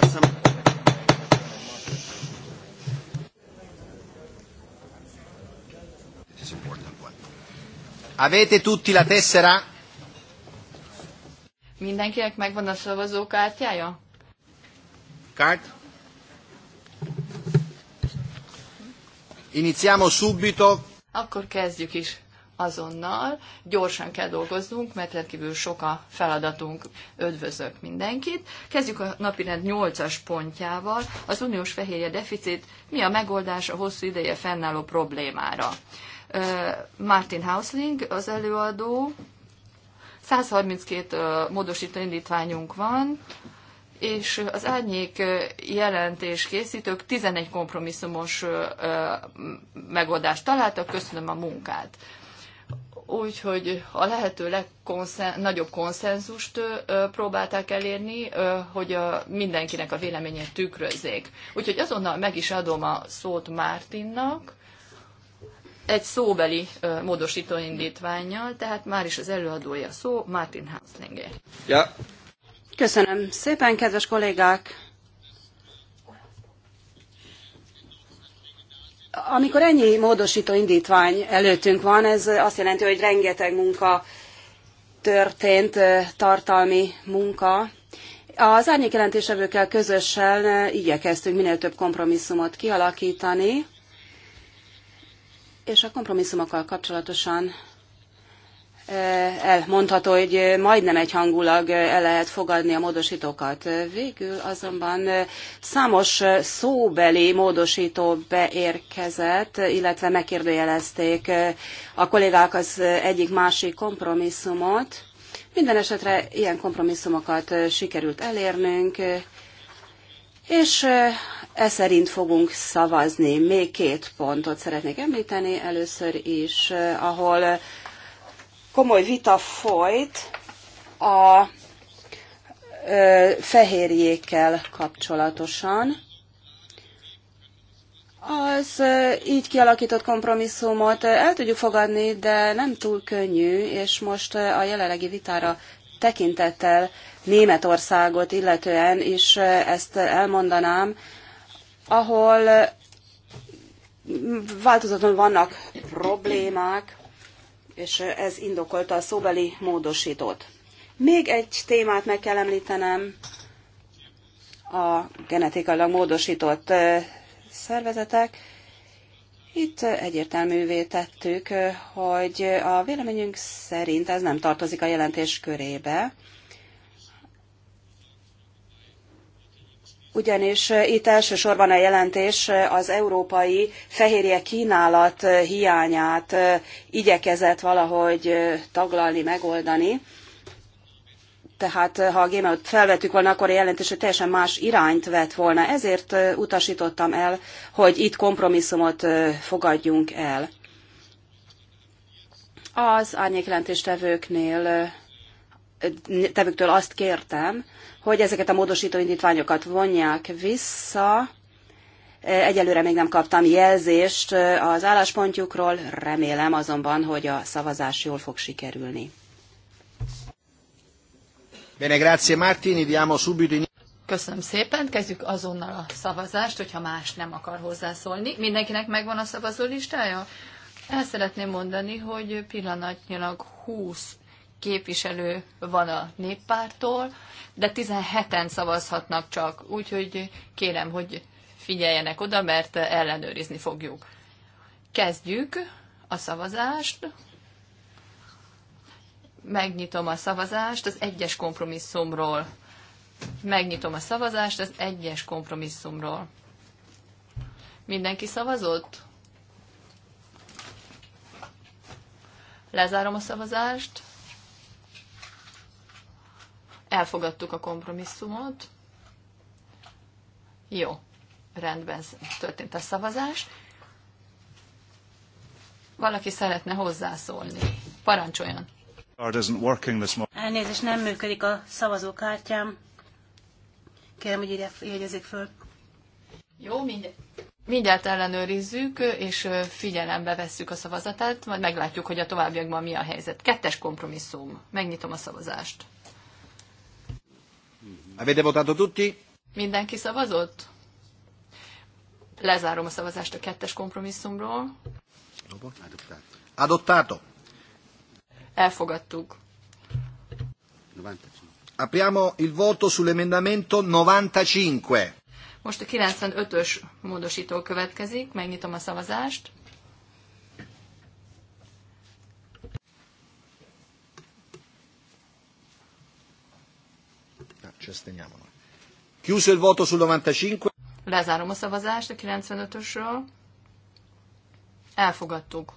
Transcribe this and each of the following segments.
have Avete tutti la tessera? Mindenkinek megvan a szavazókártyája? Kárt? Iniziamo subito. Akkor kezdjük is azonnal, gyorsan kell dolgoznunk, mert rendkívül sok a feladatunk, ödvözök mindenkit. Kezdjük a napirend 8-as pontjával, az uniós fehérje deficit, mi a megoldás a hosszú ideje fennálló problémára. Martin Hausling az előadó, 132 módosító indítványunk van, és az árnyék jelentés készítők 11 kompromisszumos megoldást találtak, köszönöm a munkát úgy, hogy a lehető legnagyobb konszenzust próbálták elérni, hogy a, mindenkinek a véleményét tükrözzék. Úgyhogy azonnal meg is adom a szót Mártinnak, egy szóbeli módosító indítványjal, tehát már is az előadója szó, Martin Hanslinger. Ja. Köszönöm szépen, kedves kollégák! Amikor ennyi módosító indítvány előttünk van, ez azt jelenti, hogy rengeteg munka történt, tartalmi munka. Az árnyékjelentésevőkkel közösen igyekeztünk minél több kompromisszumot kialakítani, és a kompromisszumokkal kapcsolatosan elmondható, hogy majdnem egyhangulag el lehet fogadni a módosítókat. Végül azonban számos szóbeli módosító beérkezett, illetve megkérdőjelezték a kollégák az egyik másik kompromisszumot. Minden esetre ilyen kompromisszumokat sikerült elérnünk, és e szerint fogunk szavazni. Még két pontot szeretnék említeni. Először is, ahol komoly vita folyt a fehérjékkel kapcsolatosan. Az így kialakított kompromisszumot el tudjuk fogadni, de nem túl könnyű, és most a jelenlegi vitára tekintettel Németországot illetően is ezt elmondanám, ahol változatlanul vannak problémák, és ez indokolta a szóbeli módosítót. Még egy témát meg kell említenem, a genetikailag módosított szervezetek. Itt egyértelművé tettük, hogy a véleményünk szerint ez nem tartozik a jelentés körébe, ugyanis eh, itt elsősorban a jelentés eh, az európai fehérje kínálat eh, hiányát igyekezett valahogy taglalni, megoldani. Tehát ha a gémet felvettük volna, akkor a jelentés egy teljesen más irányt vett volna. Ezért utasítottam el, hogy itt kompromisszumot fogadjunk el. Az jelentéstevőknél tevőktől azt kértem, hogy ezeket a módosító indítványokat vonják vissza. E, egyelőre még nem kaptam jelzést e, az álláspontjukról, remélem azonban, hogy a szavazás jól fog sikerülni. Bene, grazie Martini, diamo subito in... Köszönöm szépen, kezdjük azonnal a szavazást, hogyha más nem akar hozzászólni. Mindenkinek megvan a szavazó listája? El szeretném mondani, hogy pillanatnyilag 20 képviselő van a néppártól, de 17-en szavazhatnak csak, úgyhogy kérem, hogy figyeljenek oda, mert ellenőrizni fogjuk. Kezdjük a szavazást. Megnyitom a szavazást az egyes kompromisszumról. Megnyitom a szavazást az egyes kompromisszumról. Mindenki szavazott? Lezárom a szavazást. Elfogadtuk a kompromisszumot. Jó, rendben történt a szavazás. Valaki szeretne hozzászólni. Parancsoljon. Elnézést, nem működik a szavazókártyám. Kérem, hogy jegyezzék föl. Jó, mindegy. Mindjárt ellenőrizzük, és figyelembe vesszük a szavazatát, majd meglátjuk, hogy a továbbiakban mi a helyzet. Kettes kompromisszum. Megnyitom a szavazást. Avete votato tutti? Mindenki szavazott? Lezárom a szavazást a kettes kompromisszumról. Adottato. Elfogadtuk. Apriamo il voto sull'emendamento 95. Most a 95-ös módosító következik, megnyitom a szavazást. ci Chiuso il voto sul 95. Lezárom a szavazást a 95-ösről. Elfogadtuk.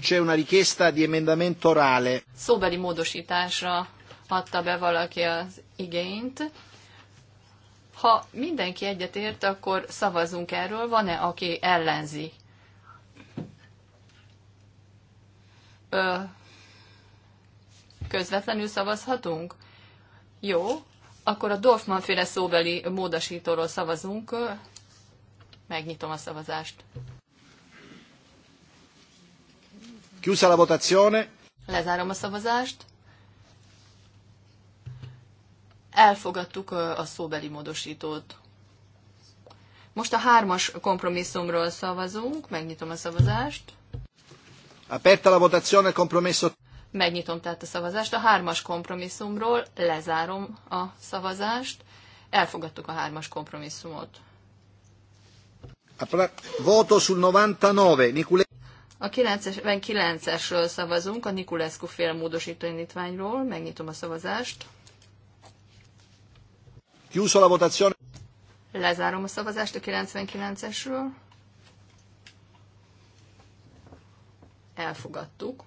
C'è una richiesta di emendamento orale. Szóbeli módosításra adta be valaki az igényt. Ha mindenki egyetért, akkor szavazunk erről. Van-e, aki ellenzi? Ö, közvetlenül szavazhatunk? Jó, akkor a Dorfman féle szóbeli módosítóról szavazunk. Megnyitom a szavazást. Chiusa la votazione. Lezárom a szavazást elfogadtuk a szóbeli módosítót. Most a hármas kompromisszumról szavazunk, megnyitom a szavazást. Aperta la votazione compromesso. Megnyitom tehát a szavazást a hármas kompromisszumról, lezárom a szavazást, elfogadtuk a hármas kompromisszumot. Voto sul 99, Nicule... A 99-esről szavazunk, a Nikulescu fél módosító indítványról, megnyitom a szavazást. Chiuso la votazione. Lezárom a szavazást a 99-esről. Elfogadtuk.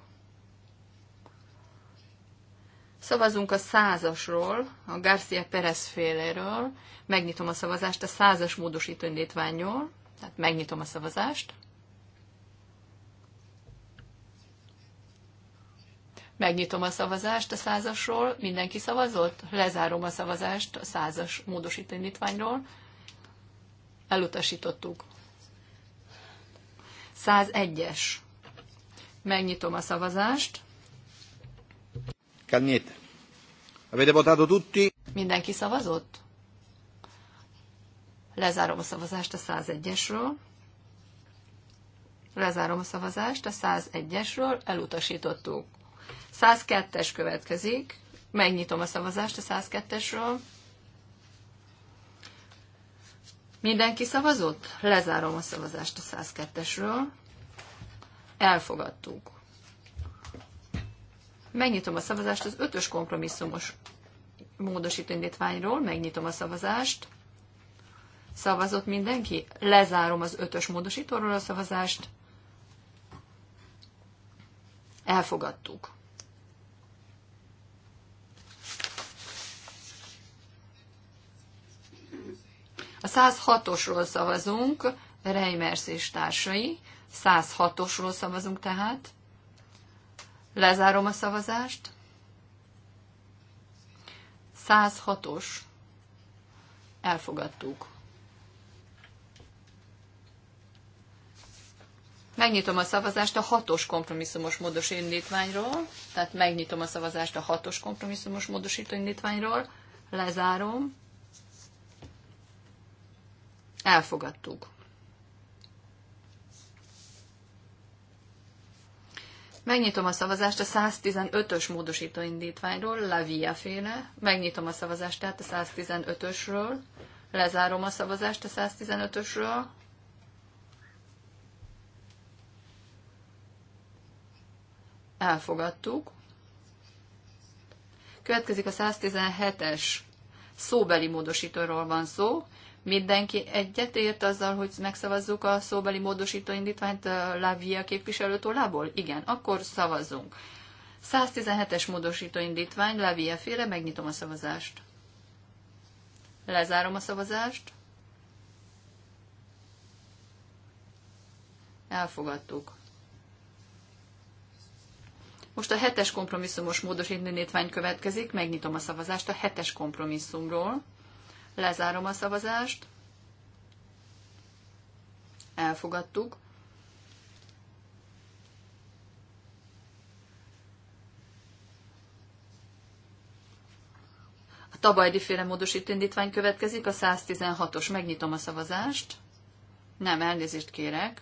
Szavazunk a százasról, a Garcia Perez féléről. Megnyitom a szavazást a százas módosító indítványról. Tehát megnyitom a szavazást. Megnyitom a szavazást a százasról. Mindenki szavazott? Lezárom a szavazást a százas módosító Elutasítottuk. 101-es. Megnyitom a szavazást. Calmiette. Avete votato tutti? Mindenki szavazott? Lezárom a szavazást a 101-esről. Lezárom a szavazást a 101-esről, elutasítottuk. 102-es következik. Megnyitom a szavazást a 102-esről. Mindenki szavazott? Lezárom a szavazást a 102-esről. Elfogadtuk. Megnyitom a szavazást az 5-ös kompromisszumos módosító indítványról. Megnyitom a szavazást. Szavazott mindenki? Lezárom az 5-ös módosítóról a szavazást. Elfogadtuk. A 106-osról szavazunk, Reimers és társai. 106-osról szavazunk tehát. Lezárom a szavazást. 106-os. Elfogadtuk. Megnyitom a szavazást a hatos kompromisszumos módos indítványról, tehát megnyitom a szavazást a hatos kompromisszumos módosító indítványról, lezárom, Elfogadtuk. Megnyitom a szavazást a 115-ös módosító indítványról, Lavia féle. Megnyitom a szavazást tehát a 115-ösről. Lezárom a szavazást a 115-ösről. Elfogadtuk. Következik a 117-es szóbeli módosítóról van szó. Mindenki egyetért azzal, hogy megszavazzuk a szóbeli módosító indítványt Lavia képviselőtollából? Igen, akkor szavazzunk. 117-es módosító indítvány, Lavia féle, megnyitom a szavazást. Lezárom a szavazást. Elfogadtuk. Most a hetes kompromisszumos módosító következik, megnyitom a szavazást a hetes kompromisszumról. Lezárom a szavazást. Elfogadtuk. A tabajdi féle módosító indítvány következik, a 116-os. Megnyitom a szavazást. Nem, elnézést kérek.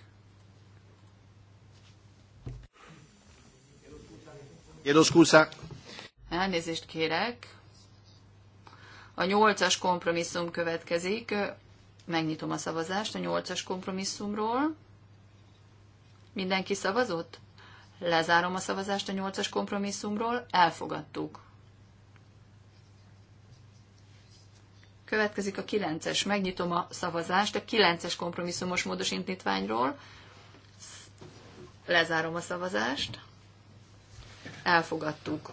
Elnézést kérek. A nyolcas kompromisszum következik. Megnyitom a szavazást a nyolcas kompromisszumról. Mindenki szavazott? Lezárom a szavazást a nyolcas kompromisszumról. Elfogadtuk. Következik a kilences, Megnyitom a szavazást a kilences kompromisszumos módosítványról. Lezárom a szavazást. Elfogadtuk.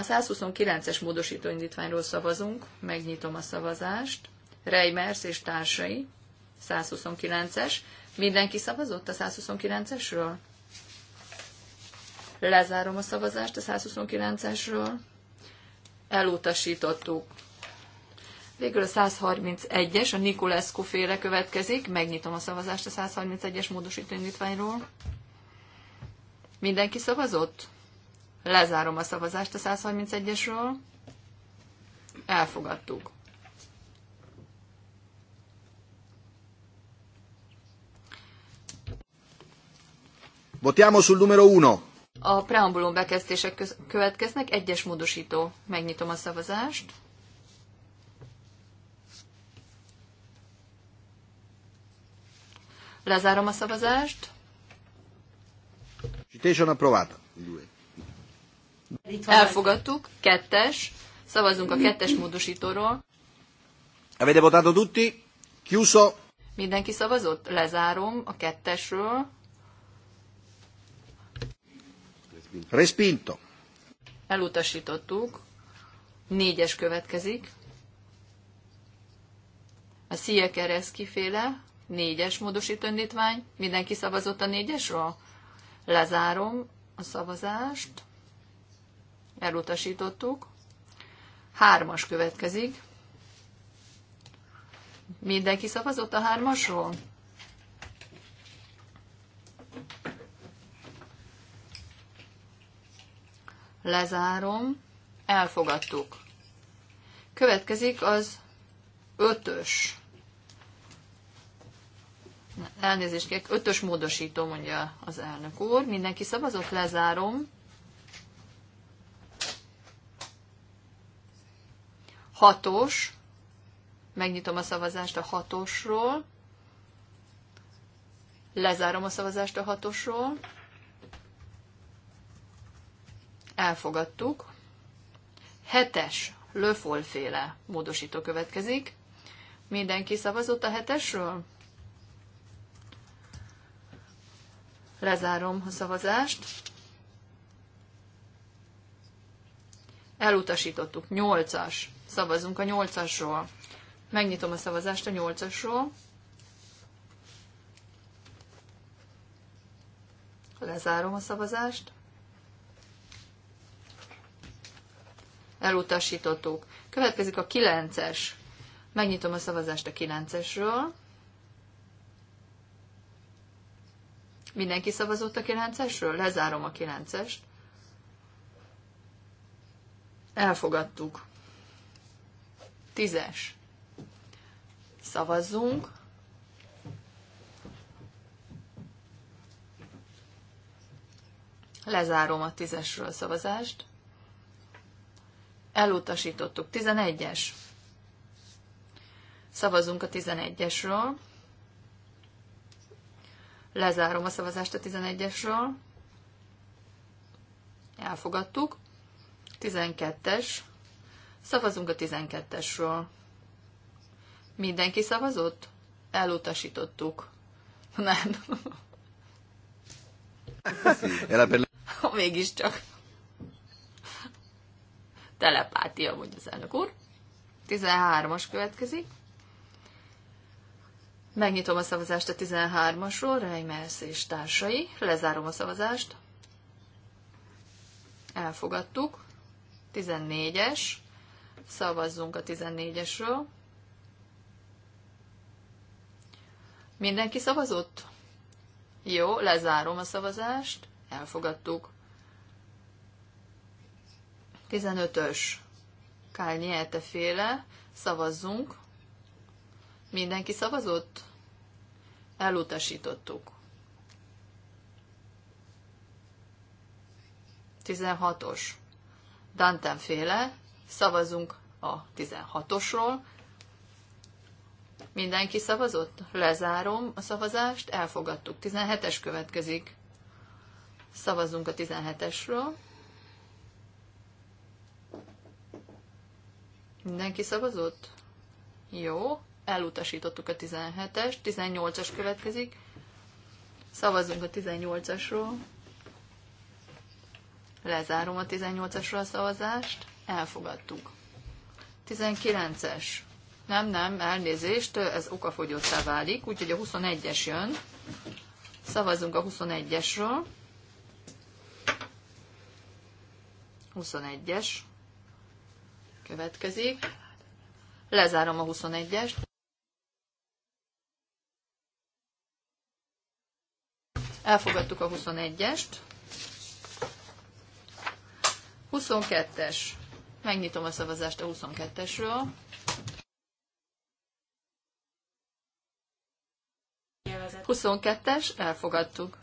A 129-es módosítóindítványról szavazunk, megnyitom a szavazást. Reimers és társai, 129-es. Mindenki szavazott a 129-esről? Lezárom a szavazást a 129-esről. Elutasítottuk. Végül a 131-es, a Nikolescu féle következik. Megnyitom a szavazást a 131-es módosítóindítványról. Mindenki szavazott? Lezárom a szavazást a 131-esről. Elfogadtuk. Votiamo sul numero 1. A preambulum bekezdések következnek. Egyes módosító. Megnyitom a szavazást. Lezárom a szavazást. Citation approvata. Elfogadtuk, kettes. Szavazunk a kettes módosítóról. Avete votato tutti? Chiuso. Mindenki szavazott? Lezárom a kettesről. Respinto. Elutasítottuk. Négyes következik. A Szia kifele. négyes módosító indítvány. Mindenki szavazott a négyesről? Lezárom a szavazást elutasítottuk. Hármas következik. Mindenki szavazott a hármasról? Lezárom. Elfogadtuk. Következik az ötös. Elnézést kérek, ötös módosító, mondja az elnök úr. Mindenki szavazott, lezárom. Hatos. Megnyitom a szavazást a hatosról. Lezárom a szavazást a hatosról. Elfogadtuk. Hetes löfolféle módosító következik. Mindenki szavazott a hetesről? Lezárom a szavazást. Elutasítottuk. Nyolcas Szavazunk a nyolcasról. Megnyitom a szavazást a nyolcasról. Lezárom a szavazást. Elutasítottuk. Következik a kilences. Megnyitom a szavazást a kilencesről. Mindenki szavazott a kilencesről. Lezárom a kilencest. Elfogadtuk. Tízes. Szavazzunk. Lezárom a tízesről a szavazást. Elutasítottuk. 11-es. Szavazunk a 11-esről. Lezárom a szavazást a 11-esről. Elfogadtuk. 12-es. Szavazunk a 12-esről. Mindenki szavazott? Elutasítottuk. Nem. Mégiscsak. Telepátia, mondja az elnök úr. 13-as következik. Megnyitom a szavazást a 13-asról, Reimers és társai. Lezárom a szavazást. Elfogadtuk. 14-es. Szavazzunk a 14-esről. Mindenki szavazott? Jó, lezárom a szavazást. Elfogadtuk. 15-ös. Kálnyelte féle. Szavazzunk. Mindenki szavazott? Elutasítottuk. 16-os. Dantenféle. Szavazunk a 16-osról. Mindenki szavazott? Lezárom a szavazást, elfogadtuk. 17-es következik. Szavazunk a 17-esről. Mindenki szavazott? Jó, elutasítottuk a 17-es, 18-as következik. Szavazunk a 18-asról. Lezárom a 18-asról a szavazást elfogadtuk. 19-es. Nem, nem, elnézést, ez okafogyottá válik, úgyhogy a 21-es jön. Szavazunk a 21-esről. 21-es. Következik. Lezárom a 21-est. Elfogadtuk a 21-est. 22-es. Megnyitom a szavazást a 22-esről. Jelvezet. 22-es, elfogadtuk.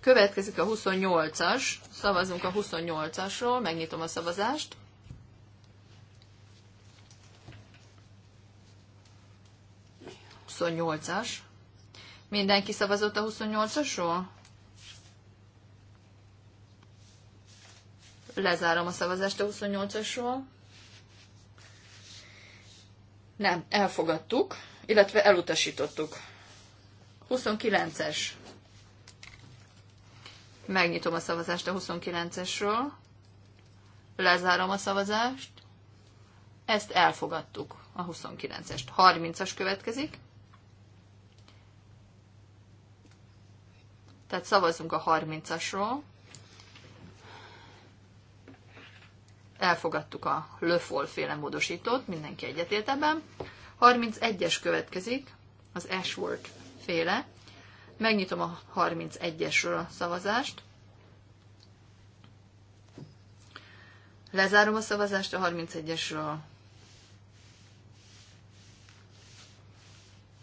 Következik a 28-as, szavazunk a 28-asról, megnyitom a szavazást. as Mindenki szavazott a 28-asról? Lezárom a szavazást a 28-asról. Nem, elfogadtuk, illetve elutasítottuk. 29-es. Megnyitom a szavazást a 29-esről. Lezárom a szavazást. Ezt elfogadtuk, a 29-est. 30-as következik. Tehát szavazunk a 30-asról. elfogadtuk a Löfol féle módosítót, mindenki egyetért ebben. 31-es következik, az Ashworth féle. Megnyitom a 31-esről a szavazást. Lezárom a szavazást a 31-esről.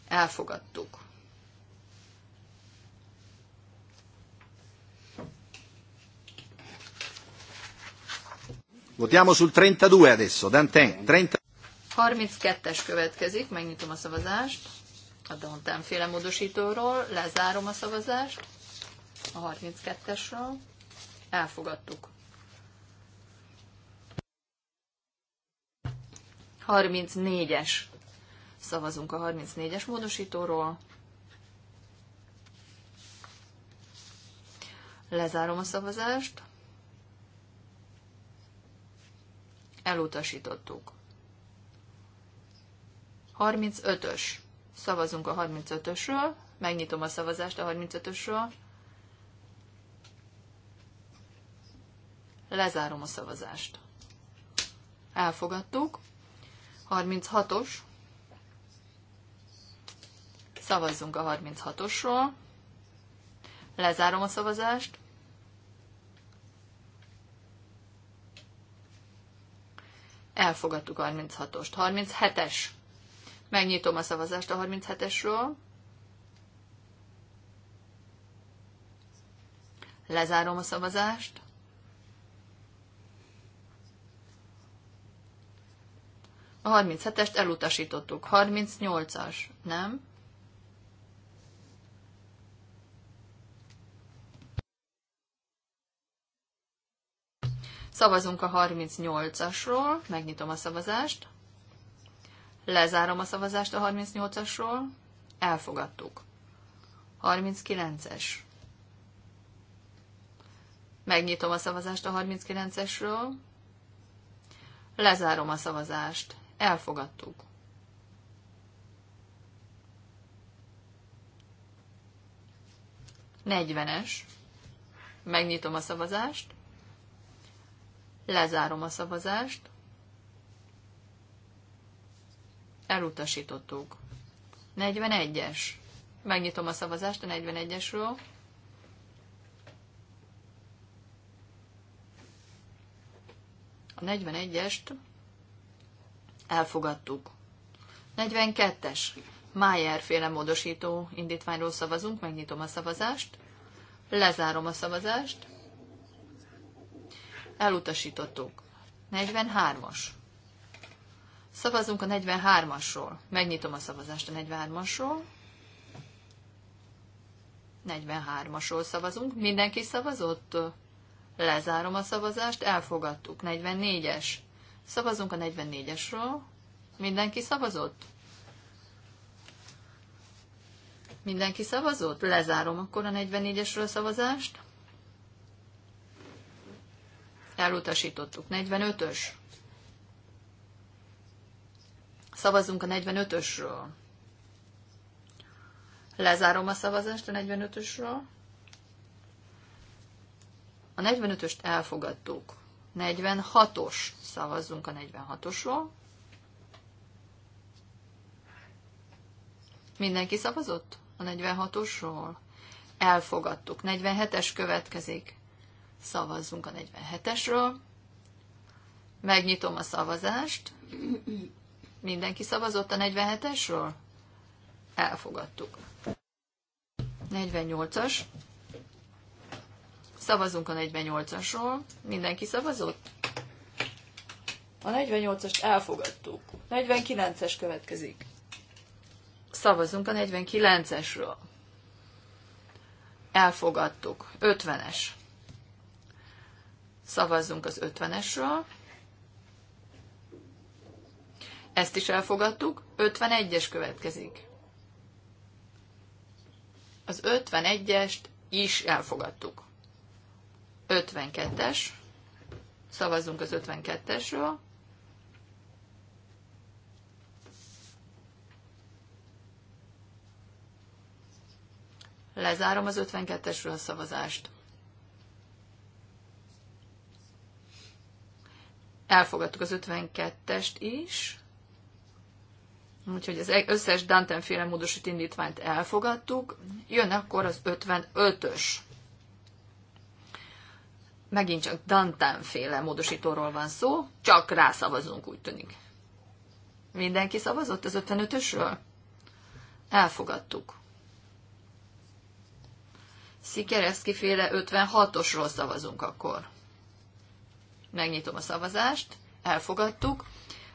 Elfogadtuk. Votiamo sul 32 adesso, Danten. 30... 32-es következik, megnyitom a szavazást. A Danten féle módosítóról lezárom a szavazást. A 32-esről elfogadtuk. 34-es. Szavazunk a 34-es módosítóról. Lezárom a szavazást. Elutasítottuk. 35-ös. Szavazunk a 35-ösről. Megnyitom a szavazást a 35-ösről. Lezárom a szavazást. Elfogadtuk. 36-os. Szavazzunk a 36-osról. Lezárom a szavazást. Elfogadtuk 36-ost. 37-es. Megnyitom a szavazást a 37-esről. Lezárom a szavazást. A 37-est elutasítottuk. 38-as, nem? Szavazunk a 38-asról, megnyitom a szavazást, lezárom a szavazást a 38-asról, elfogadtuk. 39-es. Megnyitom a szavazást a 39-esről, lezárom a szavazást, elfogadtuk. Negyvenes. Megnyitom a szavazást. Lezárom a szavazást. Elutasítottuk. 41-es. Megnyitom a szavazást a 41-esről. A 41-est elfogadtuk. 42-es. Májer féle módosító indítványról szavazunk, megnyitom a szavazást. Lezárom a szavazást. Elutasítottuk. 43-as. Szavazunk a 43-asról. Megnyitom a szavazást a 43-asról. 43-asról szavazunk. Mindenki szavazott? Lezárom a szavazást, elfogadtuk. 44-es. Szavazunk a 44-esről. Mindenki szavazott? Mindenki szavazott? Lezárom akkor a 44-esről a szavazást elutasítottuk. 45-ös. Szavazzunk a 45-ösről. Lezárom a szavazást a 45-ösről. A 45-öst elfogadtuk. 46-os. Szavazzunk a 46-osról. Mindenki szavazott? A 46-osról? Elfogadtuk. 47-es következik. Szavazzunk a 47-esről. Megnyitom a szavazást. Mindenki szavazott a 47-esről? Elfogadtuk. 48-as. Szavazunk a 48-asról. Mindenki szavazott? A 48-ast elfogadtuk. 49-es következik. Szavazunk a 49-esről. Elfogadtuk. 50-es. Szavazzunk az 50-esről. Ezt is elfogadtuk. 51-es következik. Az 51-est is elfogadtuk. 52-es. Szavazzunk az 52-esről. Lezárom az 52-esről a szavazást. elfogadtuk az 52-est is, úgyhogy az összes Dante-féle módosít indítványt elfogadtuk. Jön akkor az 55-ös. Megint csak Dante-féle módosítóról van szó, csak rászavazunk, úgy tűnik. Mindenki szavazott az 55-ösről? Elfogadtuk. Szikereszki féle 56-osról szavazunk akkor. Megnyitom a szavazást. Elfogadtuk.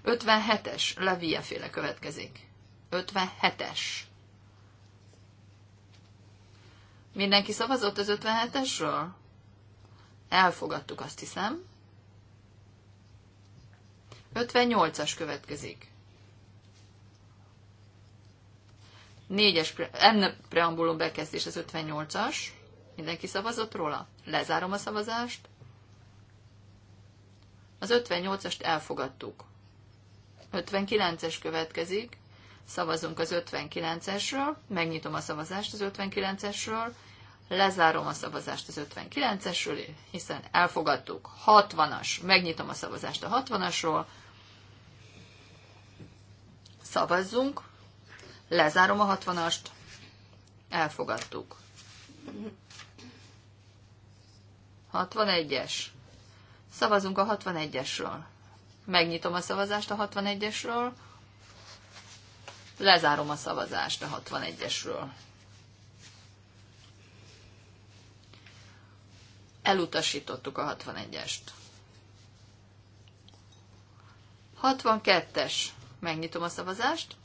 57-es Levia féle következik. 57-es. Mindenki szavazott az 57-esről? Elfogadtuk, azt hiszem. 58-as következik. Négyes pre- preambulum bekezdés az 58-as. Mindenki szavazott róla? Lezárom a szavazást. Az 58-ast elfogadtuk. 59-es következik. Szavazunk az 59-esről. Megnyitom a szavazást az 59-esről. Lezárom a szavazást az 59-esről, hiszen elfogadtuk. 60-as. Megnyitom a szavazást a 60-asról. Szavazzunk. Lezárom a 60-ast. Elfogadtuk. 61-es. Szavazunk a 61-esről. Megnyitom a szavazást a 61-esről. Lezárom a szavazást a 61-esről. Elutasítottuk a 61-est. 62-es. Megnyitom a szavazást.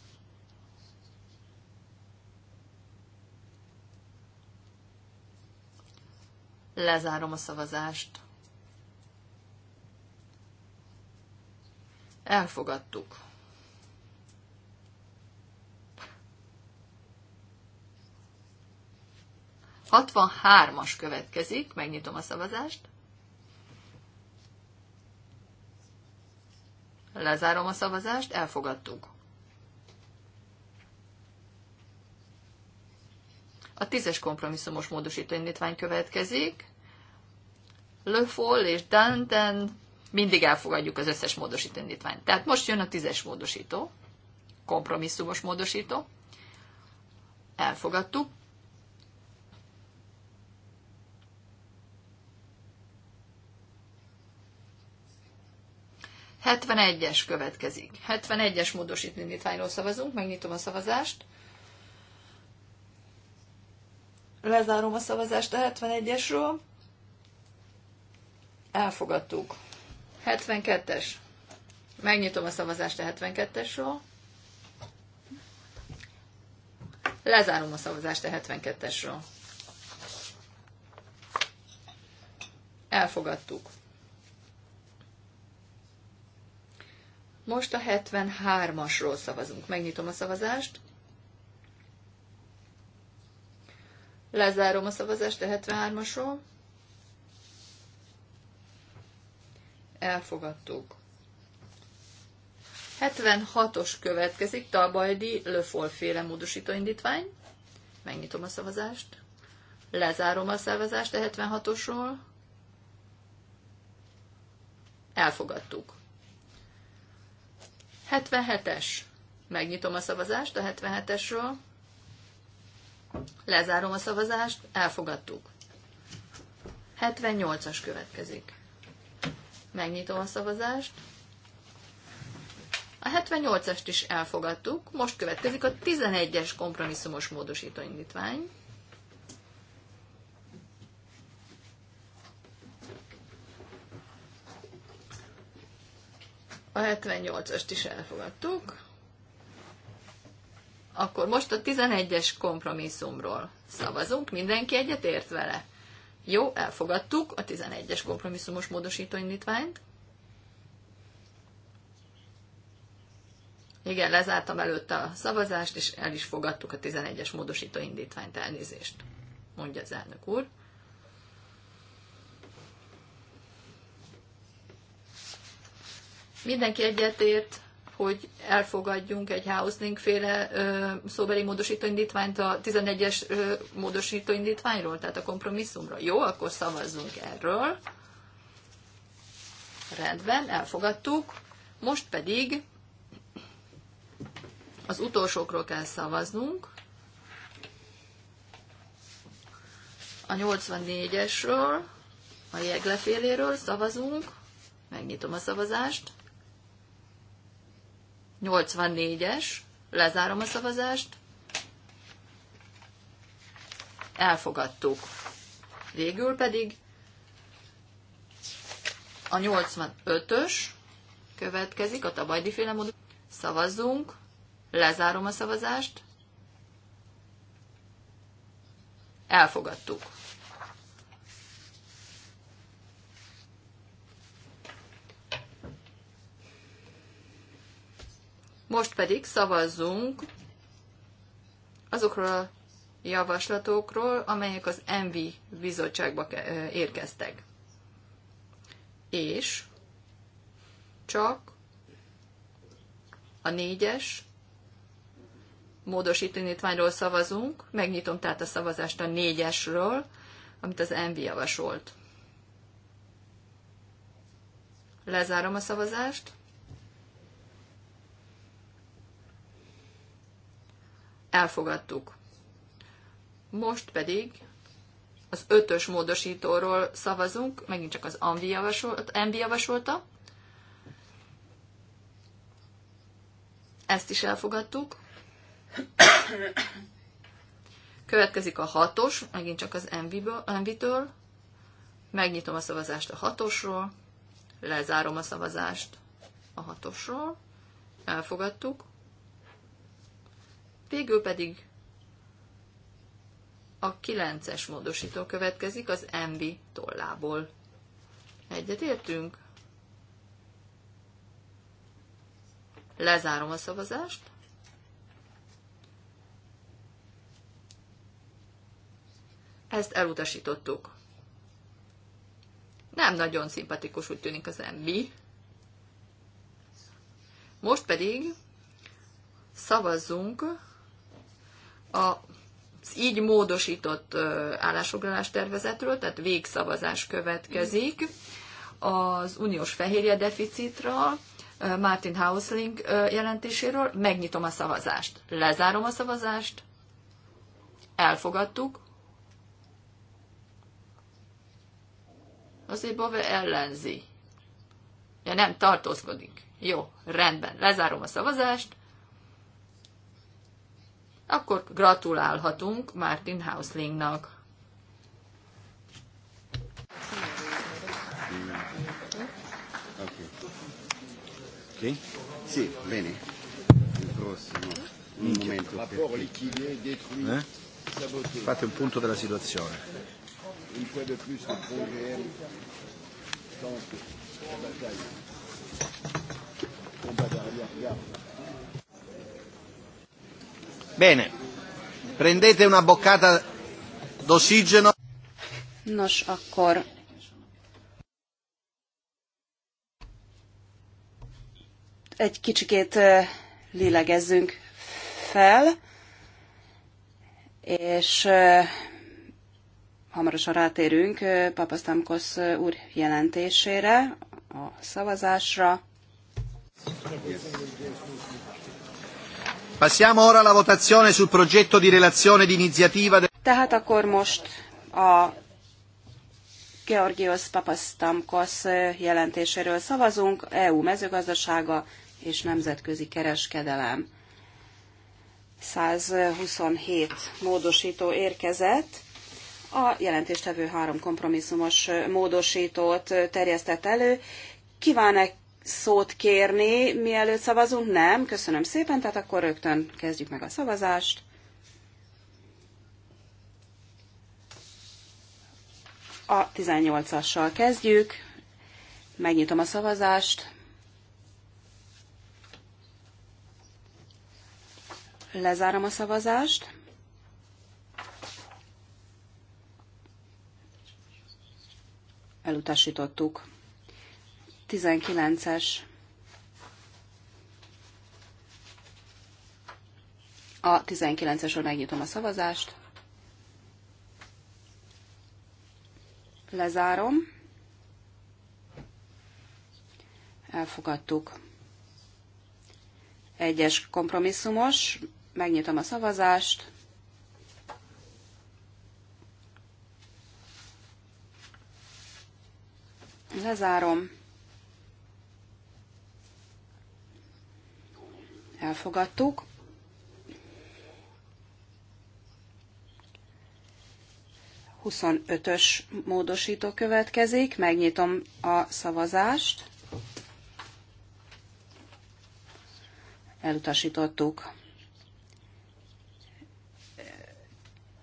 Lezárom a szavazást. Elfogadtuk. Hatvanhármas következik, megnyitom a szavazást. Lezárom a szavazást, elfogadtuk. A tízes kompromisszumos módosító indítvány következik. Le Foll és Danten mindig elfogadjuk az összes módosító indítványt. Tehát most jön a tízes módosító, kompromisszumos módosító, elfogadtuk, es következik. 71-es módosító indítványról szavazunk, megnyitom a szavazást. Lezárom a szavazást a 71-esről. Elfogadtuk. 72-es. Megnyitom a szavazást a 72-esről. Lezárom a szavazást a 72-esről. Elfogadtuk. Most a 73-asról szavazunk. Megnyitom a szavazást. Lezárom a szavazást a 73-asról. elfogadtuk. 76-os következik, Talbajdi Löfol féle módosító indítvány. Megnyitom a szavazást. Lezárom a szavazást a 76-osról. Elfogadtuk. 77-es. Megnyitom a szavazást a 77-esről. Lezárom a szavazást. Elfogadtuk. 78-as következik. Megnyitom a szavazást. A 78-est is elfogadtuk, most következik a 11-es kompromisszumos módosító indítvány. A 78-est is elfogadtuk. Akkor most a 11-es kompromisszumról szavazunk, mindenki egyetért vele. Jó, elfogadtuk a 11-es kompromisszumos módosító indítványt. Igen, lezártam előtte a szavazást, és el is fogadtuk a 11-es módosító indítványt, elnézést, mondja az elnök úr. Mindenki egyetért, hogy elfogadjunk egy housing féle szóbeli módosítóindítványt a 11-es módosítóindítványról, tehát a kompromisszumra. Jó, akkor szavazzunk erről. Rendben, elfogadtuk. Most pedig az utolsókról kell szavaznunk. A 84-esről, a jegleféléről szavazunk. Megnyitom a szavazást. 84-es, lezárom a szavazást. Elfogadtuk. Végül pedig a 85-ös következik, a tabajdi féle módon. Szavazzunk, lezárom a szavazást. Elfogadtuk. Most pedig szavazzunk azokról a javaslatokról, amelyek az ENVI bizottságba érkeztek. És csak a négyes módosítanítványról szavazunk, megnyitom tehát a szavazást a négyesről, amit az ENVI javasolt. Lezárom a szavazást. elfogadtuk. Most pedig az ötös módosítóról szavazunk, megint csak az AMBI javasolt, javasolta. Ezt is elfogadtuk. Következik a hatos, megint csak az MV-től. Megnyitom a szavazást a hatosról, lezárom a szavazást a hatosról, elfogadtuk. Végül pedig a 9-es módosító következik az MB tollából. Egyet értünk? Lezárom a szavazást. Ezt elutasítottuk. Nem nagyon szimpatikus úgy tűnik az MB. Most pedig szavazzunk a így módosított állásfoglalás tervezetről, tehát végszavazás következik az uniós fehérje deficitről, Martin Hausling jelentéséről. Megnyitom a szavazást. Lezárom a szavazást. Elfogadtuk. Azért Bove ellenzi. Ja nem, tartózkodik. Jó, rendben. Lezárom a szavazást akkor gratulálhatunk Martin Hauslingnak. Ok? Sì, bene. Il prossimo. Un momento. Eh? Fate un punto della situazione. Bene, prendete una boccata d'ossigeno. Nos, akkor egy kicsikét lélegezzünk fel, és hamarosan rátérünk Papasztamkosz úr jelentésére, a szavazásra. Passiamo ora alla votazione sul progetto di relazione De... Tehát akkor most a Georgios Papastamkos jelentéséről szavazunk, EU mezőgazdasága és nemzetközi kereskedelem. 127 módosító érkezett. A jelentéstevő három kompromisszumos módosítót terjesztett elő. Kíván-e szót kérni, mielőtt szavazunk? Nem, köszönöm szépen, tehát akkor rögtön kezdjük meg a szavazást. A 18-assal kezdjük. Megnyitom a szavazást. Lezárom a szavazást. Elutasítottuk. 19-es. A 19-esről megnyitom a szavazást. Lezárom. Elfogadtuk. Egyes kompromisszumos. Megnyitom a szavazást. Lezárom. elfogadtuk. ös módosító következik, megnyitom a szavazást. Elutasítottuk.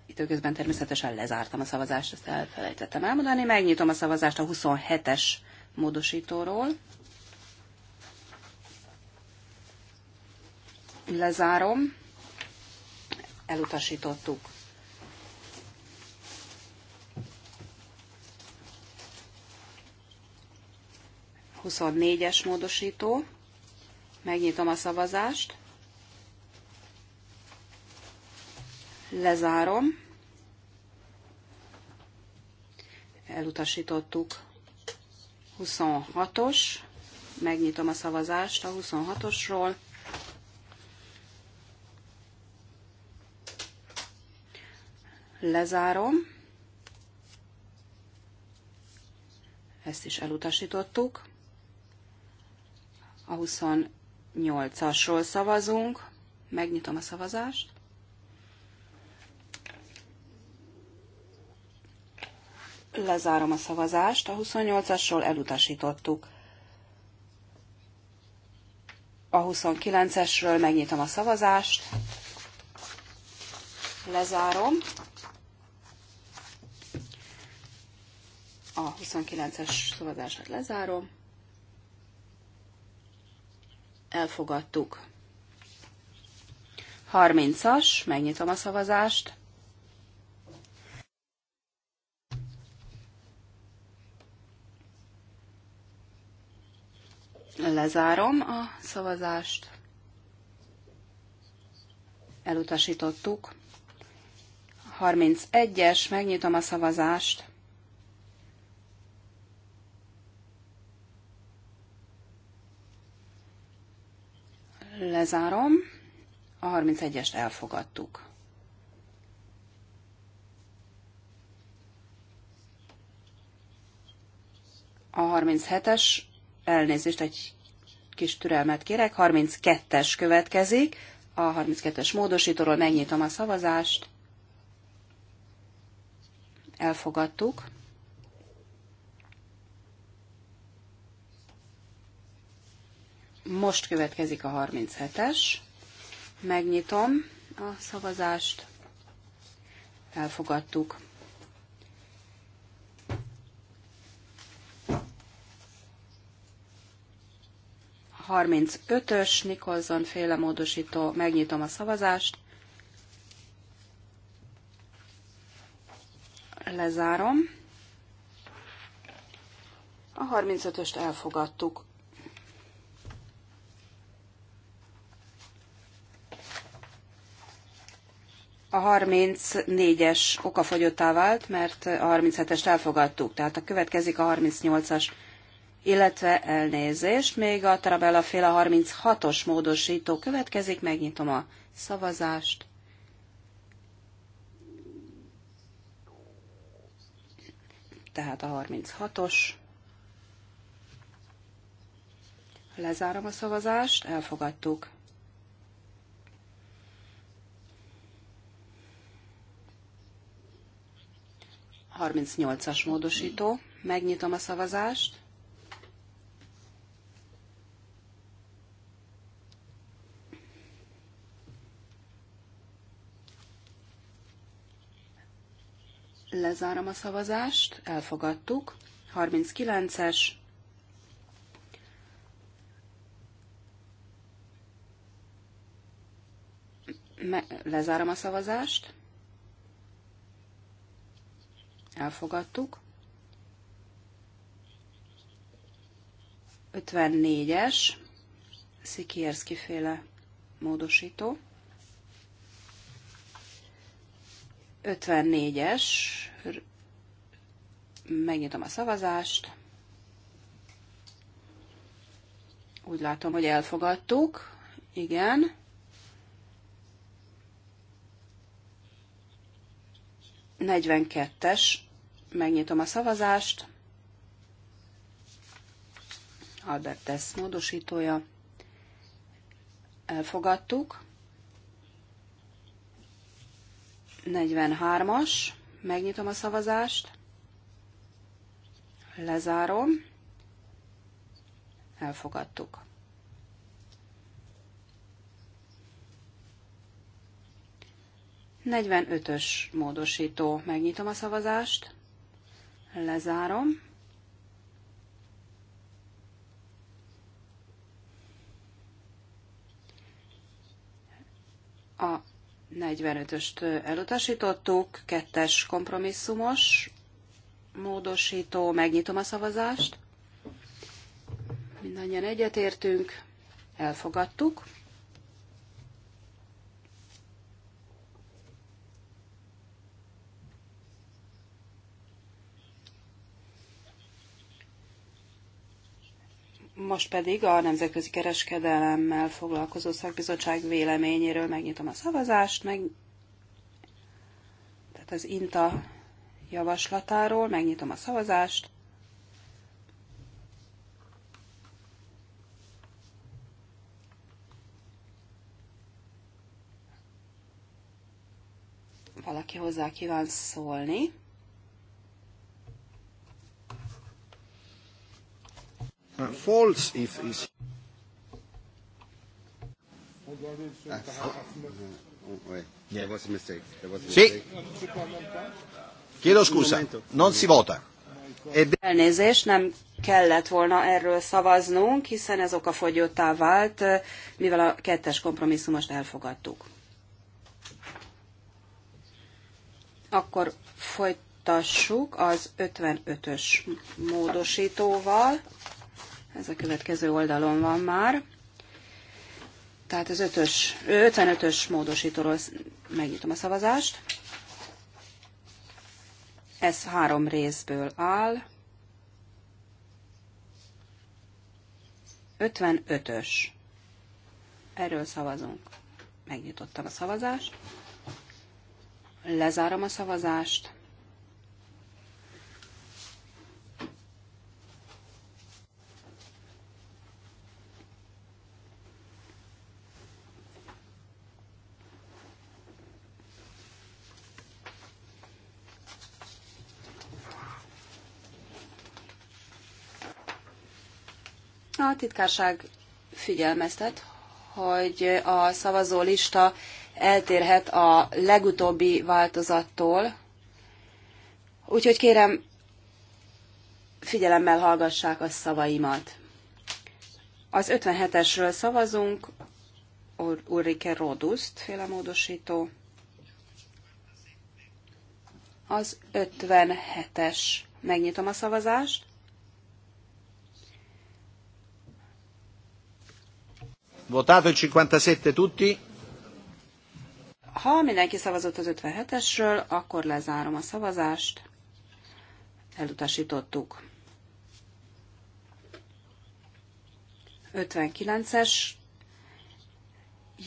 Időközben természetesen lezártam a szavazást, ezt elfelejtettem elmondani. Megnyitom a szavazást a 27-es módosítóról. Lezárom. Elutasítottuk. Huszonnégyes módosító. Megnyitom a szavazást. Lezárom. Elutasítottuk. 26-os. Megnyitom a szavazást a 26-osról. Lezárom. Ezt is elutasítottuk. A 28-asról szavazunk. Megnyitom a szavazást. Lezárom a szavazást. A 28-asról elutasítottuk. A 29-esről megnyitom a szavazást. Lezárom. A 29-es szavazását lezárom. Elfogadtuk. 30-as, megnyitom a szavazást. Lezárom a szavazást. Elutasítottuk. 31-es, megnyitom a szavazást. Lezárom. A 31-est elfogadtuk. A 37-es, elnézést, egy kis türelmet kérek, 32-es következik. A 32-es módosítóról megnyitom a szavazást. Elfogadtuk. Most következik a 37-es. Megnyitom a szavazást. Elfogadtuk. A 35-ös Nikolson féle módosító. Megnyitom a szavazást. Lezárom. A 35-öst elfogadtuk. a 34-es okafogyottá vált, mert a 37-est elfogadtuk, tehát a következik a 38-as, illetve elnézést, még a Tarabella fél a 36-os módosító következik, megnyitom a szavazást. Tehát a 36-os. Lezárom a szavazást, elfogadtuk. 38-as módosító. Megnyitom a szavazást. Lezárom a szavazást, elfogadtuk. 39-es. lezárom a szavazást. Elfogadtuk. 54-es, Szikierszki féle módosító. 54-es, megnyitom a szavazást. Úgy látom, hogy elfogadtuk. Igen. 42-es, megnyitom a szavazást, Albert Tesz módosítója, elfogadtuk, 43-as, megnyitom a szavazást, lezárom, elfogadtuk. 45-ös módosító. Megnyitom a szavazást. Lezárom. A 45-öst elutasítottuk, kettes kompromisszumos módosító, megnyitom a szavazást. Mindannyian egyetértünk, elfogadtuk. Most pedig a Nemzetközi Kereskedelemmel foglalkozó szakbizottság véleményéről megnyitom a szavazást, meg... tehát az INTA javaslatáról megnyitom a szavazást. Valaki hozzá kíván szólni. Uh, false if is Sì. Chiedo scusa, non si vota. Elnézés, nem kellett volna erről szavaznunk, hiszen ez okafogyottá vált, eh, mivel a kettes kompromisszumost elfogadtuk. Akkor folytassuk az 55-ös módosítóval. Ez a következő oldalon van már. Tehát az ötös, ös 55-ös módosítóról megnyitom a szavazást. Ez három részből áll. 55-ös. Erről szavazunk. Megnyitottam a szavazást. Lezárom a szavazást. titkárság figyelmeztet, hogy a szavazó lista eltérhet a legutóbbi változattól, úgyhogy kérem, figyelemmel hallgassák a szavaimat. Az 57-esről szavazunk, Ulrike Rodust, félemódosító. Az 57-es. Megnyitom a szavazást. Votato il 57 tutti? Ha mindenki szavazott az 57-esről, akkor lezárom a szavazást. Elutasítottuk. 59-es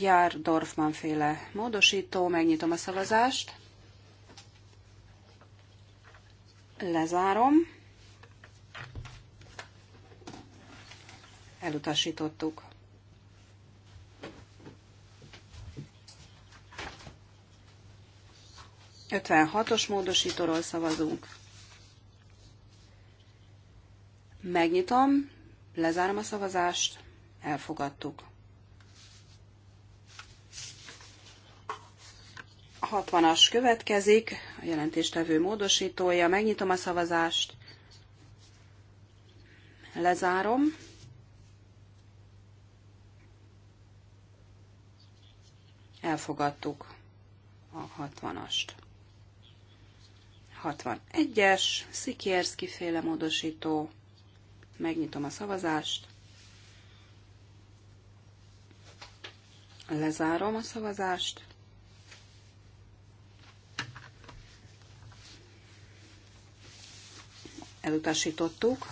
Jár Dorfman féle módosító, megnyitom a szavazást. Lezárom. Elutasítottuk. 56-os módosítóról szavazunk. Megnyitom, lezárom a szavazást, elfogadtuk. 60-as következik, a jelentéstevő módosítója, megnyitom a szavazást, lezárom, elfogadtuk a 60-ast. 61-es, Szikierszki féle módosító. Megnyitom a szavazást. Lezárom a szavazást. Elutasítottuk.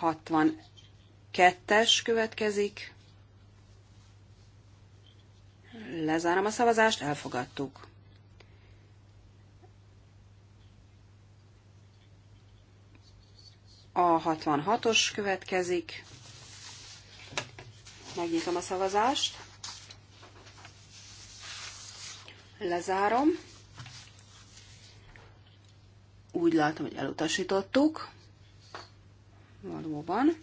62-es következik. Lezárom a szavazást, elfogadtuk. A 66-os következik. Megnyitom a szavazást. Lezárom. Úgy látom, hogy elutasítottuk. Valóban.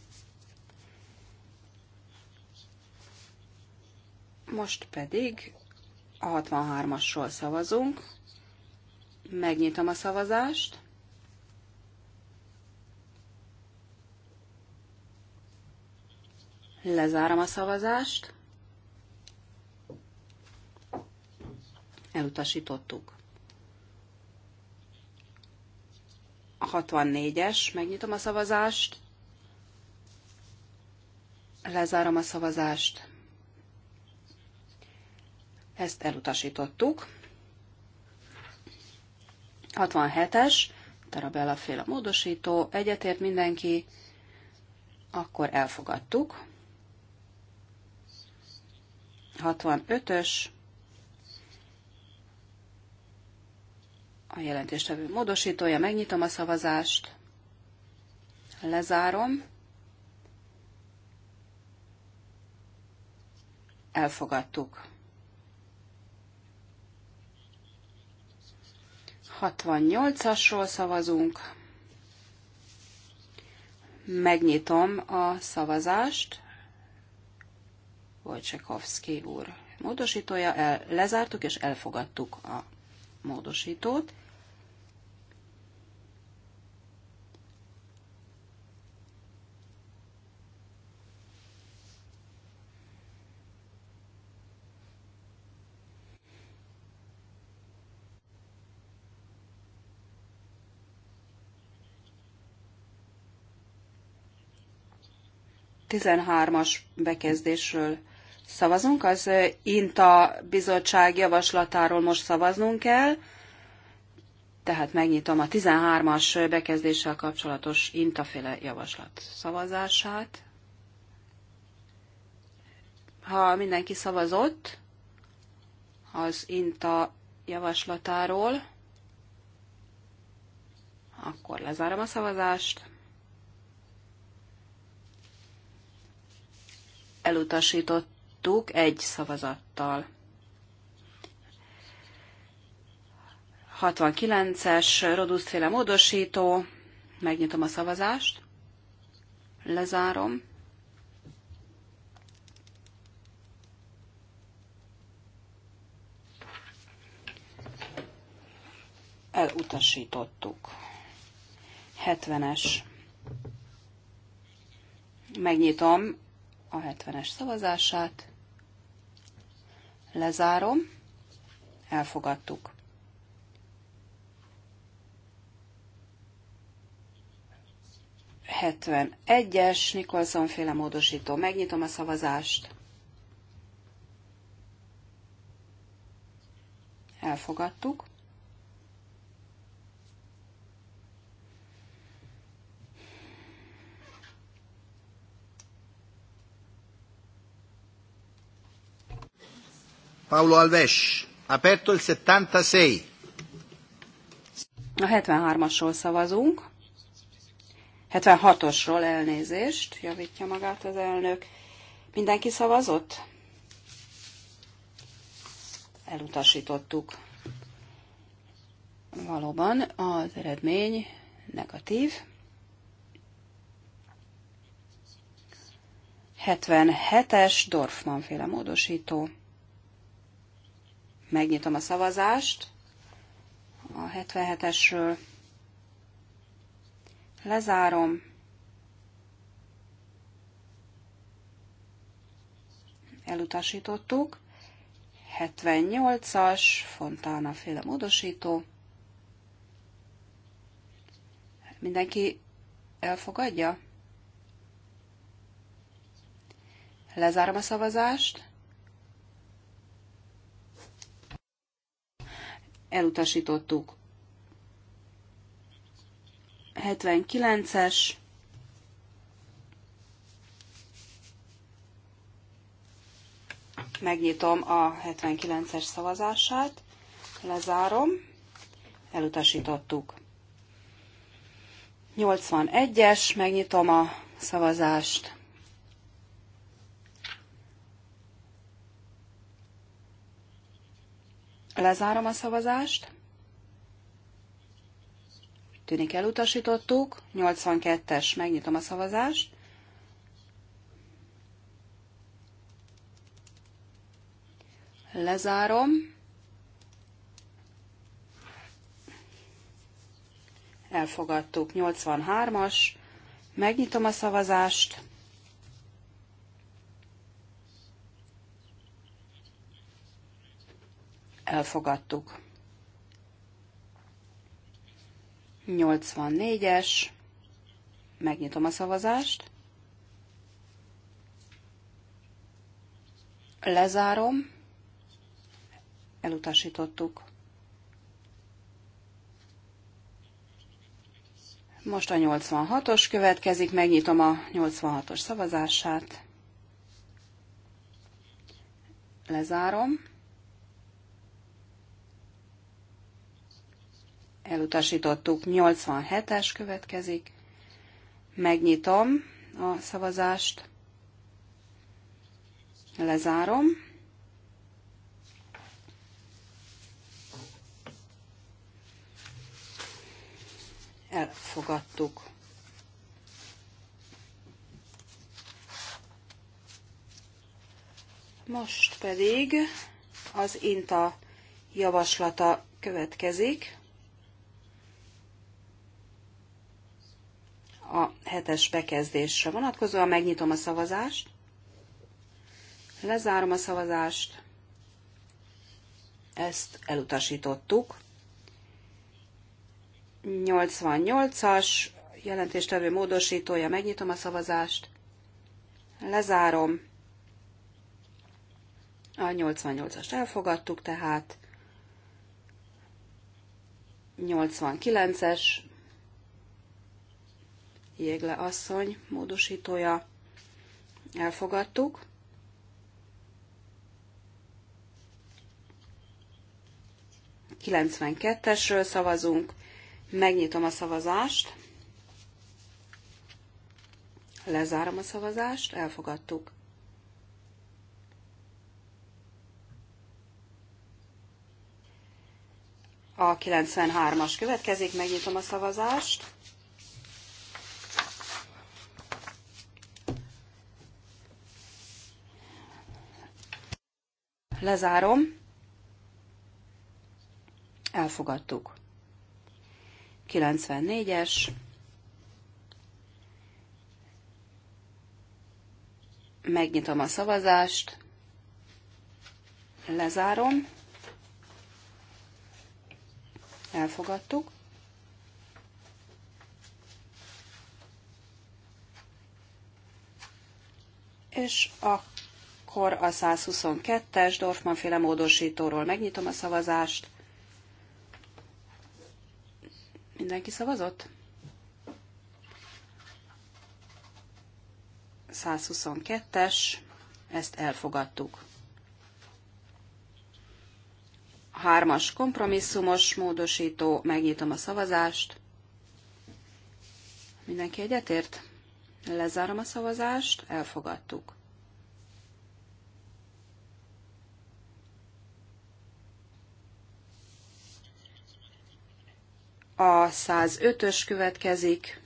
Most pedig a 63-asról szavazunk. Megnyitom a szavazást. Lezárom a szavazást. Elutasítottuk. A 64-es, megnyitom a szavazást. Lezárom a szavazást. Ezt elutasítottuk. 67-es, Tarabella a módosító, egyetért mindenki, akkor elfogadtuk. 65-ös, a jelentéstevő módosítója, megnyitom a szavazást, lezárom, elfogadtuk. 68-asról szavazunk. Megnyitom a szavazást. Wojciechowski úr módosítója, el, lezártuk és elfogadtuk a módosítót. Tizenhármas bekezdésről szavazunk. Az INTA bizottság javaslatáról most szavaznunk kell. Tehát megnyitom a 13-as bekezdéssel kapcsolatos intaféle javaslat szavazását. Ha mindenki szavazott az inta javaslatáról, akkor lezárom a szavazást. Elutasított elfogadtuk egy szavazattal. 69-es roduszféle módosító. Megnyitom a szavazást. Lezárom. Elutasítottuk. 70-es. Megnyitom a 70-es szavazását. Lezárom. Elfogadtuk. Egyes Nikolson féle módosító. Megnyitom a szavazást. Elfogadtuk. Paolo Alves, aperto il 76. A 73-asról szavazunk. 76-osról elnézést, javítja magát az elnök. Mindenki szavazott? Elutasítottuk. Valóban az eredmény negatív. 77-es Dorfman féle módosító. Megnyitom a szavazást a 77-esről. Lezárom. Elutasítottuk. 78-as, Fontana féle módosító. Mindenki elfogadja? Lezárom a szavazást. elutasítottuk. 79-es, megnyitom a 79-es szavazását, lezárom, elutasítottuk. 81-es, megnyitom a szavazást, Lezárom a szavazást. Tűnik elutasítottuk. 82-es, megnyitom a szavazást. Lezárom. Elfogadtuk 83-as. Megnyitom a szavazást. elfogadtuk. 84-es, megnyitom a szavazást, lezárom, elutasítottuk. Most a 86-os következik, megnyitom a 86-os szavazását. Lezárom. elutasítottuk. 87-es következik. Megnyitom a szavazást. Lezárom. Elfogadtuk. Most pedig az INTA javaslata következik. a hetes bekezdésre vonatkozóan megnyitom a szavazást, lezárom a szavazást, ezt elutasítottuk. 88-as jelentéstevő módosítója, megnyitom a szavazást, lezárom, a 88-ast elfogadtuk, tehát 89-es, Jégle asszony módosítója. Elfogadtuk. Kilencvenkettesről szavazunk. Megnyitom a szavazást. Lezárom a szavazást. Elfogadtuk. 93-as következik, megnyitom a szavazást. Lezárom. Elfogadtuk. 94-es. Megnyitom a szavazást. Lezárom. Elfogadtuk. És akkor akkor a 122-es Dorfman féle módosítóról megnyitom a szavazást. Mindenki szavazott? 122-es, ezt elfogadtuk. Hármas kompromisszumos módosító, megnyitom a szavazást. Mindenki egyetért? Lezárom a szavazást, elfogadtuk. a 105-ös következik,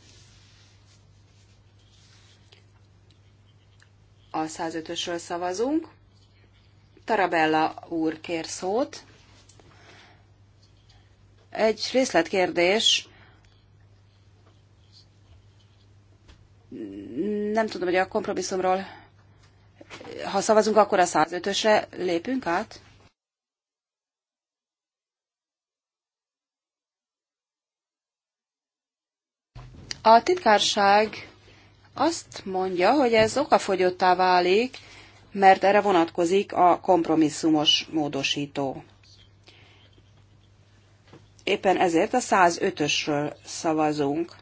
a 105-ösről szavazunk. Tarabella úr kér szót. Egy részletkérdés. Nem tudom, hogy a kompromisszumról, ha szavazunk, akkor a 105-ösre lépünk át? A titkárság azt mondja, hogy ez okafogyottá válik, mert erre vonatkozik a kompromisszumos módosító. Éppen ezért a 105-ösről szavazunk,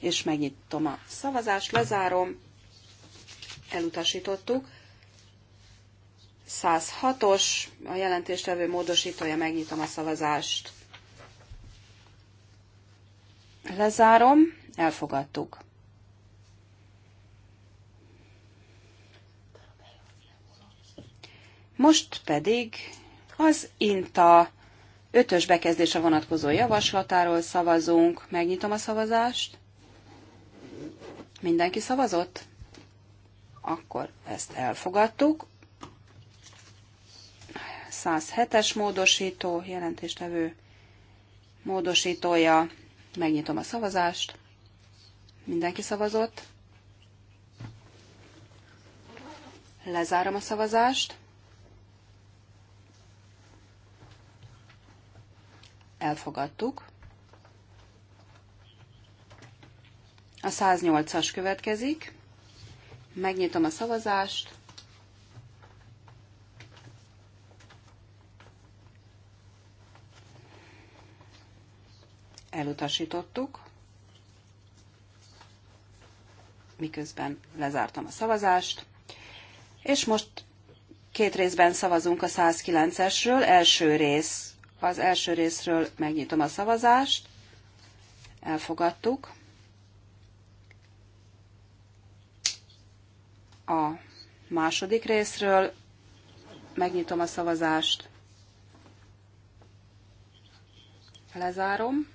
és megnyitom a szavazást, lezárom, elutasítottuk. 106-os, a jelentéstevő módosítója, megnyitom a szavazást. Lezárom elfogadtuk. Most pedig az INTA ötös bekezdése vonatkozó javaslatáról szavazunk. Megnyitom a szavazást. Mindenki szavazott? Akkor ezt elfogadtuk. 107-es módosító, jelentéstevő módosítója. Megnyitom a szavazást. Mindenki szavazott. Lezárom a szavazást. Elfogadtuk. A 108-as következik. Megnyitom a szavazást. Elutasítottuk. miközben lezártam a szavazást. És most két részben szavazunk a 109-esről. Első rész, az első részről megnyitom a szavazást. Elfogadtuk. A második részről megnyitom a szavazást. Lezárom.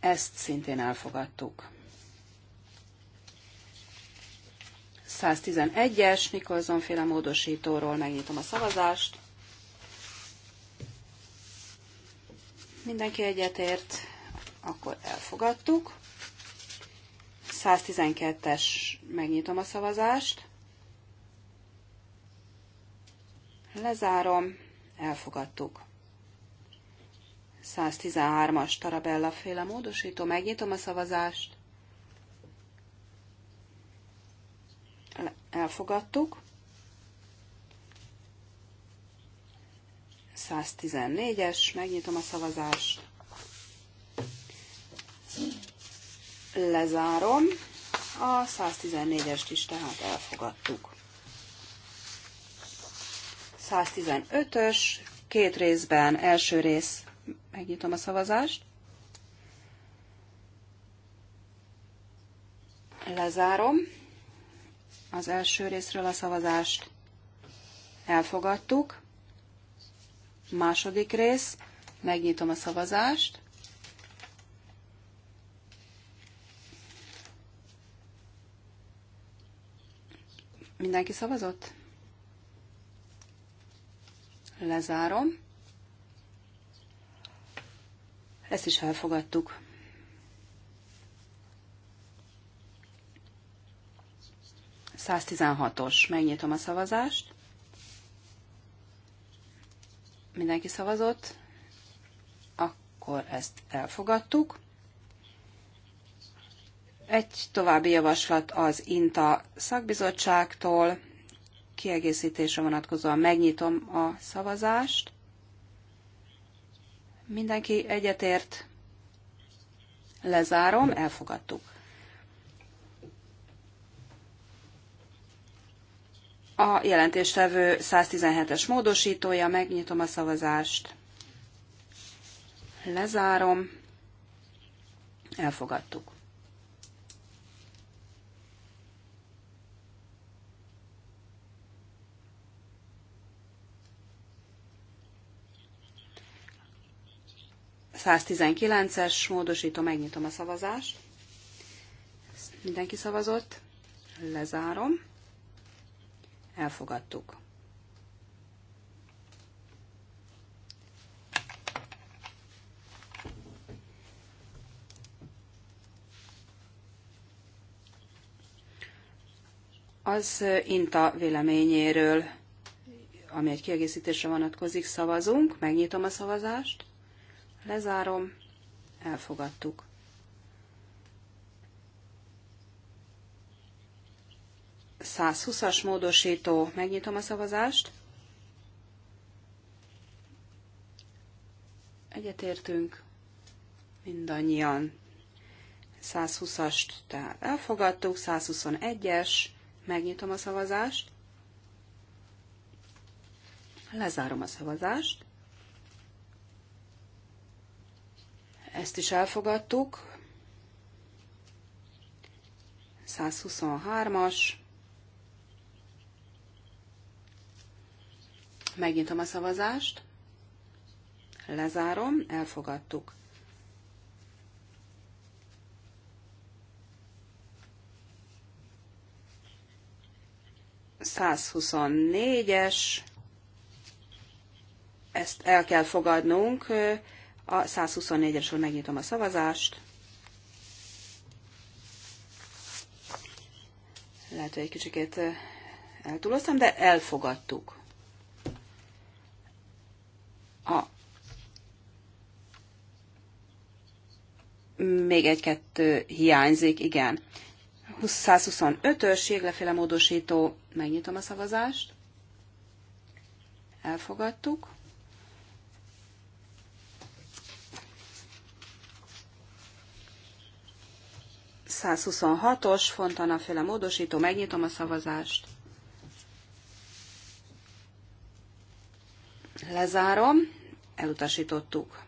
Ezt szintén elfogadtuk. 111-es Nikolson féle módosítóról megnyitom a szavazást. Mindenki egyetért, akkor elfogadtuk. 112-es megnyitom a szavazást. Lezárom, elfogadtuk. 113-as Tarabella féle módosító. Megnyitom a szavazást. Elfogadtuk. 114-es, megnyitom a szavazást. Lezárom. A 114-est is tehát elfogadtuk. 115-ös, két részben, első rész Megnyitom a szavazást. Lezárom az első részről a szavazást. Elfogadtuk. Második rész. Megnyitom a szavazást. Mindenki szavazott? Lezárom. Ezt is elfogadtuk. Száztizenhatos. Megnyitom a szavazást. Mindenki szavazott. Akkor ezt elfogadtuk. Egy további javaslat az INTA szakbizottságtól. Kiegészítésre vonatkozóan megnyitom a szavazást. Mindenki egyetért. Lezárom, elfogadtuk. A jelentéstevő 117-es módosítója, megnyitom a szavazást. Lezárom, elfogadtuk. 119-es módosító, megnyitom a szavazást. Ezt mindenki szavazott. Lezárom. Elfogadtuk. Az INTA véleményéről, ami egy kiegészítésre vonatkozik, szavazunk. Megnyitom a szavazást. Lezárom. Elfogadtuk. 120-as módosító. Megnyitom a szavazást. Egyetértünk mindannyian. 120-ast tehát elfogadtuk, 121-es, megnyitom a szavazást, lezárom a szavazást, Ezt is elfogadtuk. 123-as. Megnyitom a szavazást. Lezárom, elfogadtuk. Százhuszonnégyes, ezt el kell fogadnunk, a 124-esről megnyitom a szavazást. Lehet, hogy egy kicsikét eltúloztam, de elfogadtuk. A még egy-kettő hiányzik, igen. 125-ös jéglefélemódosító, módosító, megnyitom a szavazást. Elfogadtuk. 126-os Fontana féle módosító, megnyitom a szavazást. Lezárom, elutasítottuk.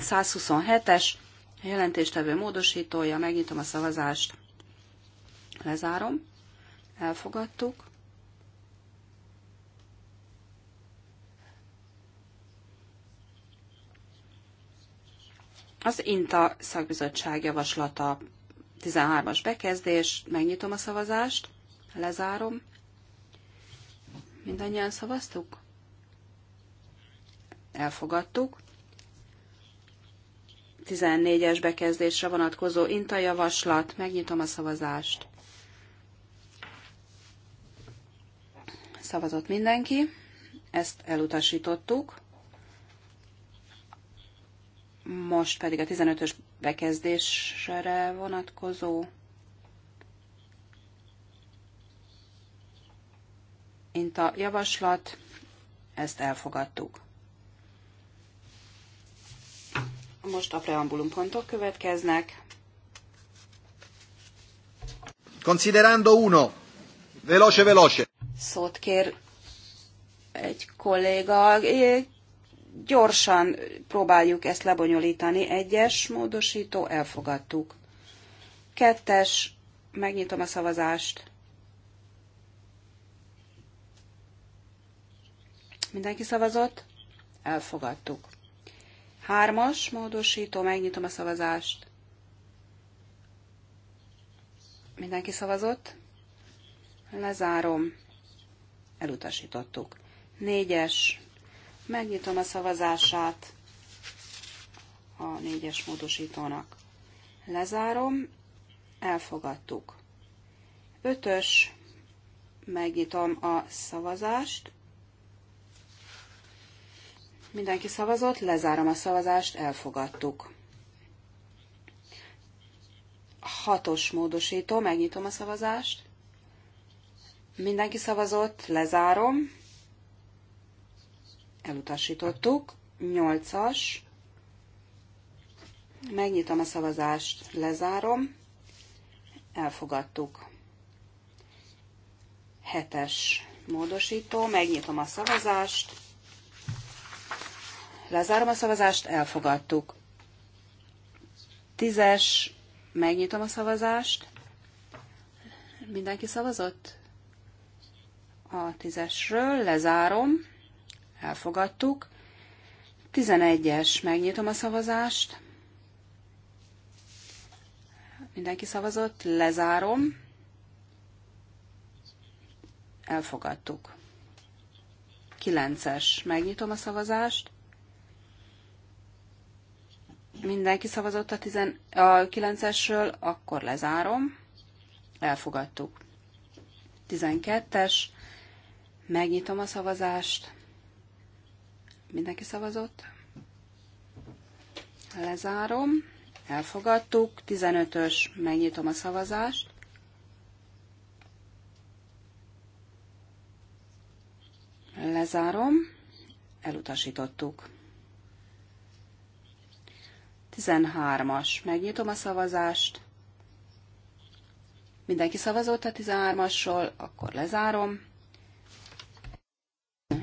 127-es jelentéstevő módosítója, megnyitom a szavazást. Lezárom, elfogadtuk. Az INTA szakbizottság javaslata 13-as bekezdés, megnyitom a szavazást, lezárom. Mindannyian szavaztuk? Elfogadtuk. 14-es bekezdésre vonatkozó INTA javaslat, megnyitom a szavazást. Szavazott mindenki, ezt elutasítottuk. Most pedig a 15-ös bekezdésre vonatkozó inta javaslat, ezt elfogadtuk. Most a preambulum pontok következnek. Considerando uno. Veloce, veloce. Szót kér egy kolléga gyorsan próbáljuk ezt lebonyolítani. Egyes módosító, elfogadtuk. Kettes, megnyitom a szavazást. Mindenki szavazott? Elfogadtuk. Hármas módosító, megnyitom a szavazást. Mindenki szavazott? Lezárom. Elutasítottuk. Négyes. Megnyitom a szavazását a négyes módosítónak. Lezárom, elfogadtuk. Ötös, megnyitom a szavazást. Mindenki szavazott, lezárom a szavazást, elfogadtuk. Hatos módosító, megnyitom a szavazást. Mindenki szavazott, lezárom elutasítottuk. 8-as, megnyitom a szavazást, lezárom, elfogadtuk. 7-es módosító, megnyitom a szavazást, lezárom a szavazást, elfogadtuk. 10-es, megnyitom a szavazást, mindenki szavazott? A tízesről lezárom, Elfogadtuk. 11-es, megnyitom a szavazást. Mindenki szavazott, lezárom. Elfogadtuk. 9-es, megnyitom a szavazást. Mindenki szavazott a, a 9-esről, akkor lezárom. Elfogadtuk. 12-es, megnyitom a szavazást. Mindenki szavazott. Lezárom. Elfogadtuk. 15-ös. Megnyitom a szavazást. Lezárom. Elutasítottuk. 13-as. Megnyitom a szavazást. Mindenki szavazott a 13-asról, akkor lezárom.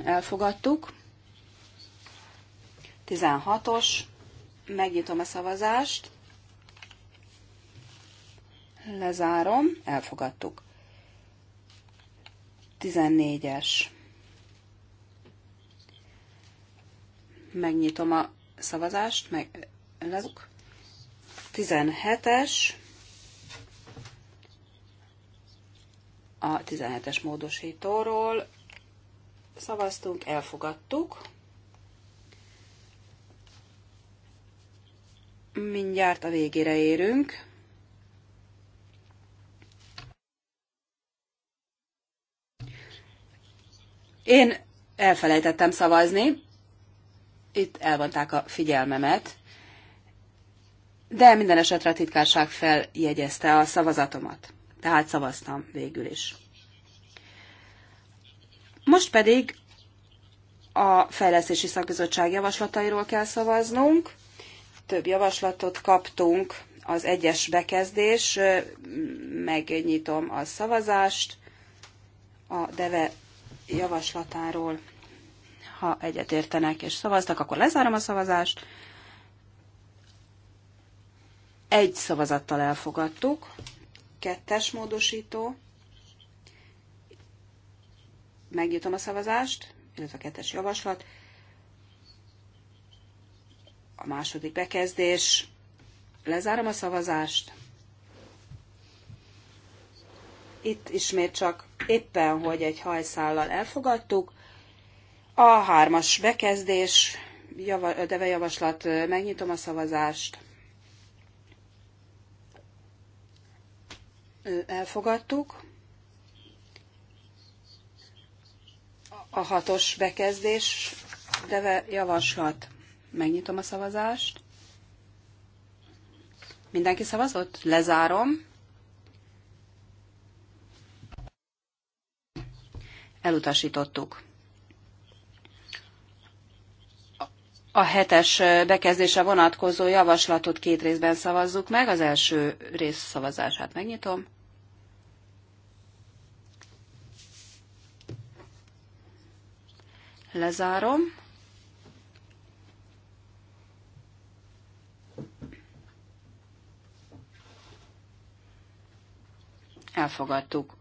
Elfogadtuk. 16-os, megnyitom a szavazást, lezárom, elfogadtuk. 14-es. Megnyitom a szavazást, meg lezuk. 17-es. A 17-es módosítóról szavaztunk, elfogadtuk. Mindjárt a végére érünk. Én elfelejtettem szavazni, itt elvonták a figyelmemet, de minden esetre a titkárság feljegyezte a szavazatomat. Tehát szavaztam végül is. Most pedig a Fejlesztési Szakbizottság javaslatairól kell szavaznunk több javaslatot kaptunk az egyes bekezdés, megnyitom a szavazást a DEVE javaslatáról. Ha egyetértenek és szavaztak, akkor lezárom a szavazást. Egy szavazattal elfogadtuk. Kettes módosító. Megnyitom a szavazást, illetve a kettes javaslat. A második bekezdés. Lezárom a szavazást. Itt ismét csak éppen, hogy egy hajszállal elfogadtuk. A hármas bekezdés, deve javaslat, megnyitom a szavazást. Elfogadtuk. A hatos bekezdés, deve javaslat. Megnyitom a szavazást. Mindenki szavazott? Lezárom. Elutasítottuk. A hetes bekezdése vonatkozó javaslatot két részben szavazzuk meg. Az első rész szavazását megnyitom. Lezárom. Elfogadtuk.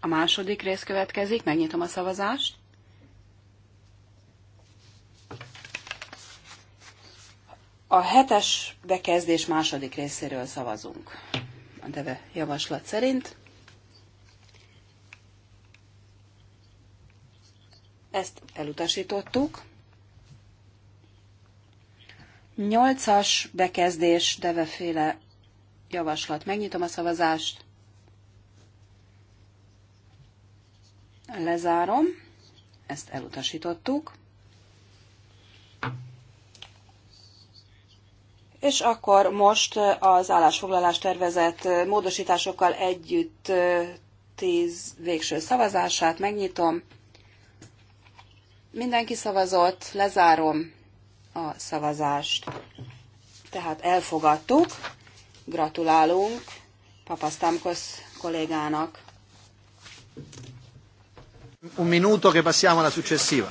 A második rész következik, megnyitom a szavazást. A hetes bekezdés második részéről szavazunk. A deve javaslat szerint. Ezt elutasítottuk. Nyolcas bekezdés deveféle javaslat. Megnyitom a szavazást. Lezárom. Ezt elutasítottuk. És akkor most az állásfoglalás tervezett módosításokkal együtt tíz végső szavazását megnyitom. Mindenki szavazott, lezárom a szavazást. Tehát elfogadtuk, gratulálunk Papasztámkosz kollégának. Un minuto che passiamo alla successiva.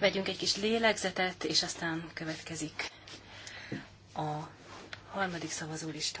Vegyünk egy kis lélegzetet, és aztán következik a harmadik szavazólista.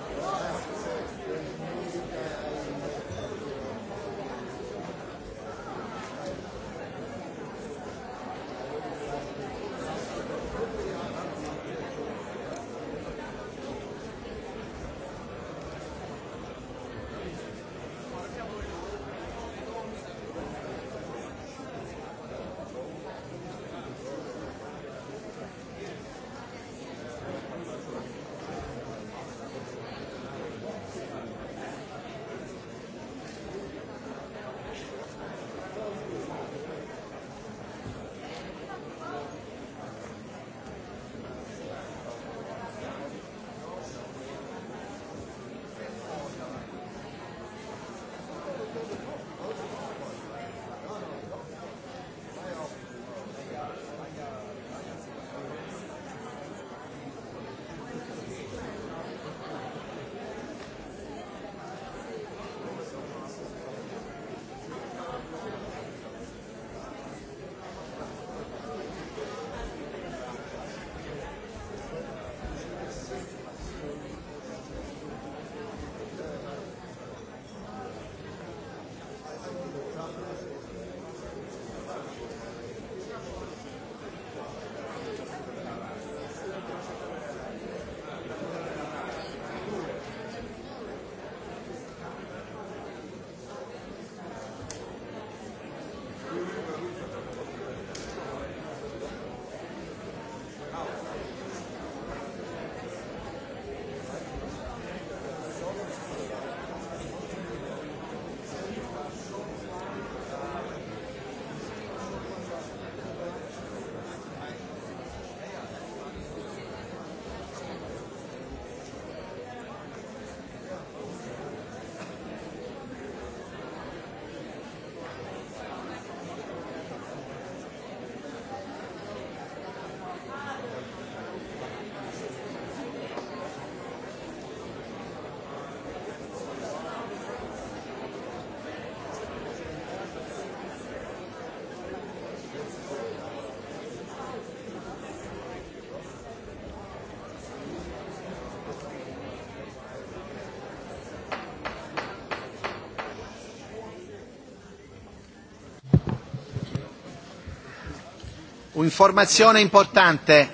Informazione importante.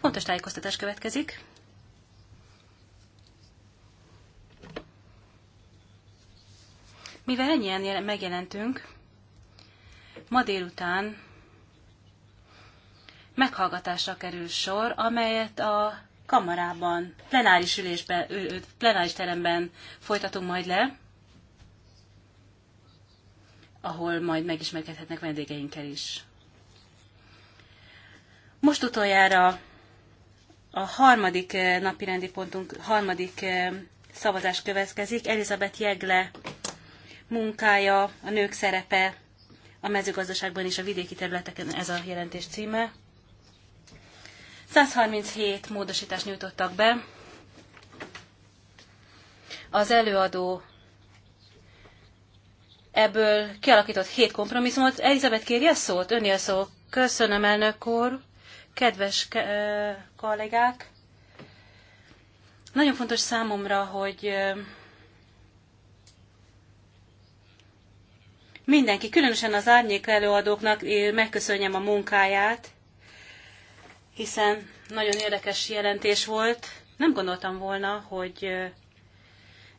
Fontos tájékoztatás következik. Mivel ennyien megjelentünk, ma délután meghallgatásra kerül sor, amelyet a kamarában, plenáris ülésben, plenáris teremben folytatunk majd le ahol majd megismerkedhetnek vendégeinkkel is. Most utoljára a harmadik eh, napi rendi pontunk, harmadik eh, szavazás következik. Elizabeth Jegle munkája, a nők szerepe a mezőgazdaságban és a vidéki területeken ez a jelentés címe. 137 módosítást nyújtottak be. Az előadó ebből kialakított hét kompromisszumot. Elizabeth kérje szót? Önnél szó. Köszönöm, elnök úr. Kedves kollégák! Nagyon fontos számomra, hogy mindenki, különösen az árnyék előadóknak megköszönjem a munkáját, hiszen nagyon érdekes jelentés volt. Nem gondoltam volna, hogy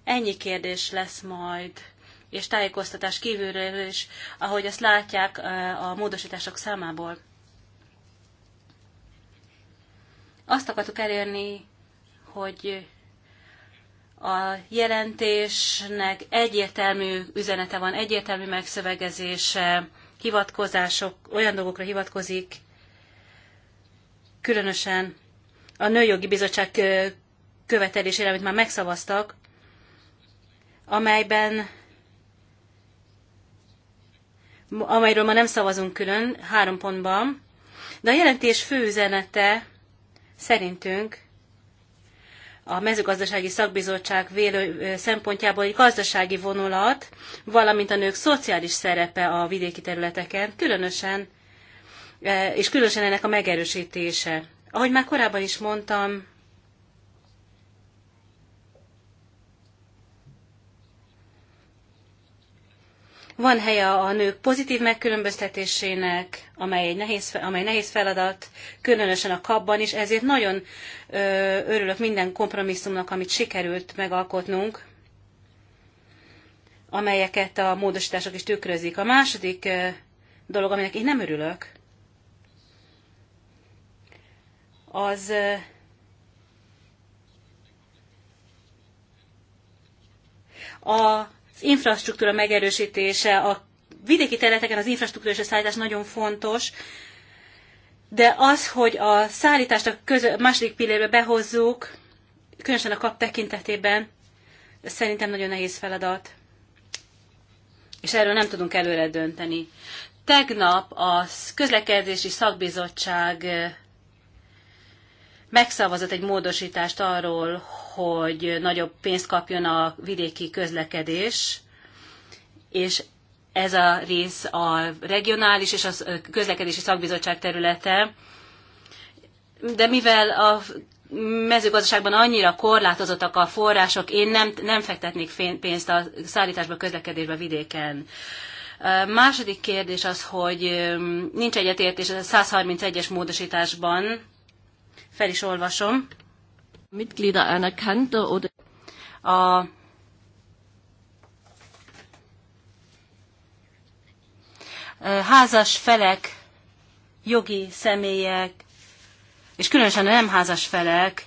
ennyi kérdés lesz majd és tájékoztatás kívülről is, ahogy azt látják a módosítások számából. Azt akartuk elérni, hogy a jelentésnek egyértelmű üzenete van, egyértelmű megszövegezése, hivatkozások, olyan dolgokra hivatkozik, különösen a Nőjogi Bizottság követelésére, amit már megszavaztak, amelyben amelyről ma nem szavazunk külön, három pontban, de a jelentés fő üzenete szerintünk a mezőgazdasági szakbizottság vélő szempontjából egy gazdasági vonulat, valamint a nők szociális szerepe a vidéki területeken, különösen, és különösen ennek a megerősítése. Ahogy már korábban is mondtam, Van helye a nők pozitív megkülönböztetésének, amely, egy nehéz, amely nehéz feladat, különösen a kapban is, ezért nagyon ö, örülök minden kompromisszumnak, amit sikerült megalkotnunk, amelyeket a módosítások is tükrözik. A második ö, dolog, aminek én nem örülök, az ö, a infrastruktúra megerősítése, a vidéki területeken az infrastruktúra és a szállítás nagyon fontos, de az, hogy a szállítást a közö, második pillérbe behozzuk, különösen a kap tekintetében, szerintem nagyon nehéz feladat. És erről nem tudunk előre dönteni. Tegnap a közlekedési szakbizottság megszavazott egy módosítást arról, hogy nagyobb pénzt kapjon a vidéki közlekedés, és ez a rész a regionális és a közlekedési szakbizottság területe. De mivel a mezőgazdaságban annyira korlátozottak a források, én nem, nem fektetnék pénzt a szállításba, közlekedésbe vidéken. Második kérdés az, hogy nincs egyetértés a 131-es módosításban, fel is olvasom. Mitglieder oder a házas felek, jogi személyek, és különösen a nem házas felek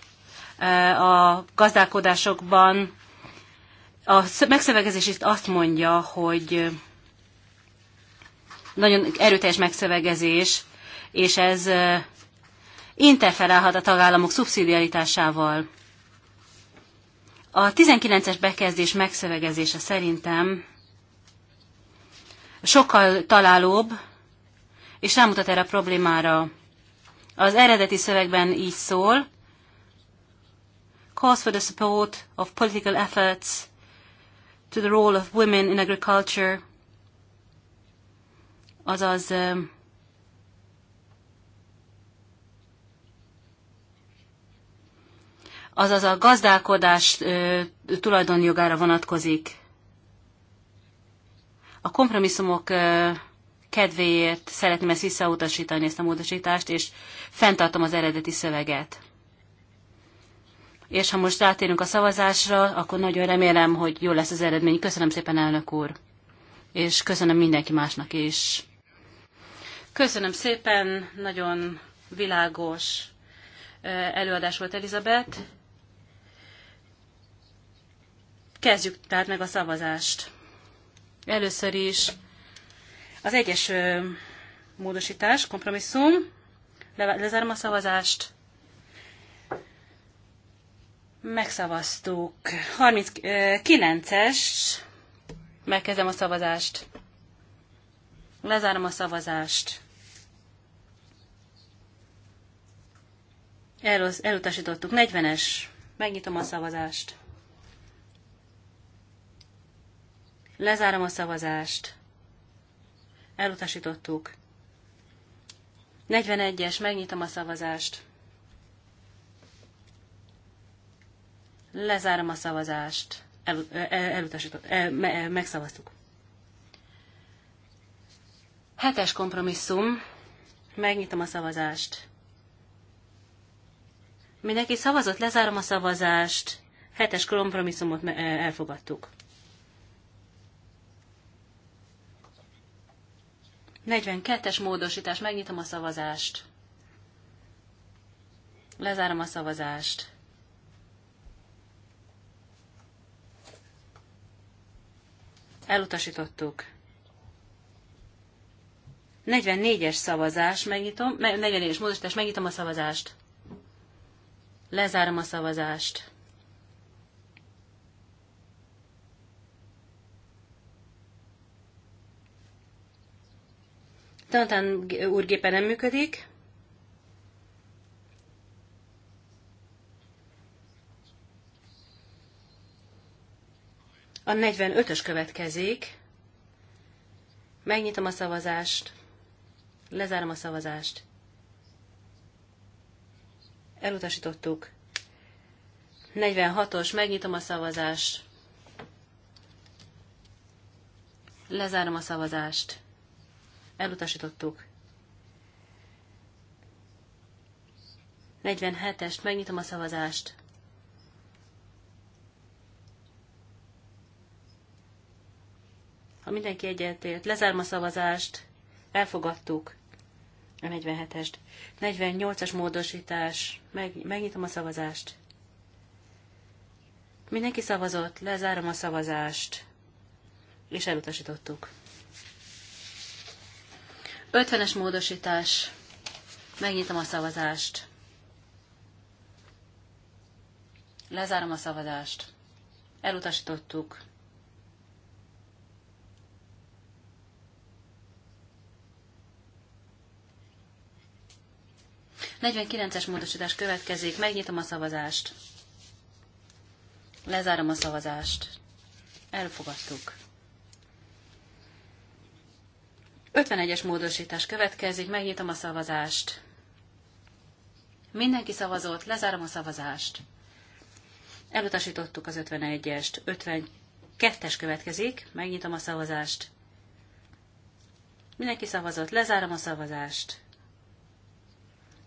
e, a gazdálkodásokban a megszövegezés itt azt mondja, hogy nagyon erőteljes megszövegezés, és ez e, interferálhat a tagállamok szubszidiaritásával. A 19-es bekezdés megszövegezése szerintem sokkal találóbb, és rámutat erre a problémára. Az eredeti szövegben így szól, calls for the support of political efforts to the role of women in agriculture, azaz azaz a gazdálkodás tulajdonjogára vonatkozik. A kompromisszumok kedvéért szeretném ezt visszautasítani, ezt a módosítást, és fenntartom az eredeti szöveget. És ha most rátérünk a szavazásra, akkor nagyon remélem, hogy jó lesz az eredmény. Köszönöm szépen, elnök úr, és köszönöm mindenki másnak is. Köszönöm szépen, nagyon világos előadás volt Elizabeth. Kezdjük tehát meg a szavazást. Először is az egyes ö, módosítás, kompromisszum. Le, lezárom a szavazást. Megszavaztuk. 39-es. Megkezdem a szavazást. Lezárom a szavazást. El, elutasítottuk. 40-es. Megnyitom a szavazást. Lezárom a szavazást. Elutasítottuk. 41-es, megnyitom a szavazást. Lezárom a szavazást. El, el, elutasított, el, me, e, megszavaztuk. Hetes kompromisszum. Megnyitom a szavazást. Mindenki szavazott, lezárom a szavazást. Hetes kompromisszumot e, elfogadtuk. 42-es módosítás, megnyitom a szavazást. Lezárom a szavazást. Elutasítottuk. 44-es szavazás, megnyitom, 44-es módosítás, megnyitom a szavazást. Lezárom a szavazást. Tantán úrgépe nem működik. A 45-ös következik. Megnyitom a szavazást. Lezárom a szavazást. Elutasítottuk. 46-os, megnyitom a szavazást. Lezárom a szavazást elutasítottuk. 47-est, megnyitom a szavazást. Ha mindenki egyetért, lezárom a szavazást, elfogadtuk a 47-est. 48-as módosítás, meg, megnyitom a szavazást. Mindenki szavazott, lezárom a szavazást, és elutasítottuk. 50-es módosítás. Megnyitom a szavazást. Lezárom a szavazást. Elutasítottuk. Negyvenkilences módosítás következik. Megnyitom a szavazást. Lezárom a szavazást. Elfogadtuk. 51-es módosítás következik, megnyitom a szavazást. Mindenki szavazott, lezárom a szavazást. Elutasítottuk az 51-est, 52-es következik, megnyitom a szavazást. Mindenki szavazott, lezárom a szavazást.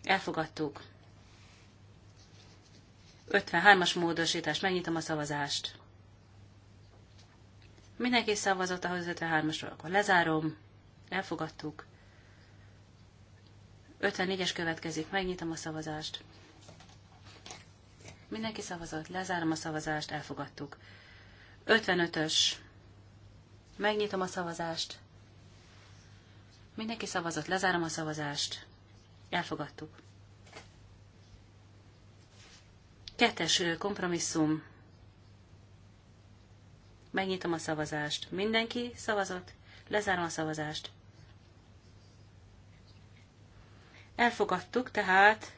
Elfogadtuk. 53-as módosítás, megnyitom a szavazást. Mindenki szavazott ahhoz 53-asról, akkor lezárom elfogadtuk. 54-es következik, megnyitom a szavazást. Mindenki szavazott, lezárom a szavazást, elfogadtuk. 55-ös, megnyitom a szavazást. Mindenki szavazott, lezárom a szavazást, elfogadtuk. Kettes kompromisszum, megnyitom a szavazást. Mindenki szavazott, lezárom a szavazást, Elfogadtuk, tehát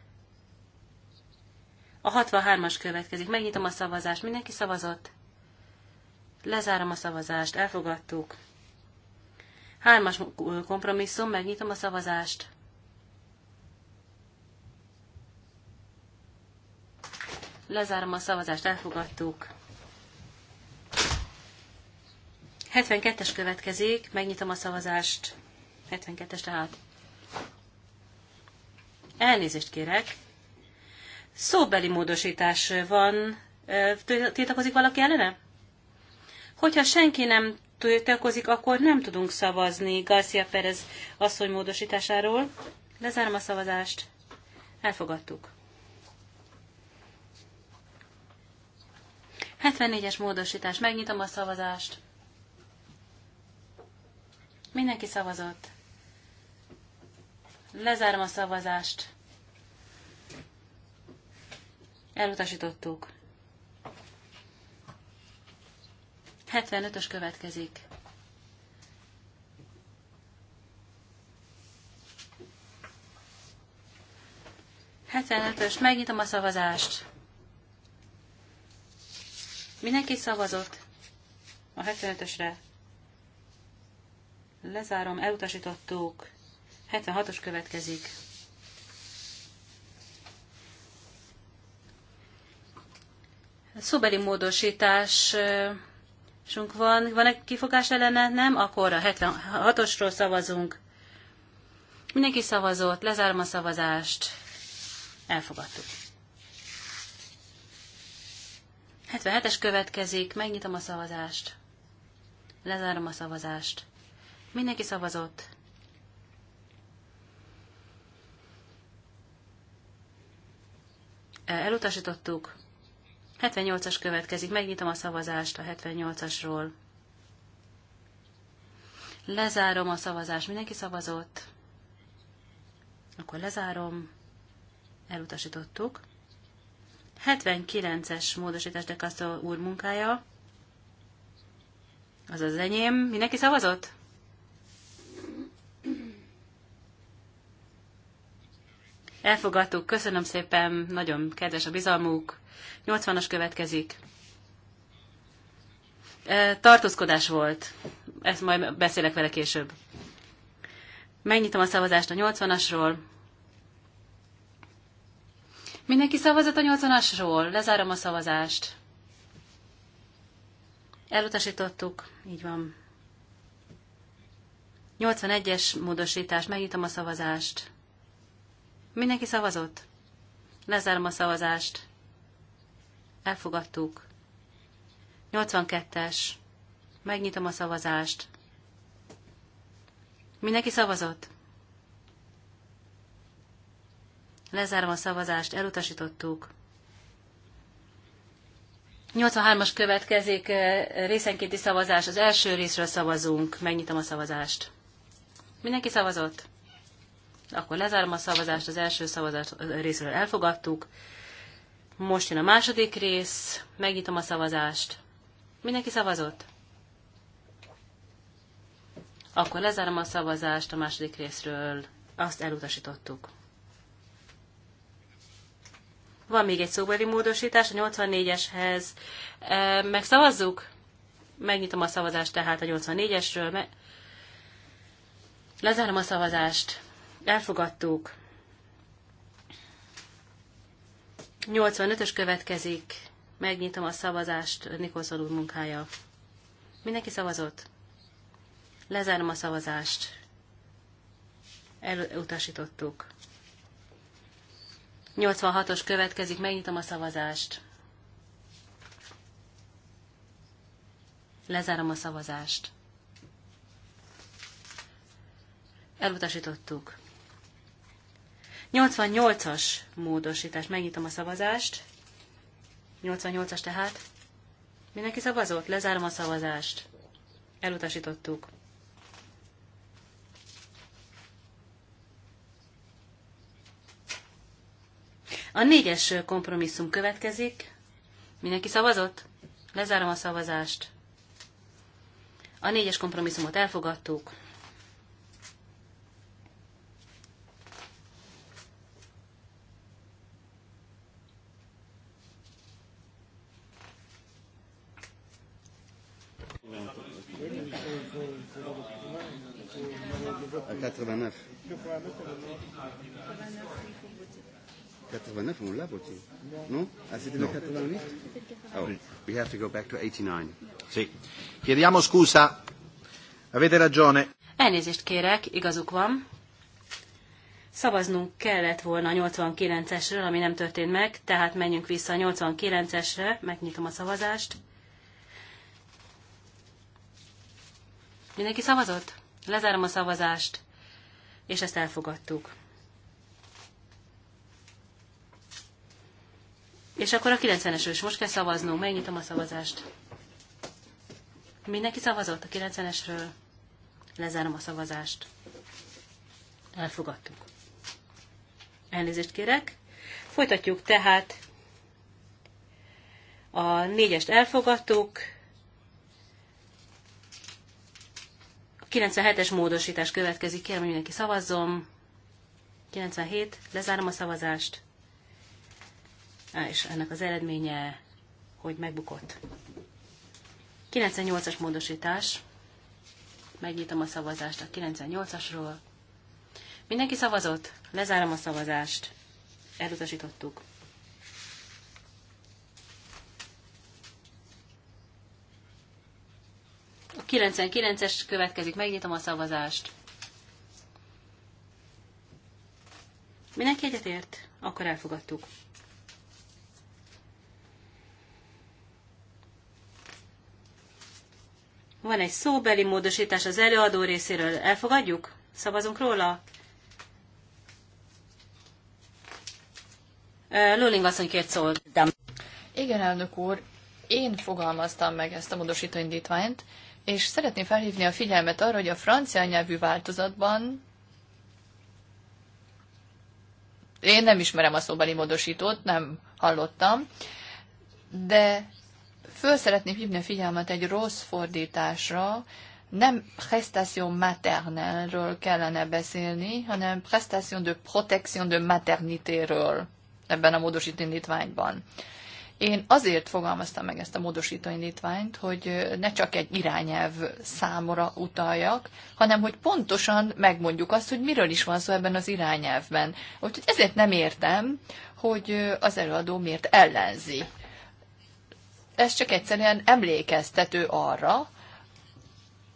a 63-as következik. Megnyitom a szavazást. Mindenki szavazott? Lezárom a szavazást. Elfogadtuk. Hármas kompromisszum. Megnyitom a szavazást. Lezárom a szavazást. Elfogadtuk. 72-es következik. Megnyitom a szavazást. 72-es tehát. Elnézést kérek. Szóbeli módosítás van. Tiltakozik valaki ellene? Hogyha senki nem tiltakozik, akkor nem tudunk szavazni Garcia Perez asszony módosításáról. Lezárom a szavazást. Elfogadtuk. 74-es módosítás. Megnyitom a szavazást. Mindenki szavazott. Lezárom a szavazást. Elutasítottuk. 75-ös következik. Hetvenötös, megnyitom a szavazást. Mindenki szavazott a 75-ösre. Lezárom, elutasítottuk. 76-os következik. Szóbeli módosításunk van. Van egy kifogás ellene? Nem? Akkor a 76-osról szavazunk. Mindenki szavazott, lezárom a szavazást. Elfogadtuk. 77-es következik, megnyitom a szavazást. Lezárom a szavazást. Mindenki szavazott. elutasítottuk. 78-as következik, megnyitom a szavazást a 78-asról. Lezárom a szavazást, mindenki szavazott. Akkor lezárom, elutasítottuk. 79-es módosítás de úr munkája, az az enyém. Mindenki szavazott? Elfogadtuk, köszönöm szépen, nagyon kedves a bizalmuk. 80-as következik. Tartózkodás volt. Ezt majd beszélek vele később. Megnyitom a szavazást a 80-asról. Mindenki szavazott a 80-asról. Lezárom a szavazást. Elutasítottuk. Így van. 81-es módosítás. Megnyitom a szavazást. Mindenki szavazott? Lezárom a szavazást. Elfogadtuk. 82-es. Megnyitom a szavazást. Mindenki szavazott? Lezárom a szavazást, elutasítottuk. 83-as következik, eh, részenkénti szavazás. Az első részről szavazunk. Megnyitom a szavazást. Mindenki szavazott? Akkor lezárom a szavazást, az első szavazást részről elfogadtuk. Most jön a második rész, megnyitom a szavazást. Mindenki szavazott? Akkor lezárom a szavazást a második részről. Azt elutasítottuk. Van még egy szóbeli módosítás a 84-eshez. megszavazzuk? Megnyitom a szavazást tehát a 84-esről. lezárom a szavazást. Elfogadtuk. 85-ös következik. Megnyitom a szavazást Nikolson úr munkája. Mindenki szavazott? Lezárom a szavazást. Elutasítottuk. 86-os következik, megnyitom a szavazást. Lezárom a szavazást. Elutasítottuk. 88-as módosítás. Megnyitom a szavazást. 88-as tehát. Mindenki szavazott? Lezárom a szavazást. Elutasítottuk. A négyes kompromisszum következik. Mindenki szavazott? Lezárom a szavazást. A négyes kompromisszumot elfogadtuk. 89. 89, on l'a voté. Non Ah, c'était le 88 ah Oh, we have to go back to 89. Sì. Chiediamo scusa. Avete ragione. Elnézést kérek, igazuk van. Szavaznunk kellett volna 89-esről, ami nem történt meg, tehát menjünk vissza 89-esre, megnyitom a szavazást. Mindenki szavazott? Lezárom a szavazást, és ezt elfogadtuk. És akkor a 90-esről is most kell szavaznunk. Megnyitom a szavazást. Mindenki szavazott a 90-esről. Lezárom a szavazást. Elfogadtuk. Elnézést kérek. Folytatjuk tehát. A négyest elfogadtuk, 97-es módosítás következik, kérem, hogy mindenki szavazzon. 97, lezárom a szavazást. Á, és ennek az eredménye, hogy megbukott. 98-as módosítás. Megnyitom a szavazást a 98-asról. Mindenki szavazott? Lezárom a szavazást. Elutasítottuk. 99-es következik, megnyitom a szavazást. Mindenki egyetért? Akkor elfogadtuk. Van egy szóbeli módosítás az előadó részéről. Elfogadjuk? Szavazunk róla? Luling asszony kért szólt. Igen, elnök úr, én fogalmaztam meg ezt a módosító indítványt, és szeretném felhívni a figyelmet arra, hogy a francia nyelvű változatban én nem ismerem a szóbeli módosítót, nem hallottam, de föl szeretném hívni a figyelmet egy rossz fordításra, nem prestation maternelről kellene beszélni, hanem prestation de protection de maternitéről ebben a módosítindítványban. indítványban. Én azért fogalmaztam meg ezt a módosító indítványt, hogy ne csak egy irányelv számora utaljak, hanem hogy pontosan megmondjuk azt, hogy miről is van szó ebben az irányelvben. Úgyhogy ezért nem értem, hogy az előadó miért ellenzi. Ez csak egyszerűen emlékeztető arra,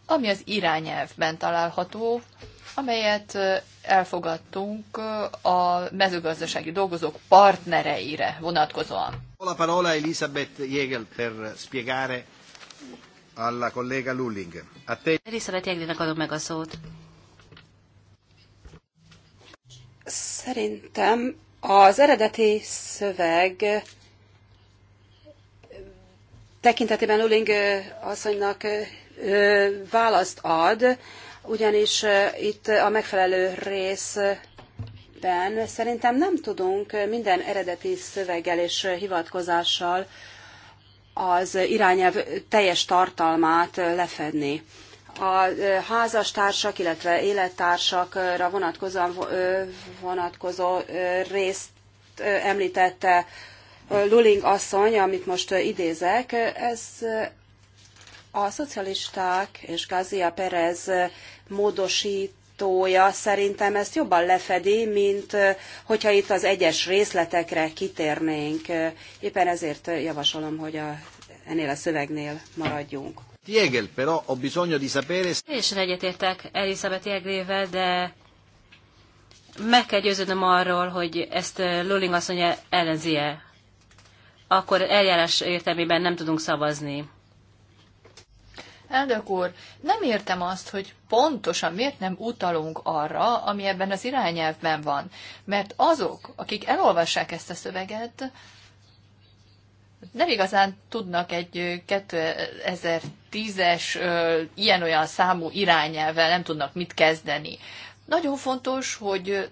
ami az irányelvben található, amelyet elfogadtunk a mezőgazdasági dolgozók partnereire vonatkozóan. La parola Elisabeth Jägel per spiegare alla collega Lulling. A te... Elisabeth Jägelnek adom meg a szót. Szerintem az eredeti szöveg tekintetében lulling asszonynak választ ad, ugyanis itt a megfelelő rész ügyben szerintem nem tudunk minden eredeti szöveggel és hivatkozással az irányelv teljes tartalmát lefedni. A házastársak, illetve élettársakra vonatkozóan vonatkozó részt említette Luling asszony, amit most idézek, ez a szocialisták és Gázia Perez módosít bemutatója szerintem ezt jobban lefedi, mint hogyha itt az egyes részletekre kitérnénk. Éppen ezért javasolom, hogy a, ennél a szövegnél maradjunk. Tiegel, però ho bisogno di sapere... Teljesen egyetértek Elizabeth Jeglével, de meg kell győződnöm arról, hogy ezt Lulling asszony ellenzi-e. Akkor eljárás értelmében nem tudunk szavazni. Elnök úr, nem értem azt, hogy pontosan miért nem utalunk arra, ami ebben az irányelvben van. Mert azok, akik elolvassák ezt a szöveget, nem igazán tudnak egy 2010-es ilyen-olyan számú irányelvvel, nem tudnak mit kezdeni. Nagyon fontos, hogy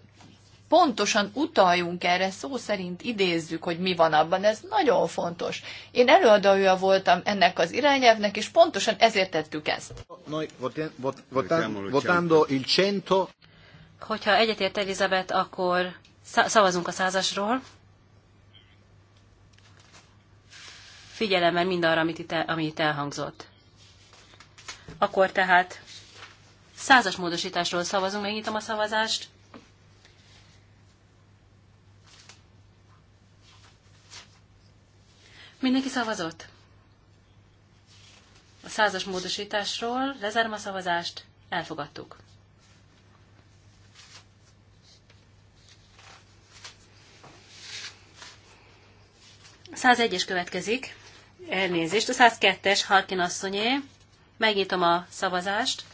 pontosan utaljunk erre, szó szerint idézzük, hogy mi van abban, ez nagyon fontos. Én előadója voltam ennek az irányelvnek, és pontosan ezért tettük ezt. Hogyha egyetért Elizabeth, akkor szavazunk a százasról. Figyelemmel arra, amit itt, el, ami itt elhangzott. Akkor tehát százas módosításról szavazunk, megnyitom a szavazást. Mindenki szavazott? A százas módosításról lezárom a szavazást, elfogadtuk. A 101-es következik. Elnézést. A 102-es Harkin asszonyé. Megnyitom a szavazást.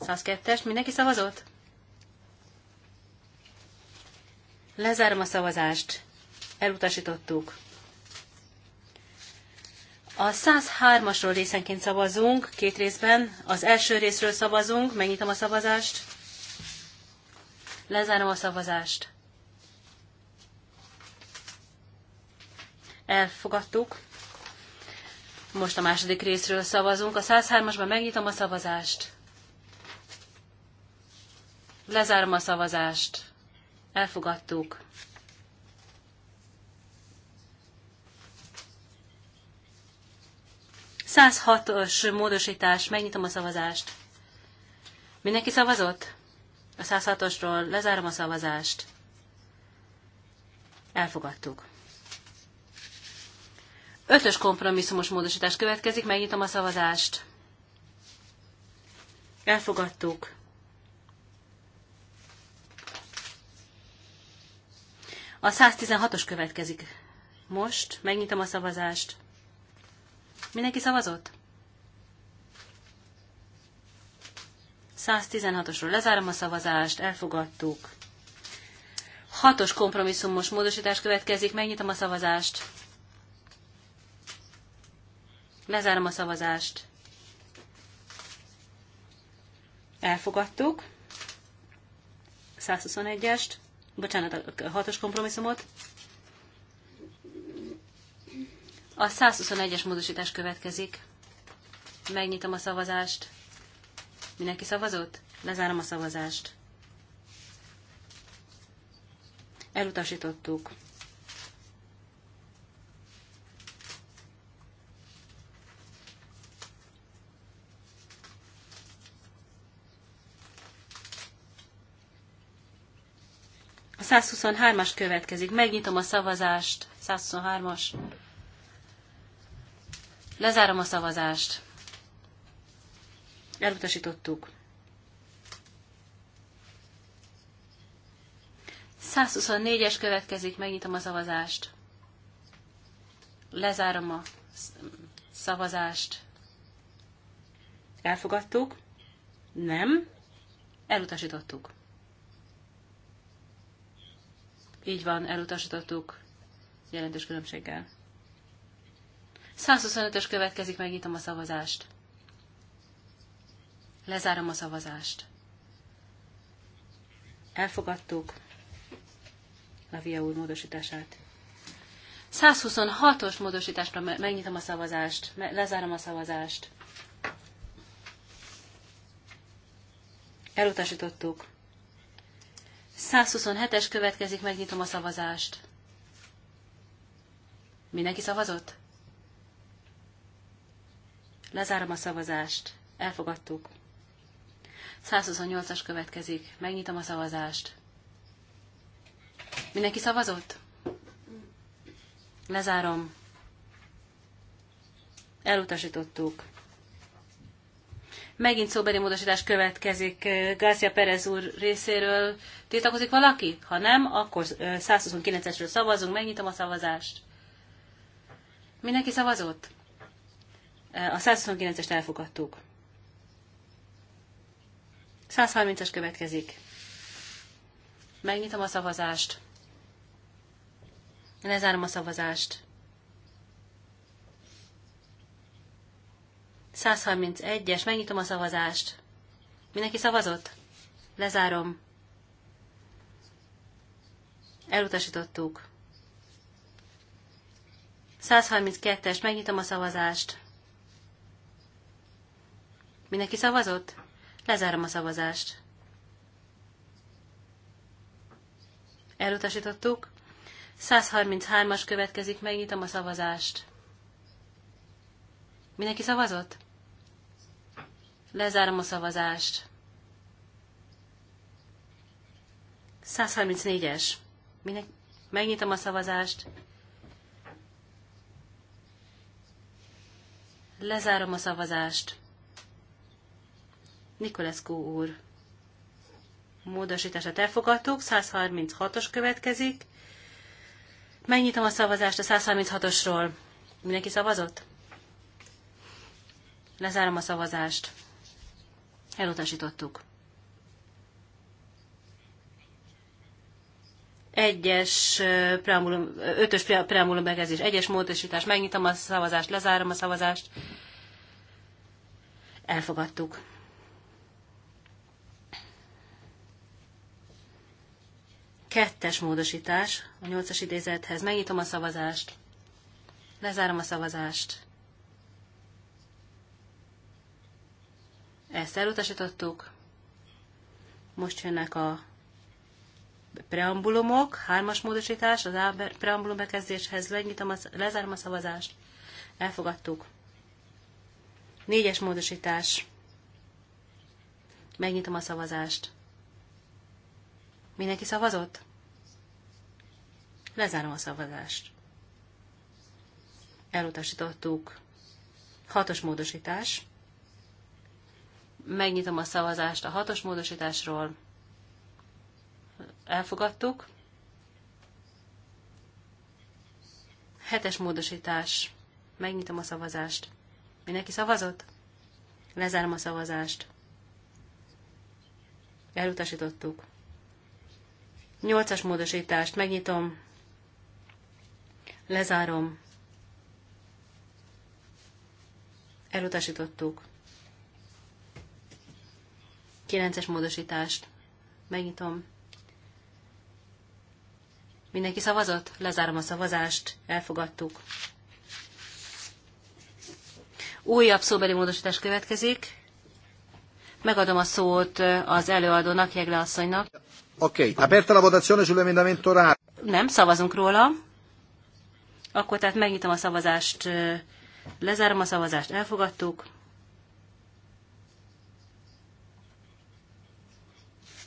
102-es. Mindenki szavazott? Lezárom a szavazást. Elutasítottuk. A 103-asról részenként szavazunk, két részben. Az első részről szavazunk, megnyitom a szavazást. Lezárom a szavazást. Elfogadtuk. Most a második részről szavazunk. A 103-asban megnyitom a szavazást. Lezárom a szavazást. Elfogadtuk. 106-os módosítás, megnyitom a szavazást. Mindenki szavazott? A 106-osról lezárom a szavazást. Elfogadtuk. Ötös kompromisszumos módosítás következik, megnyitom a szavazást. Elfogadtuk. A 116-os következik most, megnyitom a szavazást. Mindenki szavazott? 116-osról lezárom a szavazást, elfogadtuk. Hatos kompromisszumos módosítás következik, megnyitom a szavazást. Lezárom a szavazást. Elfogadtuk. 121-est, bocsánat, a hatos kompromisszumot. A 121-es módosítás következik. Megnyitom a szavazást. Mindenki szavazott? Lezárom a szavazást. Elutasítottuk. A 123-as következik. Megnyitom a szavazást. 123-as. Lezárom a szavazást. Elutasítottuk. 124-es következik, megnyitom a szavazást. Lezárom a szavazást. Elfogadtuk? Nem. Elutasítottuk. Így van, elutasítottuk jelentős különbséggel. 125-ös következik, megnyitom a szavazást. Lezárom a szavazást. Elfogadtuk Lavia úr módosítását. 126-os módosításra megnyitom a szavazást, lezárom a szavazást. Elutasítottuk. 127-es következik, megnyitom a szavazást. Mindenki szavazott? Lezárom a szavazást. Elfogadtuk. 128-as következik. Megnyitom a szavazást. Mindenki szavazott? Lezárom. Elutasítottuk. Megint szóbeli módosítás következik eh, Garcia Perez úr részéről. Tiltakozik valaki? Ha nem, akkor 129-esről eh, szavazunk. Megnyitom a szavazást. Mindenki szavazott? A 129-est elfogadtuk. 130-es következik. Megnyitom a szavazást. Lezárom a szavazást. 131-es, megnyitom a szavazást. Mindenki szavazott? Lezárom. Elutasítottuk. 132-es, megnyitom a szavazást. Mindenki szavazott? Lezárom a szavazást. Elutasítottuk. 133-as következik, megnyitom a szavazást. Mindenki szavazott? Lezárom a szavazást. 134-es. Mindenki... Megnyitom a szavazást. Lezárom a szavazást. Nikolescu úr módosítását elfogadtuk, 136-os következik. Megnyitom a szavazást a 136-osról. Mindenki szavazott? Lezárom a szavazást. Elutasítottuk. Egyes preambulum, ötös preambulum bekezdés, egyes módosítás, megnyitom a szavazást, lezárom a szavazást. Elfogadtuk. Kettes módosítás a nyolcas idézethez. Megnyitom a szavazást. Lezárom a szavazást. Ezt elutasítottuk. Most jönnek a preambulumok, hármas módosítás, az A preambulum bekezdéshez lenyitom a, lezárom a szavazást. Elfogadtuk. Négyes módosítás. Megnyitom a szavazást. Mindenki szavazott? Lezárom a szavazást. Elutasítottuk. Hatos módosítás. Megnyitom a szavazást a hatos módosításról. Elfogadtuk. Hetes módosítás. Megnyitom a szavazást. Mindenki szavazott? Lezárom a szavazást. Elutasítottuk. Nyolcas módosítást megnyitom, lezárom, elutasítottuk. Kilences módosítást megnyitom. Mindenki szavazott? Lezárom a szavazást, elfogadtuk. Újabb szóbeli módosítás következik. Megadom a szót az előadónak, Jegle asszonynak. Ok, aperta la votazione sull'emendamento orale. Nem, szavazunk róla. Akkor tehát megnyitom a szavazást, lezárom a szavazást, elfogadtuk.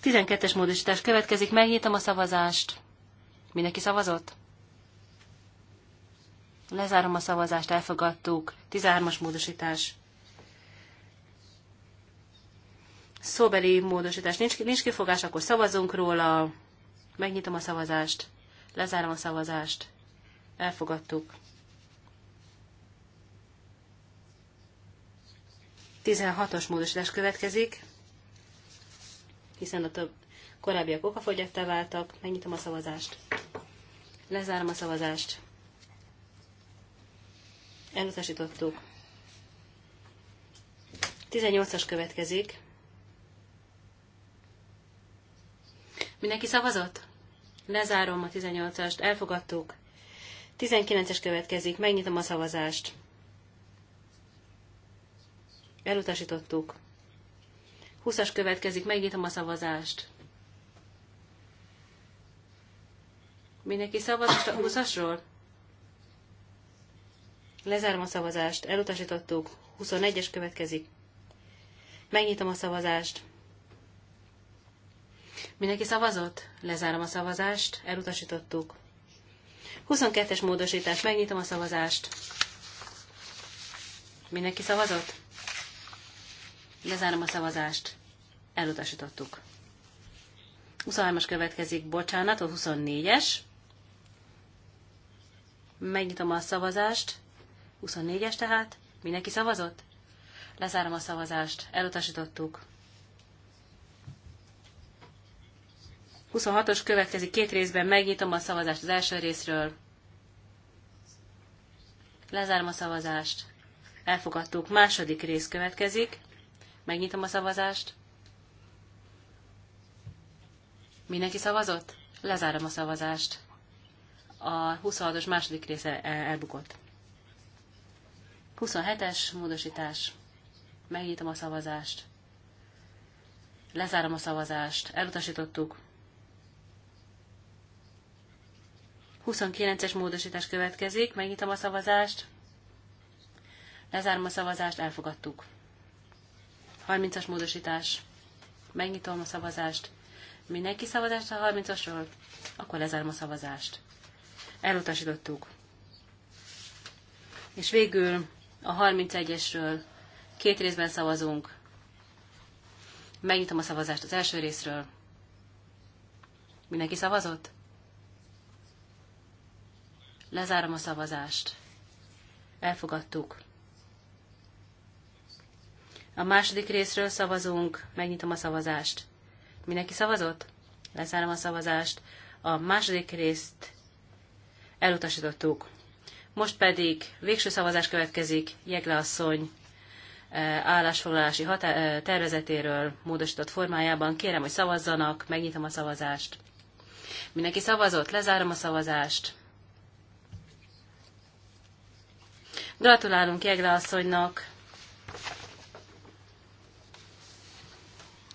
12-es módosítás következik, megnyitom a szavazást. Mindenki szavazott? Lezárom a szavazást, elfogadtuk. 13-as módosítás. Szóbeli módosítás nincs, nincs kifogás, akkor szavazunk róla. Megnyitom a szavazást, lezárom a szavazást. Elfogadtuk. 16-os módosítás következik, hiszen a több korábbiak okafogyattá váltak. Megnyitom a szavazást. Lezárom a szavazást. Elutasítottuk. 18-as következik. Mindenki szavazott? Lezárom a 18-ast, elfogadtuk. 19-es következik, megnyitom a szavazást. Elutasítottuk. 20-as következik, megnyitom a szavazást. Mindenki szavazott a 20-asról? Lezárom a szavazást, elutasítottuk. 21-es következik. Megnyitom a szavazást. Mindenki szavazott? Lezárom a szavazást. Elutasítottuk. 22-es módosítás. Megnyitom a szavazást. Mindenki szavazott? Lezárom a szavazást. Elutasítottuk. 23-as következik, bocsánat, a 24-es. Megnyitom a szavazást. 24-es tehát. Mindenki szavazott? Lezárom a szavazást. Elutasítottuk. 26-os következik két részben, megnyitom a szavazást az első részről. Lezárom a szavazást. Elfogadtuk. Második rész következik. Megnyitom a szavazást. Mindenki szavazott? Lezárom a szavazást. A 26-os második része elbukott. 27-es módosítás. Megnyitom a szavazást. Lezárom a szavazást. Elutasítottuk. 29-es módosítás következik, megnyitom a szavazást, lezárom a szavazást, elfogadtuk. 30-as módosítás, megnyitom a szavazást, mindenki szavazást a 30-asról, akkor lezárom a szavazást. Elutasítottuk. És végül a 31-esről két részben szavazunk. Megnyitom a szavazást az első részről. Mindenki szavazott? Lezárom a szavazást. Elfogadtuk. A második részről szavazunk, megnyitom a szavazást. Mindenki szavazott? Lezárom a szavazást. A második részt elutasítottuk. Most pedig végső szavazás következik Jegleasszony eh, állásfoglalási hatá- eh, tervezetéről módosított formájában. Kérem, hogy szavazzanak, megnyitom a szavazást. Mindenki szavazott, lezárom a szavazást. Gratulálunk Jegle asszonynak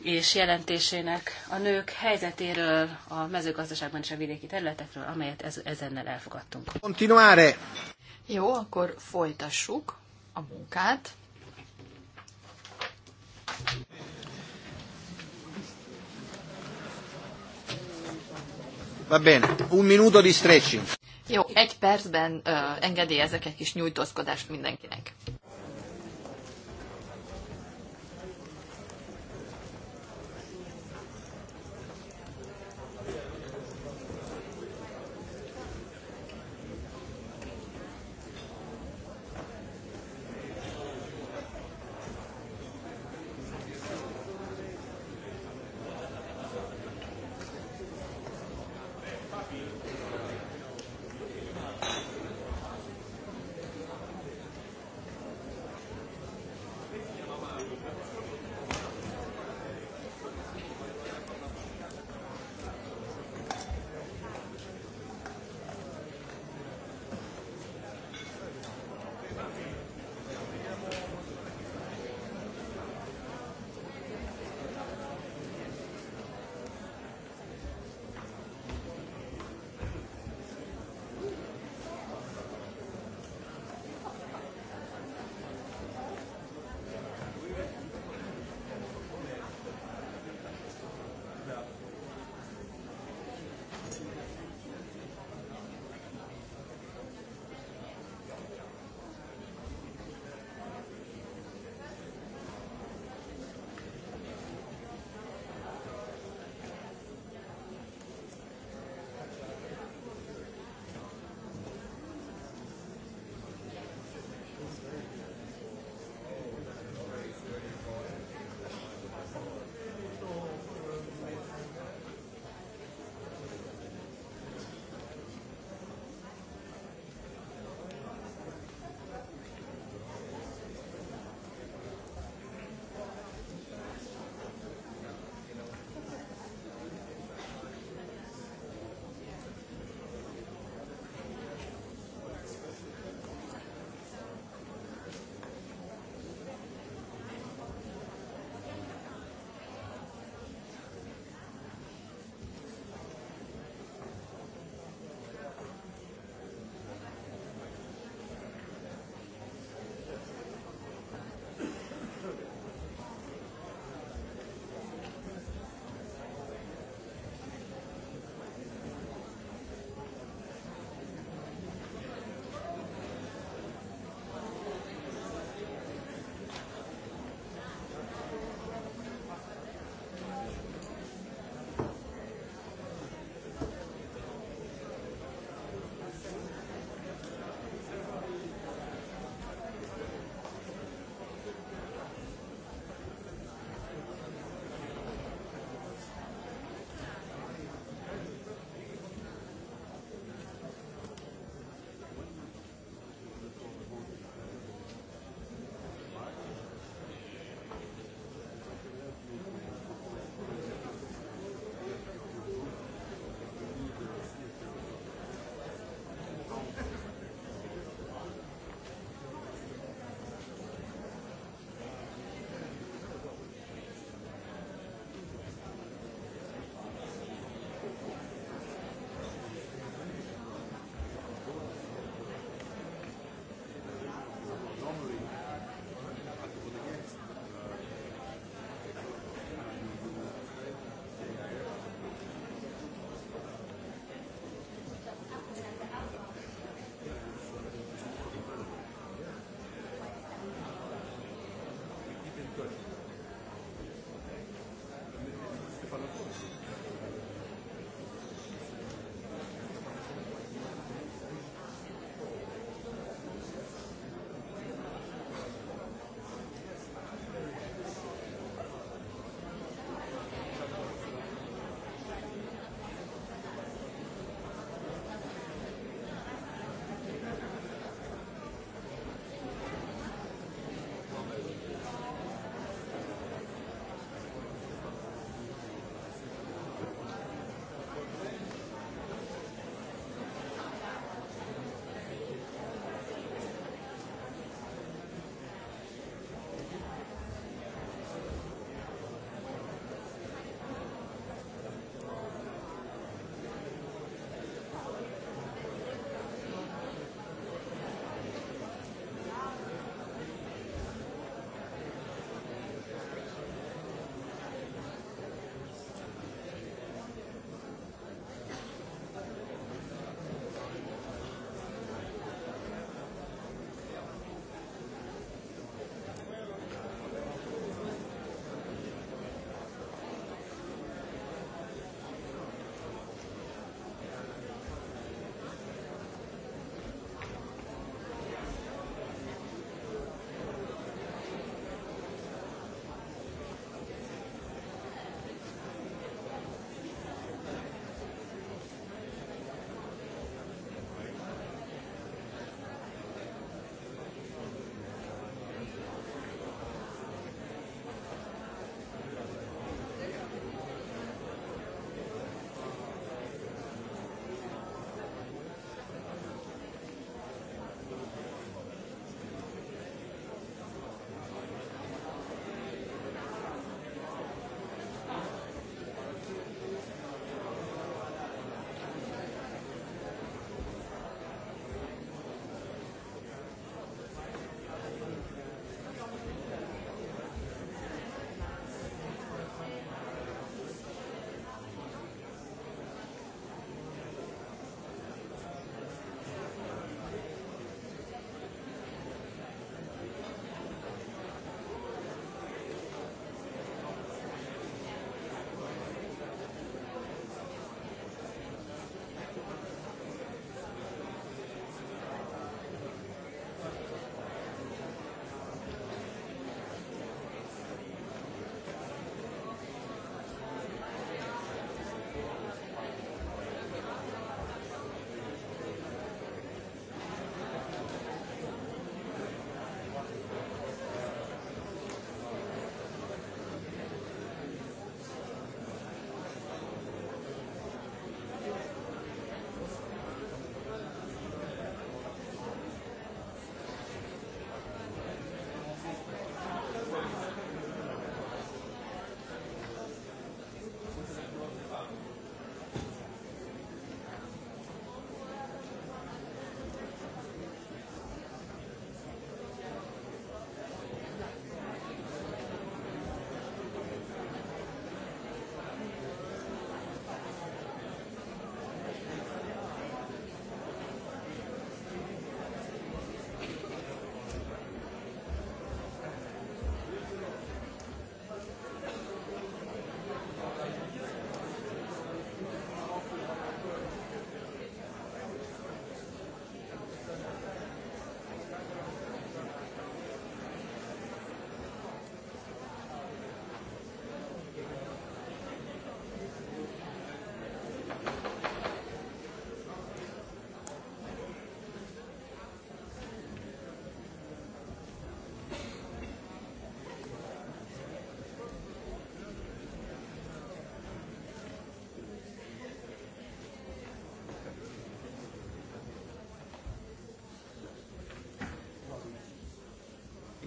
és jelentésének a nők helyzetéről, a mezőgazdaságban és a vidéki területekről, amelyet ez, ezennel elfogadtunk. Continuare! Jó, akkor folytassuk a munkát. Va bene, un minuto di stretching. Jó, egy percben ö, engedélyezek egy kis nyújtózkodást mindenkinek.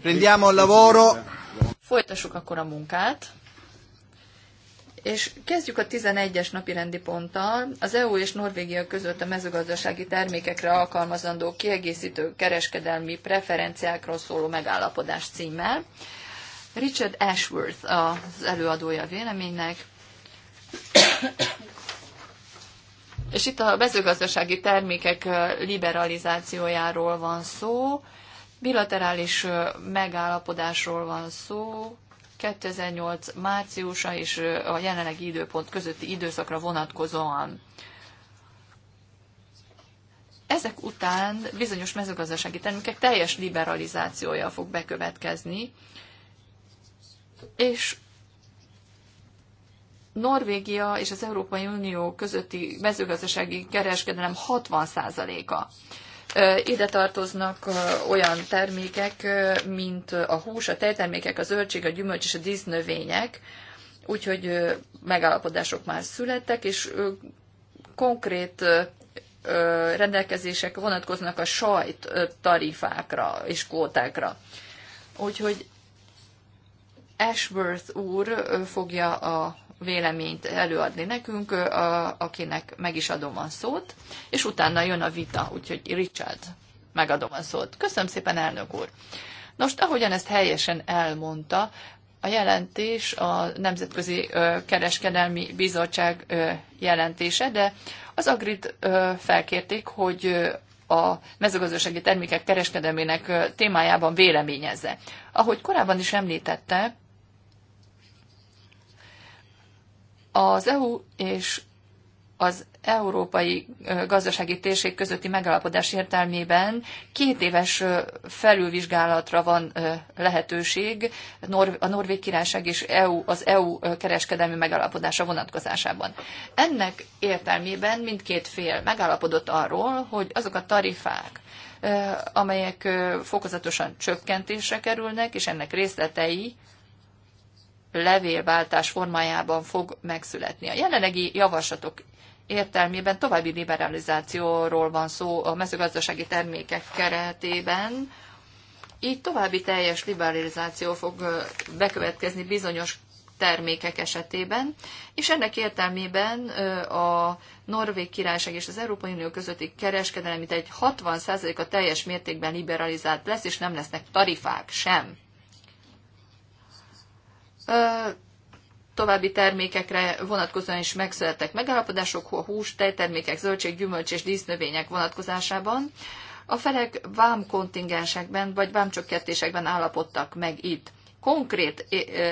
Prendiamo il lavoro. Folytassuk akkor a munkát. És kezdjük a 11-es napi rendi ponttal. Az EU és Norvégia között a mezőgazdasági termékekre alkalmazandó kiegészítő kereskedelmi preferenciákról szóló megállapodás címmel. Richard Ashworth az előadója a véleménynek. És itt a mezőgazdasági termékek liberalizációjáról van szó, Bilaterális megállapodásról van szó, 2008 márciusa és a jelenlegi időpont közötti időszakra vonatkozóan. Ezek után bizonyos mezőgazdasági termékek teljes liberalizációja fog bekövetkezni, és Norvégia és az Európai Unió közötti mezőgazdasági kereskedelem 60%-a. Ide tartoznak olyan termékek, mint a hús, a tejtermékek, a zöldség, a gyümölcs és a dísznövények, úgyhogy megállapodások már születtek, és konkrét rendelkezések vonatkoznak a sajt tarifákra és kvótákra. Úgyhogy Ashworth úr fogja a véleményt előadni nekünk, a, akinek meg is adom a szót, és utána jön a vita, úgyhogy Richard, megadom a szót. Köszönöm szépen, elnök úr! Nos, ahogyan ezt helyesen elmondta, a jelentés a Nemzetközi Kereskedelmi Bizottság jelentése, de az Agrit felkérték, hogy a mezőgazdasági termékek kereskedelmének témájában véleményezze. Ahogy korábban is említette, Az EU és az európai gazdasági térség közötti megállapodás értelmében két éves felülvizsgálatra van lehetőség a Norvég Királyság és EU, az EU kereskedelmi megállapodása vonatkozásában. Ennek értelmében mindkét fél megállapodott arról, hogy azok a tarifák, amelyek fokozatosan csökkentésre kerülnek, és ennek részletei levélváltás formájában fog megszületni. A jelenlegi javaslatok értelmében további liberalizációról van szó a mezőgazdasági termékek keretében. Így további teljes liberalizáció fog bekövetkezni bizonyos termékek esetében, és ennek értelmében a Norvég Királyság és az Európai Unió közötti kereskedelem mint egy 60%-a teljes mértékben liberalizált lesz, és nem lesznek tarifák sem további termékekre vonatkozóan is megszülettek megállapodások, a hús, tejtermékek, zöldség, gyümölcs és dísznövények vonatkozásában. A felek vámkontingensekben vagy vámcsökkentésekben állapodtak meg itt. Konkrét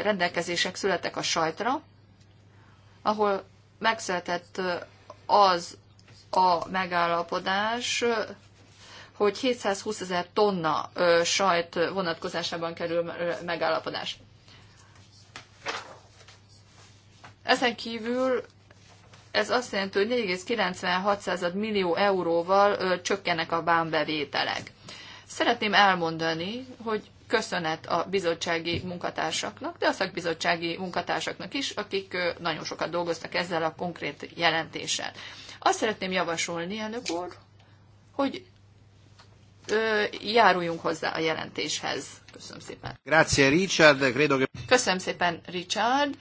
rendelkezések születtek a sajtra, ahol megszületett az a megállapodás, hogy 720 ezer tonna sajt vonatkozásában kerül megállapodás. Ezen kívül ez azt jelenti, hogy 4,96 millió euróval ö, csökkenek a bánbevételek. Szeretném elmondani, hogy köszönet a bizottsági munkatársaknak, de a szakbizottsági munkatársaknak is, akik ö, nagyon sokat dolgoztak ezzel a konkrét jelentéssel. Azt szeretném javasolni, elnök úr, hogy ö, járuljunk hozzá a jelentéshez. Köszönöm szépen. Grazie, Richard. Credo che... Köszönöm szépen, Richard.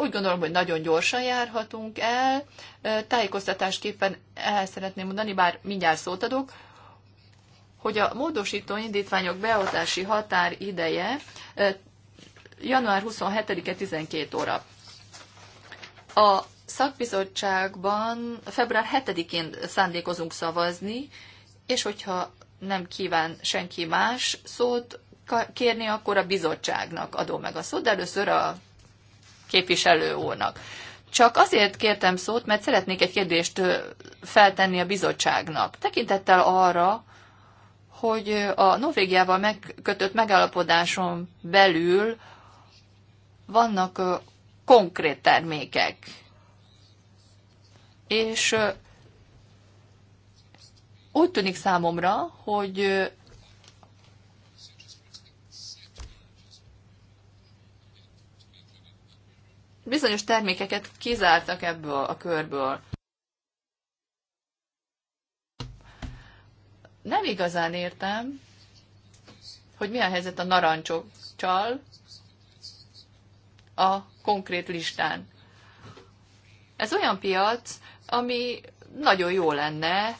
Úgy gondolom, hogy nagyon gyorsan járhatunk el. Tájékoztatásképpen el szeretném mondani, bár mindjárt szót adok, hogy a módosító indítványok beadási határ ideje január 27-e 12 óra. A szakbizottságban február 7-én szándékozunk szavazni, és hogyha nem kíván senki más szót, kérni, akkor a bizottságnak adom meg a szót, de először a képviselő úrnak. Csak azért kértem szót, mert szeretnék egy kérdést feltenni a bizottságnak. Tekintettel arra, hogy a Norvégiával megkötött megállapodáson belül vannak konkrét termékek, és úgy tűnik számomra, hogy bizonyos termékeket kizártak ebből a körből. Nem igazán értem, hogy mi a helyzet a narancsokkal a konkrét listán. Ez olyan piac, ami nagyon jó lenne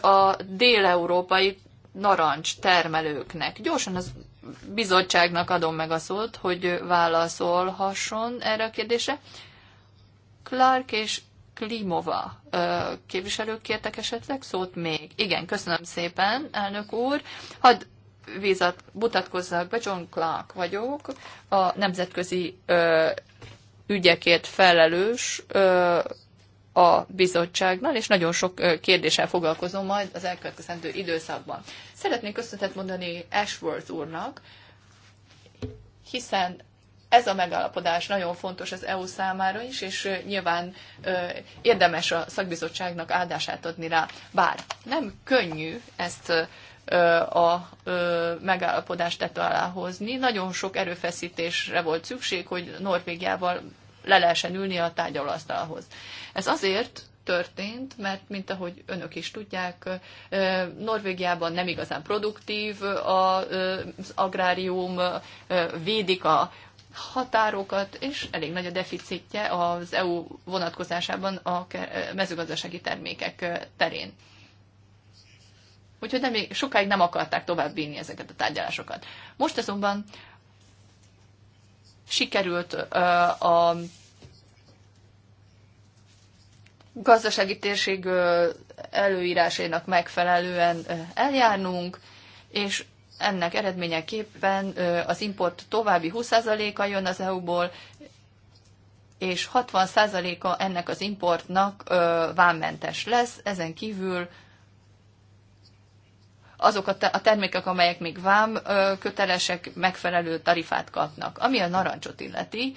a déleurópai narancs termelőknek. Gyorsan az bizottságnak adom meg a szót, hogy válaszolhasson erre a kérdése. Clark és Klimova képviselők kértek esetleg szót még. Igen, köszönöm szépen, elnök úr. Hadd vízat mutatkozzak be, John Clark vagyok, a nemzetközi ügyekért felelős a bizottságnál, és nagyon sok kérdéssel foglalkozom majd az elkövetkezendő időszakban. Szeretnék köszönetet mondani Ashworth úrnak, hiszen ez a megállapodás nagyon fontos az EU számára is, és nyilván érdemes a szakbizottságnak áldását adni rá. Bár nem könnyű ezt a megállapodást tető alá hozni. Nagyon sok erőfeszítésre volt szükség, hogy Norvégiával le lehessen ülni a tárgyalóasztalhoz. Ez azért történt, mert mint ahogy önök is tudják, Norvégiában nem igazán produktív az agrárium, védik a határokat, és elég nagy a deficitje az EU vonatkozásában a mezőgazdasági termékek terén. Úgyhogy nem, sokáig nem akarták tovább vinni ezeket a tárgyalásokat. Most azonban sikerült a gazdasági térség előírásainak megfelelően eljárnunk, és ennek eredményeképpen az import további 20%-a jön az EU-ból, és 60%-a ennek az importnak vámmentes lesz, ezen kívül azok a, a termékek, amelyek még vám kötelesek, megfelelő tarifát kapnak. Ami a narancsot illeti,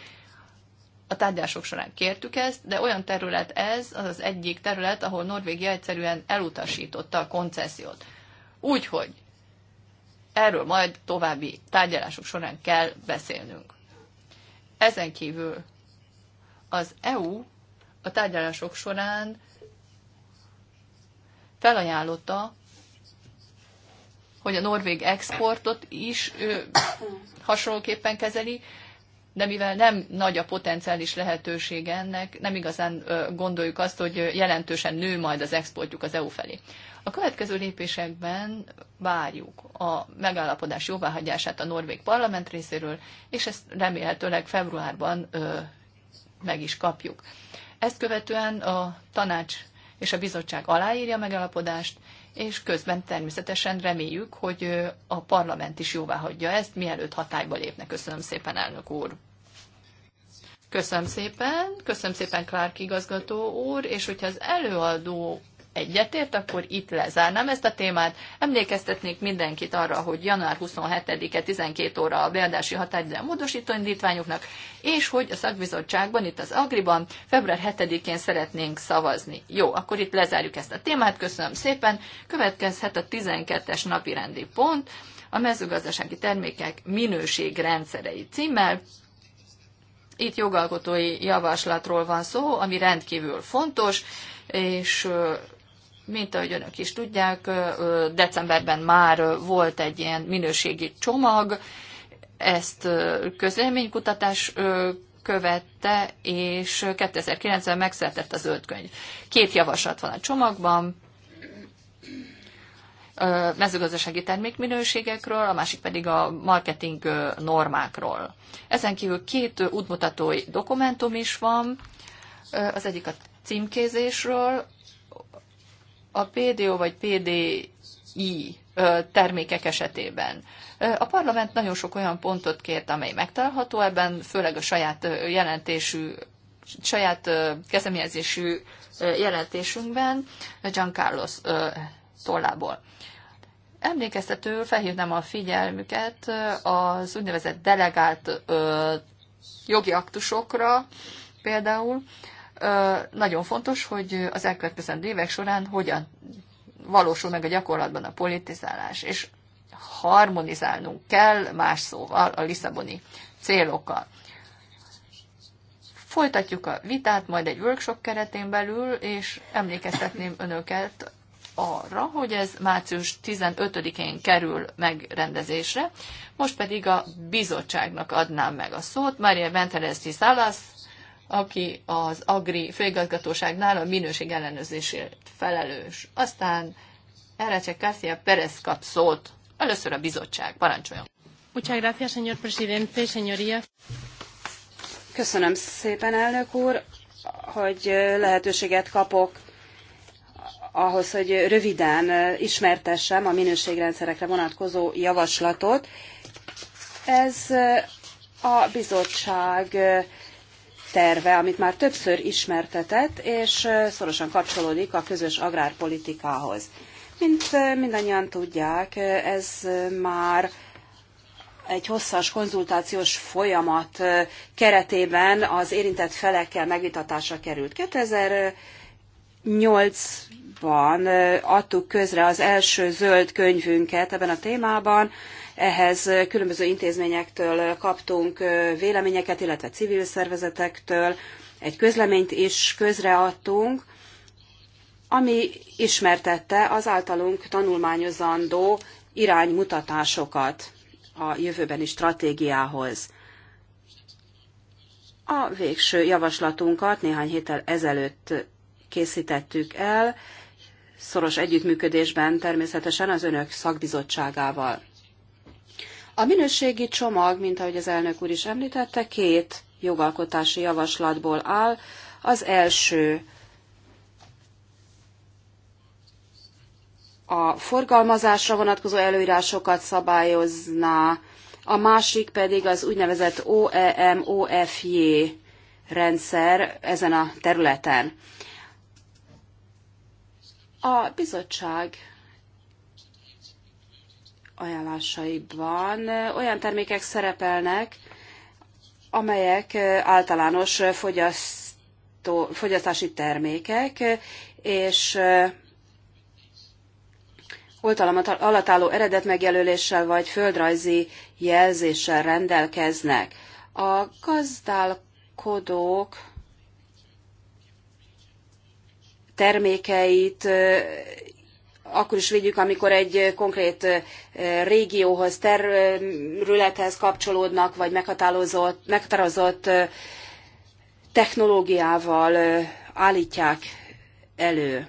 a tárgyások során kértük ezt, de olyan terület ez, az az egyik terület, ahol Norvégia egyszerűen elutasította a koncesziót. Úgyhogy erről majd további tárgyalások során kell beszélnünk. Ezen kívül az EU a tárgyalások során felajánlotta hogy a norvég exportot is ö, hasonlóképpen kezeli, de mivel nem nagy a potenciális lehetősége ennek, nem igazán ö, gondoljuk azt, hogy jelentősen nő majd az exportjuk az EU felé. A következő lépésekben várjuk a megállapodás jóváhagyását a norvég parlament részéről, és ezt remélhetőleg februárban ö, meg is kapjuk. Ezt követően a tanács és a bizottság aláírja a megállapodást, és közben természetesen reméljük, hogy a parlament is jóvá hagyja ezt, mielőtt hatályba lépne. Köszönöm szépen, elnök úr! Köszönöm szépen, köszönöm szépen Clark igazgató úr, és hogyha az előadó egyetért, akkor itt lezárnám ezt a témát. Emlékeztetnék mindenkit arra, hogy január 27-e 12 óra a beadási határidő módosító indítványoknak, és hogy a szakbizottságban, itt az Agriban február 7-én szeretnénk szavazni. Jó, akkor itt lezárjuk ezt a témát, köszönöm szépen. Következhet a 12-es napi rendi pont, a mezőgazdasági termékek minőségrendszerei címmel. Itt jogalkotói javaslatról van szó, ami rendkívül fontos, és mint ahogy önök is tudják, decemberben már volt egy ilyen minőségi csomag, ezt közleménykutatás követte, és 2009-ben megszületett a zöld könyv. Két javaslat van a csomagban, mezőgazdasági termékminőségekről, a másik pedig a marketing normákról. Ezen kívül két útmutatói dokumentum is van, az egyik a címkézésről, a PDO vagy PDI termékek esetében. A parlament nagyon sok olyan pontot kért, amely megtalálható ebben, főleg a saját jelentésű, saját kezdeményezésű jelentésünkben, John Carlos tollából. Emlékeztetőül felhívnám a figyelmüket az úgynevezett delegált jogi aktusokra például, nagyon fontos, hogy az elkövetkezendő évek során hogyan valósul meg a gyakorlatban a politizálás, és harmonizálnunk kell más szóval a Lisszaboni célokkal. Folytatjuk a vitát majd egy workshop keretén belül, és emlékeztetném önöket arra, hogy ez március 15-én kerül megrendezésre. Most pedig a bizottságnak adnám meg a szót. Maria Benterezti Szalasz, aki az Agri főigazgatóságnál a minőség ellenőrzésért felelős. Aztán Erecsek García Pérez kap szót. Először a bizottság. Parancsoljon. Muchas gracias, señor presidente, señoría. Köszönöm szépen, elnök úr, hogy lehetőséget kapok ahhoz, hogy röviden ismertessem a minőségrendszerekre vonatkozó javaslatot. Ez a bizottság terve, amit már többször ismertetett, és szorosan kapcsolódik a közös agrárpolitikához. Mint mindannyian tudják, ez már egy hosszas konzultációs folyamat keretében az érintett felekkel megvitatásra került. 2008-ban adtuk közre az első zöld könyvünket ebben a témában, ehhez különböző intézményektől kaptunk véleményeket, illetve civil szervezetektől. Egy közleményt is közreadtunk, ami ismertette az általunk tanulmányozandó iránymutatásokat a jövőbeni stratégiához. A végső javaslatunkat néhány héttel ezelőtt készítettük el, szoros együttműködésben természetesen az önök szakbizottságával. A minőségi csomag, mint ahogy az elnök úr is említette, két jogalkotási javaslatból áll. Az első a forgalmazásra vonatkozó előírásokat szabályozná, a másik pedig az úgynevezett OEM-OFJ rendszer ezen a területen. A bizottság ajánlásaiban olyan termékek szerepelnek, amelyek általános fogyasztó, fogyasztási termékek, és oltalom alatt álló eredet megjelöléssel vagy földrajzi jelzéssel rendelkeznek. A gazdálkodók termékeit akkor is védjük, amikor egy eh, konkrét eh, régióhoz, területhez kapcsolódnak, vagy meghatározott, meghatározott eh, technológiával állítják elő.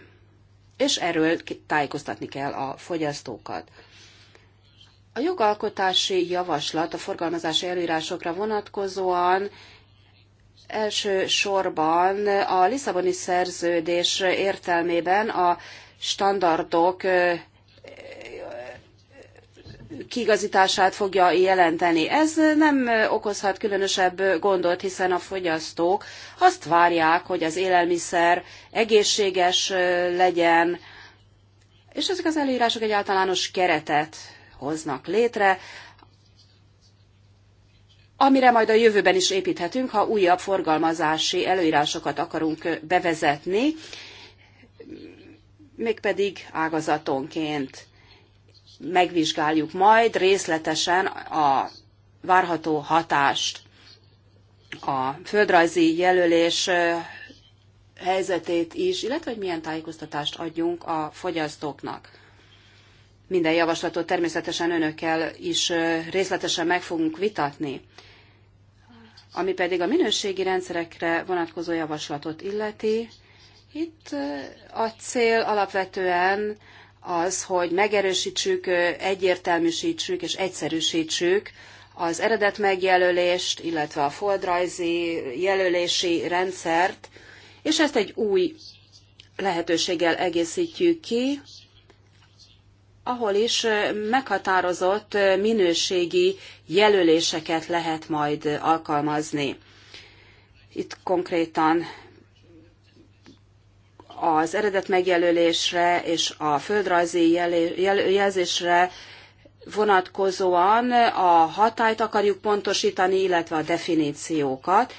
És erről tájékoztatni kell a fogyasztókat. A jogalkotási javaslat a forgalmazási előírásokra vonatkozóan elsősorban a Lisszaboni szerződés értelmében a standardok kigazítását fogja jelenteni. Ez nem okozhat különösebb gondot, hiszen a fogyasztók azt várják, hogy az élelmiszer egészséges legyen, és ezek az előírások egy általános keretet hoznak létre, amire majd a jövőben is építhetünk, ha újabb forgalmazási előírásokat akarunk bevezetni, mégpedig ágazatonként megvizsgáljuk majd részletesen a várható hatást, a földrajzi jelölés helyzetét is, illetve hogy milyen tájékoztatást adjunk a fogyasztóknak. Minden javaslatot természetesen önökkel is részletesen meg fogunk vitatni. Ami pedig a minőségi rendszerekre vonatkozó javaslatot illeti, itt a cél alapvetően az, hogy megerősítsük, egyértelműsítsük és egyszerűsítsük az eredet megjelölést, illetve a földrajzi jelölési rendszert, és ezt egy új lehetőséggel egészítjük ki, ahol is meghatározott minőségi jelöléseket lehet majd alkalmazni. Itt konkrétan az eredet megjelölésre és a földrajzi jelzésre vonatkozóan a hatályt akarjuk pontosítani, illetve a definíciókat,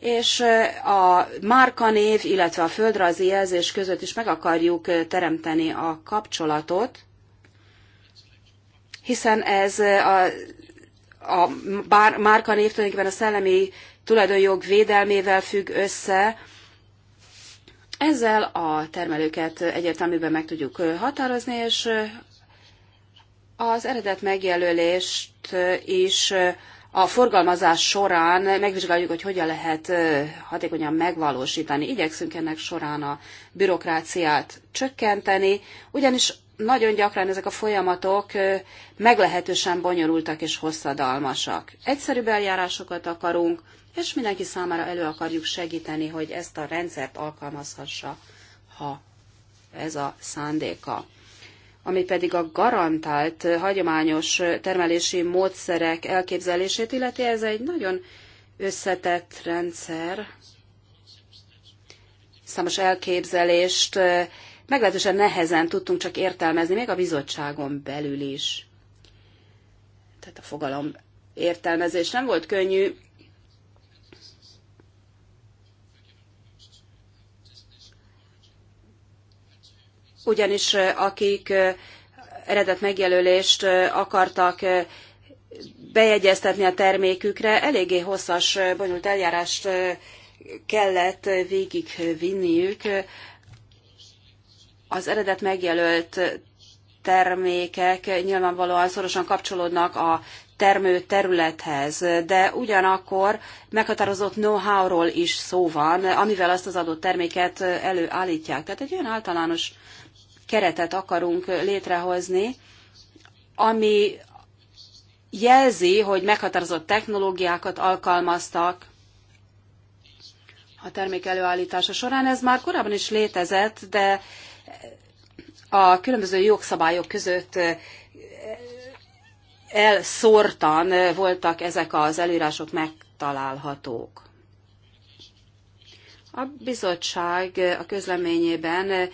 és a márkanév, illetve a földrajzi jelzés között is meg akarjuk teremteni a kapcsolatot, hiszen ez a, a márkanév tulajdonképpen a szellemi tulajdonjog védelmével függ össze, ezzel a termelőket egyértelműben meg tudjuk határozni, és az eredet megjelölést is a forgalmazás során megvizsgáljuk, hogy hogyan lehet hatékonyan megvalósítani. Igyekszünk ennek során a bürokráciát csökkenteni, ugyanis nagyon gyakran ezek a folyamatok meglehetősen bonyolultak és hosszadalmasak. Egyszerűbb eljárásokat akarunk, és mindenki számára elő akarjuk segíteni, hogy ezt a rendszert alkalmazhassa, ha ez a szándéka ami pedig a garantált hagyományos termelési módszerek elképzelését illeti, ez egy nagyon összetett rendszer, számos elképzelést meglehetősen nehezen tudtunk csak értelmezni, még a bizottságon belül is. Tehát a fogalom értelmezés nem volt könnyű, ugyanis akik eredet megjelölést akartak bejegyeztetni a termékükre, eléggé hosszas, bonyolult eljárást kellett végigvinniük. Az eredet megjelölt termékek nyilvánvalóan szorosan kapcsolódnak a termő területhez, de ugyanakkor meghatározott know-how-ról is szó van, amivel azt az adott terméket előállítják. Tehát egy olyan általános keretet akarunk létrehozni, ami jelzi, hogy meghatározott technológiákat alkalmaztak a termék előállítása során. Ez már korábban is létezett, de a különböző jogszabályok között elszórtan voltak ezek az előírások megtalálhatók. A bizottság a közleményében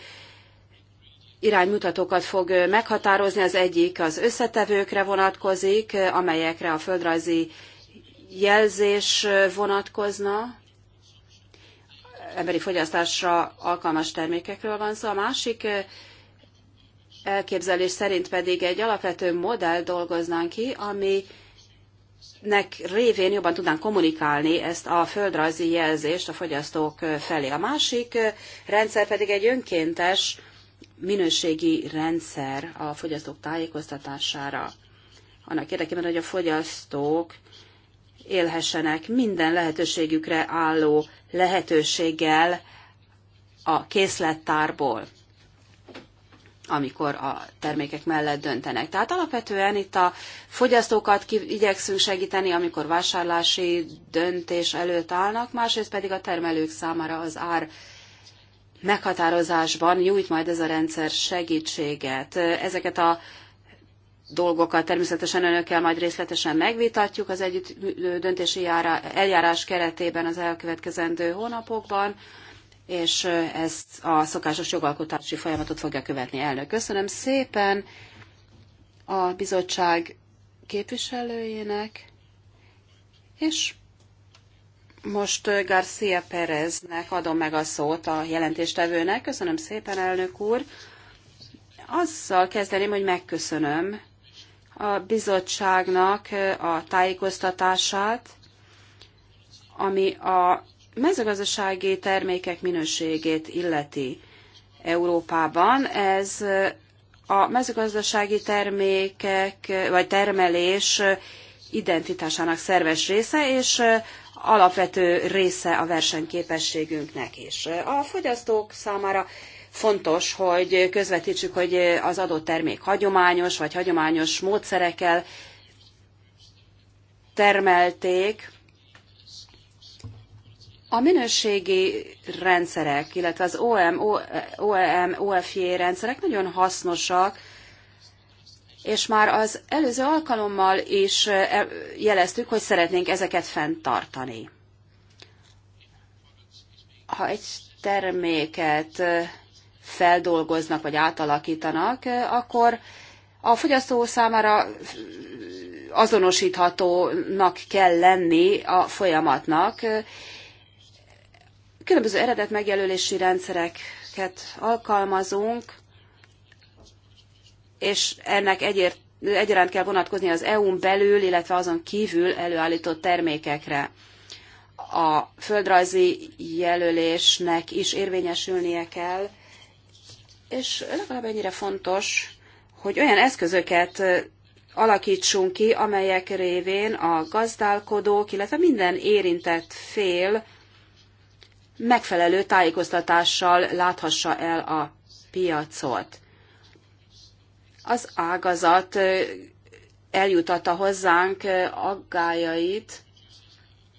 iránymutatókat fog meghatározni. Az egyik az összetevőkre vonatkozik, amelyekre a földrajzi jelzés vonatkozna. Emberi fogyasztásra alkalmas termékekről van szó. A másik elképzelés szerint pedig egy alapvető modell dolgoznánk ki, ami nek révén jobban tudnánk kommunikálni ezt a földrajzi jelzést a fogyasztók felé. A másik rendszer pedig egy önkéntes minőségi rendszer a fogyasztók tájékoztatására, annak érdekében, hogy a fogyasztók élhessenek minden lehetőségükre álló lehetőséggel a készlettárból, amikor a termékek mellett döntenek. Tehát alapvetően itt a fogyasztókat igyekszünk segíteni, amikor vásárlási döntés előtt állnak, másrészt pedig a termelők számára az ár meghatározásban nyújt majd ez a rendszer segítséget. Ezeket a dolgokat természetesen önökkel majd részletesen megvitatjuk az együtt döntési eljárás keretében az elkövetkezendő hónapokban, és ezt a szokásos jogalkotási folyamatot fogja követni elnök. Köszönöm szépen a bizottság képviselőjének, és most eh, Garcia Pereznek adom meg a szót a jelentéstevőnek. Köszönöm szépen, elnök úr. Azzal kezdeném, hogy megköszönöm a bizottságnak eh, a tájékoztatását, ami a mezőgazdasági termékek minőségét illeti Európában. Ez eh, a mezőgazdasági termékek vagy termelés identitásának szerves része, és alapvető része a versenyképességünknek is. A fogyasztók számára fontos, hogy közvetítsük, hogy az adott termék hagyományos vagy hagyományos módszerekkel termelték. A minőségi rendszerek, illetve az OM, OEM, OFJ e rendszerek nagyon hasznosak, és már az előző alkalommal is e, jeleztük, hogy szeretnénk ezeket fenntartani. Ha egy terméket feldolgoznak vagy átalakítanak, akkor a fogyasztó számára azonosíthatónak kell lenni a folyamatnak. Különböző eredet megjelölési rendszereket alkalmazunk, és ennek egyért, egyaránt kell vonatkozni az EU-n belül, illetve azon kívül előállított termékekre. A földrajzi jelölésnek is érvényesülnie kell, és legalább ennyire fontos, hogy olyan eszközöket alakítsunk ki, amelyek révén a gazdálkodók, illetve minden érintett fél megfelelő tájékoztatással láthassa el a piacot az ágazat eljutatta hozzánk aggájait,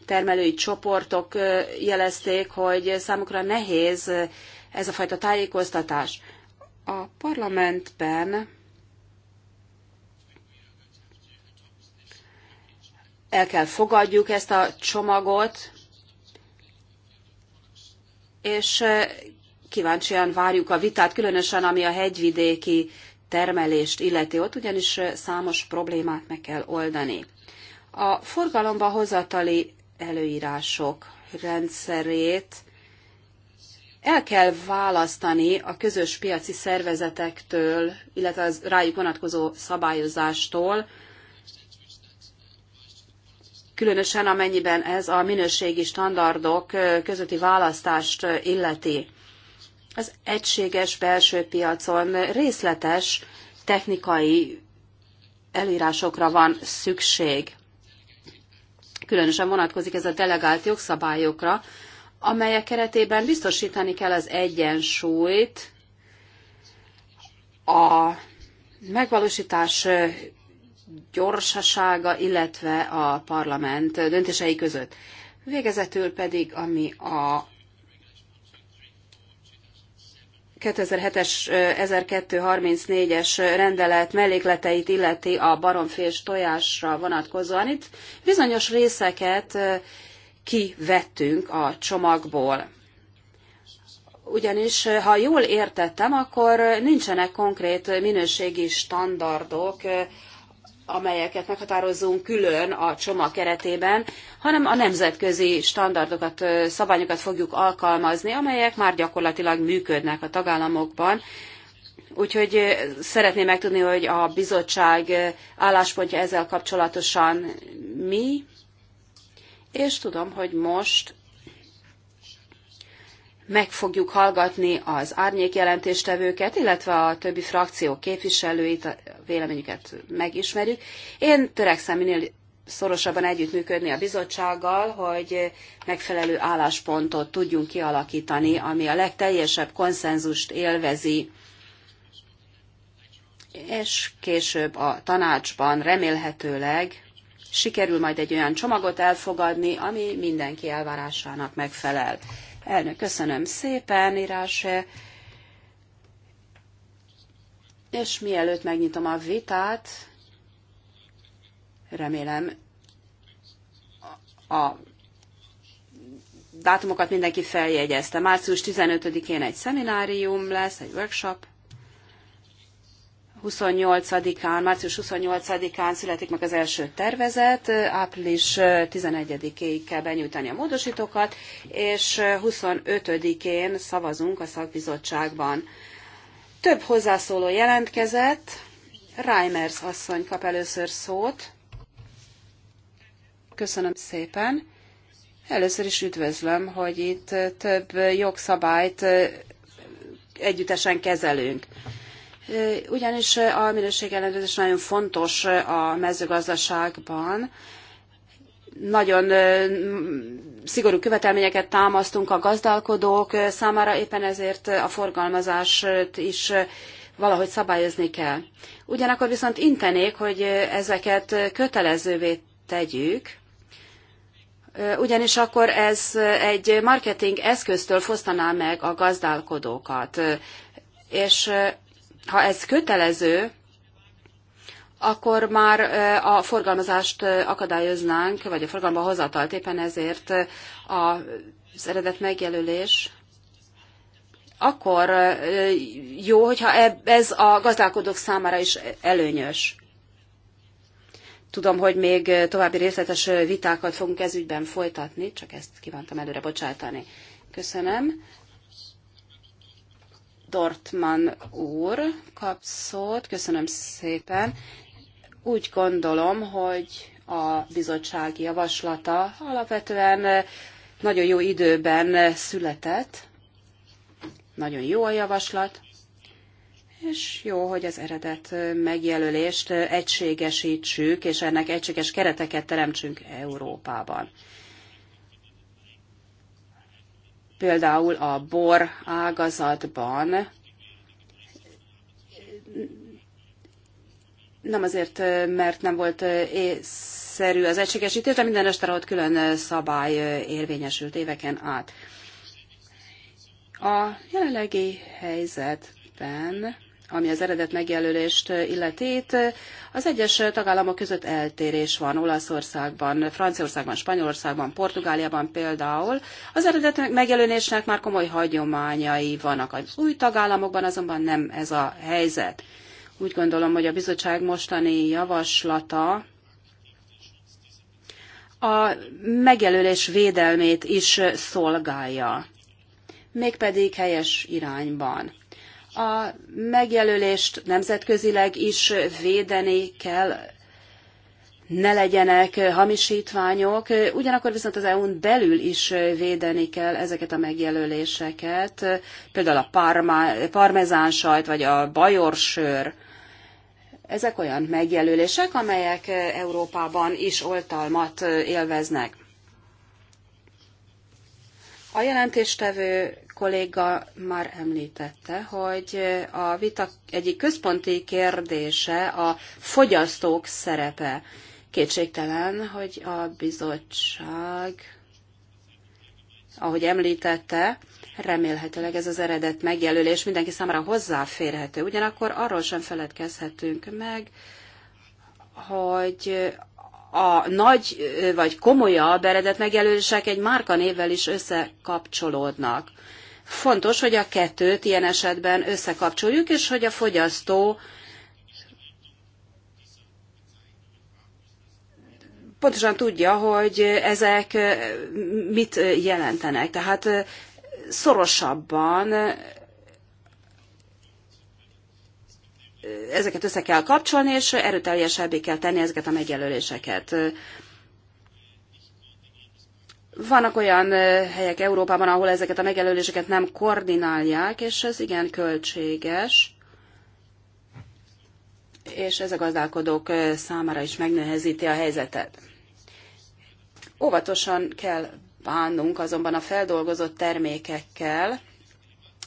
termelői csoportok jelezték, hogy számukra nehéz ez a fajta tájékoztatás. A parlamentben el kell fogadjuk ezt a csomagot, és kíváncsian várjuk a vitát, különösen ami a hegyvidéki termelést illeti, ott ugyanis számos problémát meg kell oldani. A forgalomba hozatali előírások rendszerét el kell választani a közös piaci szervezetektől, illetve az rájuk vonatkozó szabályozástól, különösen amennyiben ez a minőségi standardok közötti választást illeti az egységes belső piacon részletes technikai elírásokra van szükség. Különösen vonatkozik ez a delegált jogszabályokra, amelyek keretében biztosítani kell az egyensúlyt a megvalósítás gyorsasága, illetve a parlament döntései között. Végezetül pedig, ami a 2007-es 1234-es rendelet mellékleteit illeti a baromfés tojásra vonatkozóan. Itt bizonyos részeket kivettünk a csomagból. Ugyanis, ha jól értettem, akkor nincsenek konkrét minőségi standardok amelyeket meghatározunk külön a csomag keretében, hanem a nemzetközi standardokat, szabályokat fogjuk alkalmazni, amelyek már gyakorlatilag működnek a tagállamokban. Úgyhogy szeretném megtudni, hogy a bizottság álláspontja ezzel kapcsolatosan mi, és tudom, hogy most meg fogjuk hallgatni az árnyék jelentéstevőket, illetve a többi frakció képviselőit, a véleményüket megismerjük. Én törekszem minél szorosabban együttműködni a bizottsággal, hogy megfelelő álláspontot tudjunk kialakítani, ami a legteljesebb konszenzust élvezi, és később a tanácsban remélhetőleg sikerül majd egy olyan csomagot elfogadni, ami mindenki elvárásának megfelel. Elnök, köszönöm szépen, írás. És mielőtt megnyitom a vitát, remélem a dátumokat mindenki feljegyezte. Március 15-én egy szeminárium lesz, egy workshop, 28-án, március 28-án születik meg az első tervezet, április 11-ig kell benyújtani a módosítókat, és 25-én szavazunk a szakbizottságban. Több hozzászóló jelentkezett, Reimers asszony kap először szót. Köszönöm szépen. Először is üdvözlöm, hogy itt több jogszabályt együttesen kezelünk ugyanis a minőségellenőrzés nagyon fontos a mezőgazdaságban. Nagyon szigorú követelményeket támasztunk a gazdálkodók számára, éppen ezért a forgalmazást is valahogy szabályozni kell. Ugyanakkor viszont intenék, hogy ezeket kötelezővé tegyük, ugyanis akkor ez egy marketing eszköztől fosztaná meg a gazdálkodókat. És ha ez kötelező, akkor már a forgalmazást akadályoznánk, vagy a forgalomba hozatalt. Éppen ezért az eredet megjelölés akkor jó, hogyha ez a gazdálkodók számára is előnyös. Tudom, hogy még további részletes vitákat fogunk ezügyben folytatni, csak ezt kívántam előre bocsátani. Köszönöm. Dortman úr kap szót. Köszönöm szépen. Úgy gondolom, hogy a bizottság javaslata alapvetően nagyon jó időben született. Nagyon jó a javaslat, és jó, hogy az eredet megjelölést egységesítsük, és ennek egységes kereteket teremtsünk Európában. például a bor ágazatban nem azért, mert nem volt észszerű az egységesítés, de minden este ott külön szabály érvényesült éveken át. A jelenlegi helyzetben ami az eredet megjelölést illeti, itt az egyes tagállamok között eltérés van Olaszországban, Franciaországban, Spanyolországban, Portugáliában például. Az eredet megjelölésnek már komoly hagyományai vannak. Az új tagállamokban azonban nem ez a helyzet. Úgy gondolom, hogy a bizottság mostani javaslata a megjelölés védelmét is szolgálja, mégpedig helyes irányban. A megjelölést nemzetközileg is védeni kell, ne legyenek hamisítványok, ugyanakkor viszont az EU-n belül is védeni kell ezeket a megjelöléseket, például a parma, parmezán sajt, vagy a bajorsör. Ezek olyan megjelölések, amelyek Európában is oltalmat élveznek. A jelentéstevő kolléga már említette, hogy a vita egyik központi kérdése a fogyasztók szerepe. Kétségtelen, hogy a bizottság, ahogy említette, remélhetőleg ez az eredet megjelölés mindenki számára hozzáférhető. Ugyanakkor arról sem feledkezhetünk meg, hogy a nagy vagy komolyabb eredet megjelölések egy márkanévvel is összekapcsolódnak. Fontos, hogy a kettőt ilyen esetben összekapcsoljuk, és hogy a fogyasztó pontosan tudja, hogy ezek mit jelentenek. Tehát szorosabban ezeket össze kell kapcsolni, és erőteljesebbé kell tenni ezeket a megjelöléseket. Vannak olyan helyek Európában, ahol ezeket a megjelöléseket nem koordinálják, és ez igen költséges, és ez a gazdálkodók számára is megnehezíti a helyzetet. Óvatosan kell bánnunk azonban a feldolgozott termékekkel.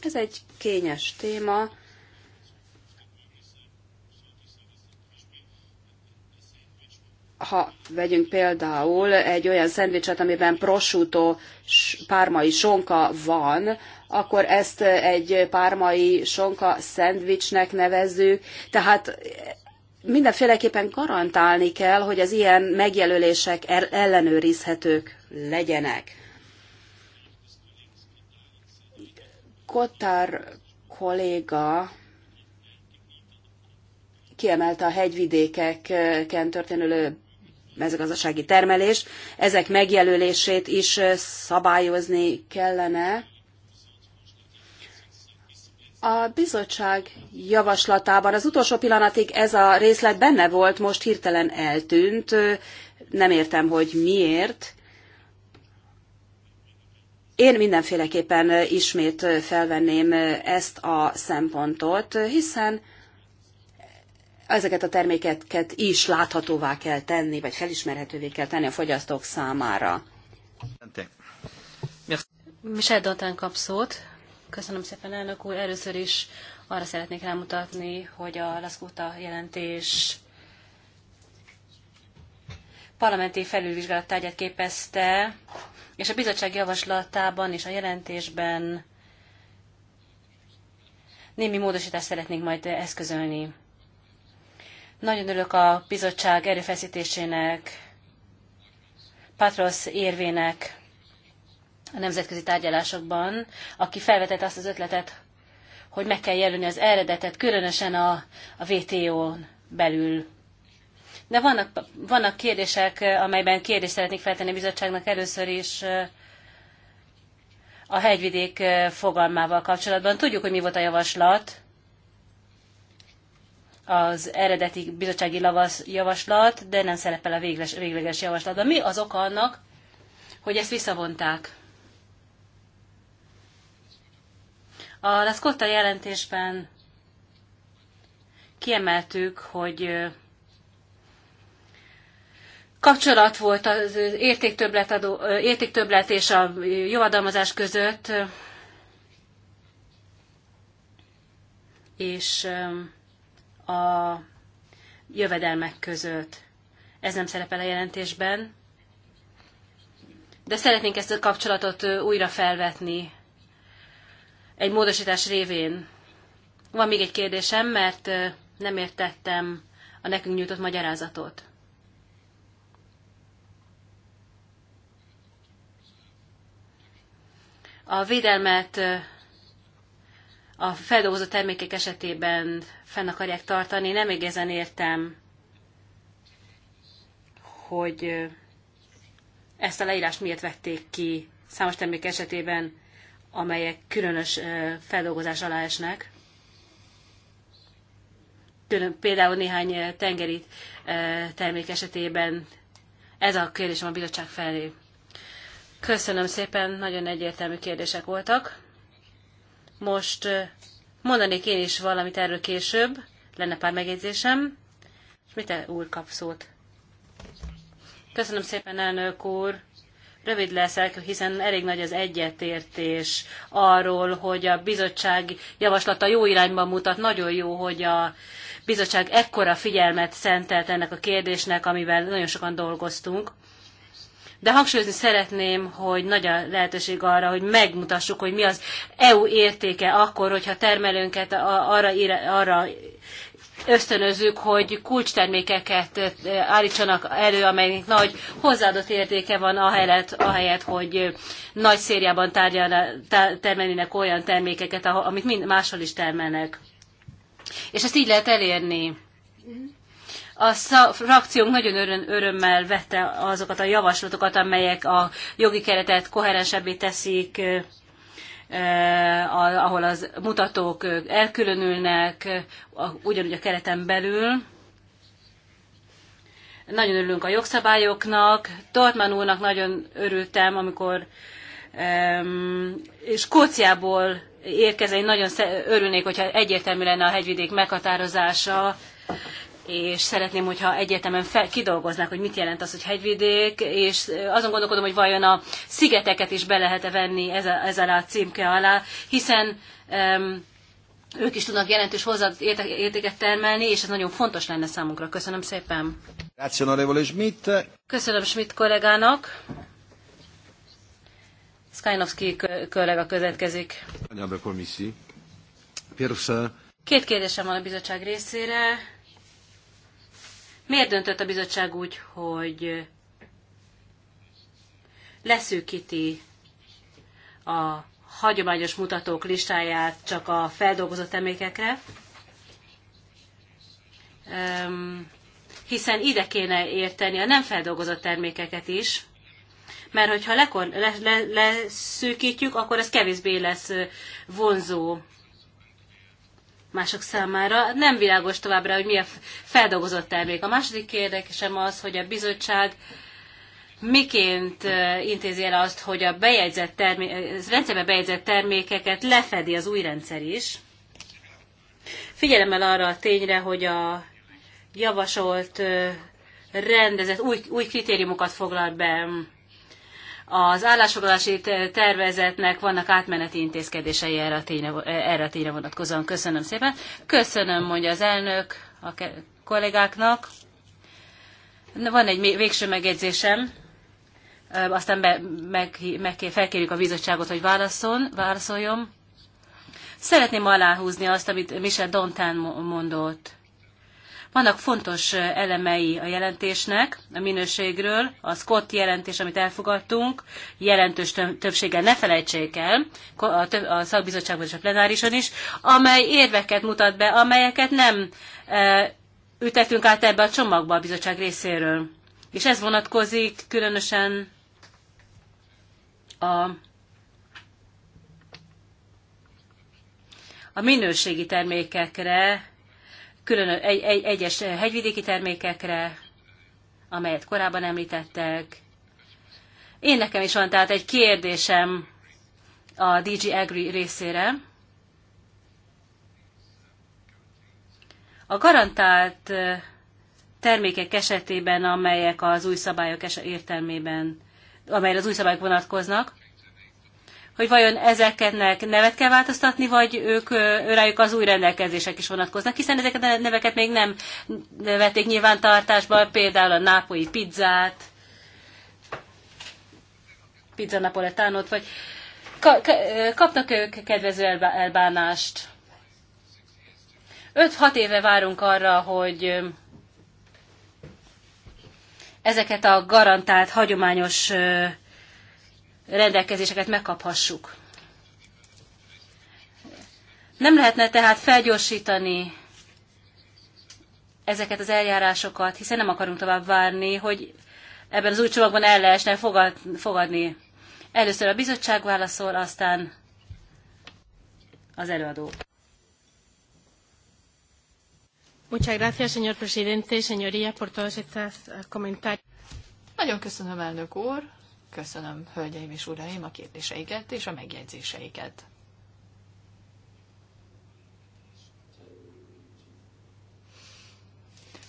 Ez egy kényes téma, ha vegyünk például egy olyan szendvicset, amiben prosciutto pármai sonka van, akkor ezt egy pármai sonka szendvicsnek nevezzük. Tehát mindenféleképpen garantálni kell, hogy az ilyen megjelölések ellenőrizhetők legyenek. Kottár kolléga kiemelte a hegyvidékeken történő mezőgazdasági termelés, ezek megjelölését is szabályozni kellene. A bizottság javaslatában az utolsó pillanatig ez a részlet benne volt, most hirtelen eltűnt. Nem értem, hogy miért. Én mindenféleképpen ismét felvenném ezt a szempontot, hiszen ezeket a termékeket is láthatóvá kell tenni, vagy felismerhetővé kell tenni a fogyasztók számára. Michel Dantán kap szót. Köszönöm szépen, elnök úr. Először is arra szeretnék rámutatni, hogy a Laszkóta jelentés parlamenti felülvizsgálat tárgyát képezte, és a bizottság javaslatában és a jelentésben némi módosítást szeretnénk majd eszközölni. Nagyon örülök a bizottság erőfeszítésének, Patros érvének a nemzetközi tárgyalásokban, aki felvetett azt az ötletet, hogy meg kell jelölni az eredetet, különösen a, a WTO-n belül. De vannak, vannak kérdések, amelyben kérdést szeretnék feltenni a bizottságnak először is a hegyvidék fogalmával kapcsolatban. Tudjuk, hogy mi volt a javaslat, az eredeti bizottsági javaslat, de nem szerepel a végles, végleges javaslatban. Mi az oka annak, hogy ezt visszavonták? A Laszkotta jelentésben kiemeltük, hogy kapcsolat volt az értéktöblet, adó, értéktöblet és a javadalmazás között, és a jövedelmek között. Ez nem szerepel a jelentésben, de szeretnénk ezt a kapcsolatot újra felvetni egy módosítás révén. Van még egy kérdésem, mert nem értettem a nekünk nyújtott magyarázatot. A védelmet a feldolgozott termékek esetében fenn akarják tartani. Nem igazán értem, hogy ezt a leírást miért vették ki számos termék esetében, amelyek különös feldolgozás alá esnek. Külön, például néhány tengeri termék esetében ez a kérdésem a bizottság felé. Köszönöm szépen, nagyon egyértelmű kérdések voltak. Most mondanék én is valamit erről később, lenne pár megjegyzésem, és mit úr kap szót? Köszönöm szépen, elnök úr! Rövid leszek, hiszen elég nagy az egyetértés arról, hogy a bizottság javaslata jó irányba mutat. Nagyon jó, hogy a bizottság ekkora figyelmet szentelt ennek a kérdésnek, amivel nagyon sokan dolgoztunk. De hangsúlyozni szeretném, hogy nagy a lehetőség arra, hogy megmutassuk, hogy mi az EU értéke akkor, hogyha termelőnket arra, arra ösztönözzük, hogy kulcstermékeket állítsanak elő, amelynek nagy hozzáadott értéke van, ahelyett, ahelyett hogy nagy szériában termelnének olyan termékeket, amit mind máshol is termelnek. És ezt így lehet elérni a frakciónk nagyon öröm, örömmel vette azokat a javaslatokat, amelyek a jogi keretet koherensebbé teszik, ahol az mutatók elkülönülnek, ugyanúgy a kereten belül. Nagyon örülünk a jogszabályoknak. Tortman úrnak nagyon örültem, amikor és Skóciából érkezett, nagyon örülnék, hogyha egyértelmű lenne a hegyvidék meghatározása, és szeretném, hogyha egyetemen fel, kidolgoznák, hogy mit jelent az, hogy hegyvidék, és azon gondolkodom, hogy vajon a szigeteket is be lehet-e venni ezzel, a címke alá, hiszen um, ők is tudnak jelentős hozzáadott értéket termelni, és ez nagyon fontos lenne számunkra. Köszönöm szépen. Köszönöm Schmidt kollégának. Skajnovszki kollega következik. Két kérdésem van a bizottság részére Miért döntött a bizottság úgy, hogy leszűkíti a hagyományos mutatók listáját csak a feldolgozott emlékekre? hiszen ide kéne érteni a nem feldolgozott termékeket is, mert hogyha leszűkítjük, le, le, leszűkítjük, akkor ez kevésbé lesz vonzó mások számára. Nem világos továbbra, hogy mi a feldolgozott termék. A második kérdésem az, hogy a bizottság miként intézi el azt, hogy a bejegyzett termé- rendszerbe bejegyzett termékeket lefedi az új rendszer is. Figyelemmel arra a tényre, hogy a javasolt rendezett új, új kritériumokat foglal be az állásfoglalási tervezetnek vannak átmeneti intézkedései erre a tényre, erre a tényre vonatkozóan. Köszönöm szépen. Köszönöm, mondja az elnök a kollégáknak. Van egy végső megjegyzésem, aztán be, meg, meg, felkérjük a bizottságot, hogy válaszol, válaszoljon. Szeretném aláhúzni azt, amit Michel Dontán mondott vannak fontos elemei a jelentésnek, a minőségről, a Scott jelentés, amit elfogadtunk, jelentős többséggel ne felejtsék el, a, szakbizottságban és a plenárison is, amely érveket mutat be, amelyeket nem ütetünk át ebbe a csomagba a bizottság részéről. És ez vonatkozik különösen a a minőségi termékekre, külön egy, egy, egyes hegyvidéki termékekre, amelyet korábban említettek. Én nekem is van tehát egy kérdésem a DG Agri részére. A garantált termékek esetében, amelyek az új szabályok értelmében, amelyre az új szabályok vonatkoznak, hogy vajon ezeknek nevet kell változtatni, vagy ők rájuk az új rendelkezések is vonatkoznak, hiszen ezeket a neveket még nem vették nyilvántartásba, például a nápolyi pizzát, pizza napoletánot, vagy ka- ka- kapnak ők kedvező elbánást. 5-6 éve várunk arra, hogy ezeket a garantált, hagyományos rendelkezéseket megkaphassuk. Nem lehetne tehát felgyorsítani ezeket az eljárásokat, hiszen nem akarunk tovább várni, hogy ebben az új csomagban el lehessen fogadni. Először a bizottság válaszol, aztán az előadó. Muchas gracias, señor presidente, señoría, por todos estos eh, comentarios. Nagyon köszönöm, elnök úr. Köszönöm, hölgyeim és uraim, a kérdéseiket és a megjegyzéseiket.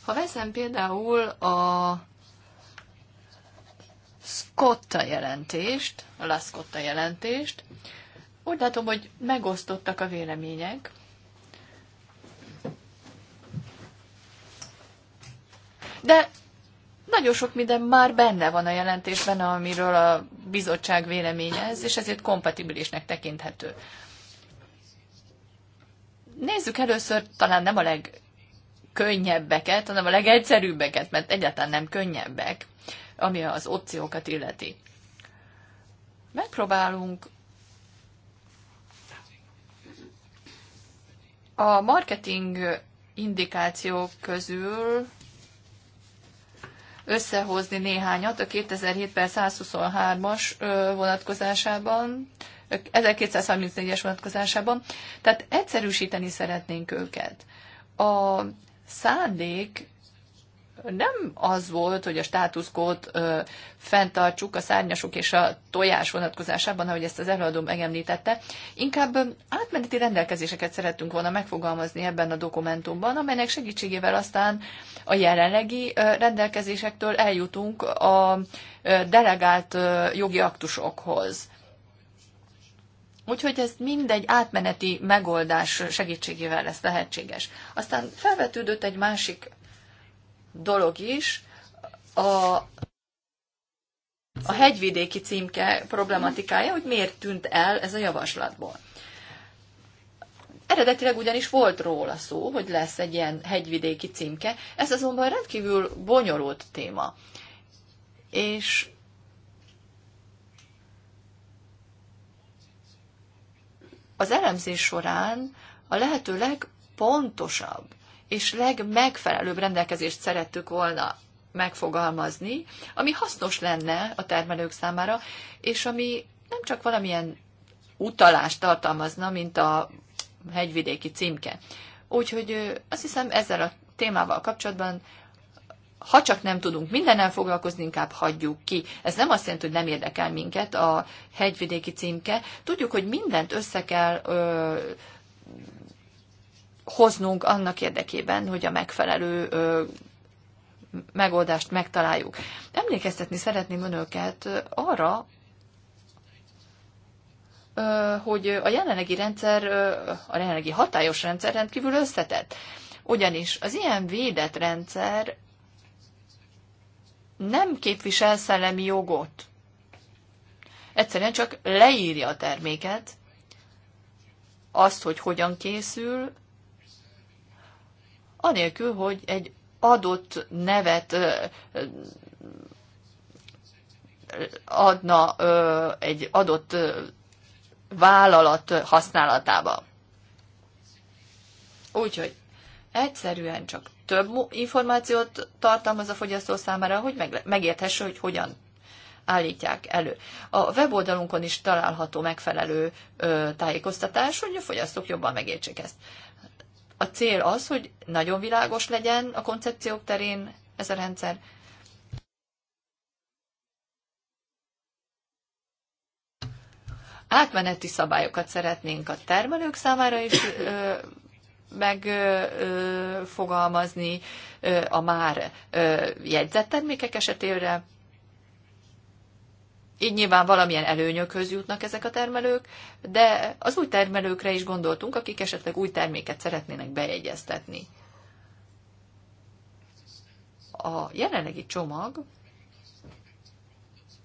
Ha veszem például a Scotta jelentést, a La Scotta jelentést, úgy látom, hogy megosztottak a vélemények. De nagyon sok minden már benne van a jelentésben, amiről a bizottság véleményez, és ezért kompatibilisnek tekinthető. Nézzük először talán nem a legkönnyebbeket, hanem a legegyszerűbbeket, mert egyáltalán nem könnyebbek, ami az opciókat illeti. Megpróbálunk a marketing indikációk közül összehozni néhányat a 2007 per 123-as vonatkozásában, 1234-es vonatkozásában, tehát egyszerűsíteni szeretnénk őket. A szándék nem az volt, hogy a státuszkót ö, fenntartsuk a szárnyasok és a tojás vonatkozásában, ahogy ezt az előadó megemlítette, inkább átmeneti rendelkezéseket szerettünk volna megfogalmazni ebben a dokumentumban, amelynek segítségével aztán a jelenlegi ö, rendelkezésektől eljutunk a ö, delegált ö, jogi aktusokhoz. Úgyhogy ez mindegy átmeneti megoldás segítségével lesz lehetséges. Aztán felvetődött egy másik dolog is, a, a hegyvidéki címke problematikája, hogy miért tűnt el ez a javaslatból. Eredetileg ugyanis volt róla szó, hogy lesz egy ilyen hegyvidéki címke, ez azonban rendkívül bonyolult téma. És az elemzés során a lehető legpontosabb és legmegfelelőbb rendelkezést szerettük volna megfogalmazni, ami hasznos lenne a termelők számára, és ami nem csak valamilyen utalást tartalmazna, mint a hegyvidéki címke. Úgyhogy azt hiszem ezzel a témával kapcsolatban, ha csak nem tudunk mindennel foglalkozni, inkább hagyjuk ki. Ez nem azt jelenti, hogy nem érdekel minket a hegyvidéki címke. Tudjuk, hogy mindent össze kell ö, hoznunk annak érdekében, hogy a megfelelő megoldást megtaláljuk. Emlékeztetni szeretném önöket arra, hogy a jelenlegi rendszer, a jelenlegi hatályos rendszer rendkívül összetett. Ugyanis az ilyen védett rendszer nem képvisel szellemi jogot. Egyszerűen csak leírja a terméket, azt, hogy hogyan készül, anélkül, hogy egy adott nevet adna egy adott vállalat használatába. Úgyhogy egyszerűen csak több információt tartalmaz a fogyasztó számára, hogy megérthesse, hogy hogyan állítják elő. A weboldalunkon is található megfelelő tájékoztatás, hogy a fogyasztók jobban megértsék ezt. A cél az, hogy nagyon világos legyen a koncepciók terén ez a rendszer. Átmeneti szabályokat szeretnénk a termelők számára is megfogalmazni a már jegyzett termékek esetére, így nyilván valamilyen előnyökhöz jutnak ezek a termelők, de az új termelőkre is gondoltunk, akik esetleg új terméket szeretnének bejegyeztetni. A jelenlegi csomag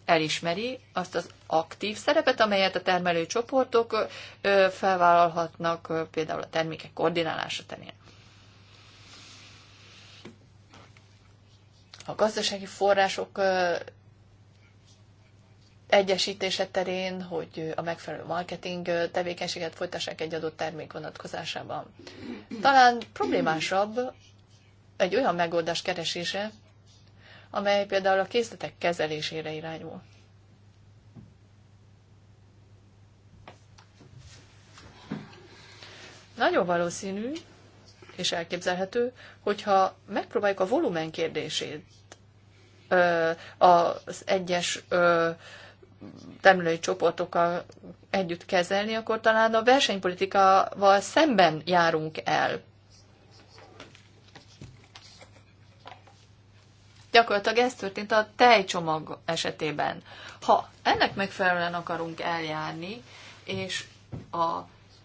elismeri azt az aktív szerepet, amelyet a termelő csoportok felvállalhatnak, például a termékek koordinálása terén. A gazdasági források egyesítése terén, hogy a megfelelő marketing tevékenységet folytassák egy adott termék vonatkozásában. Talán problémásabb egy olyan megoldás keresése, amely például a készletek kezelésére irányul. Nagyon valószínű és elképzelhető, hogyha megpróbáljuk a volumen kérdését az egyes termelői csoportokkal együtt kezelni, akkor talán a versenypolitikával szemben járunk el. Gyakorlatilag ez történt a tejcsomag esetében. Ha ennek megfelelően akarunk eljárni, és a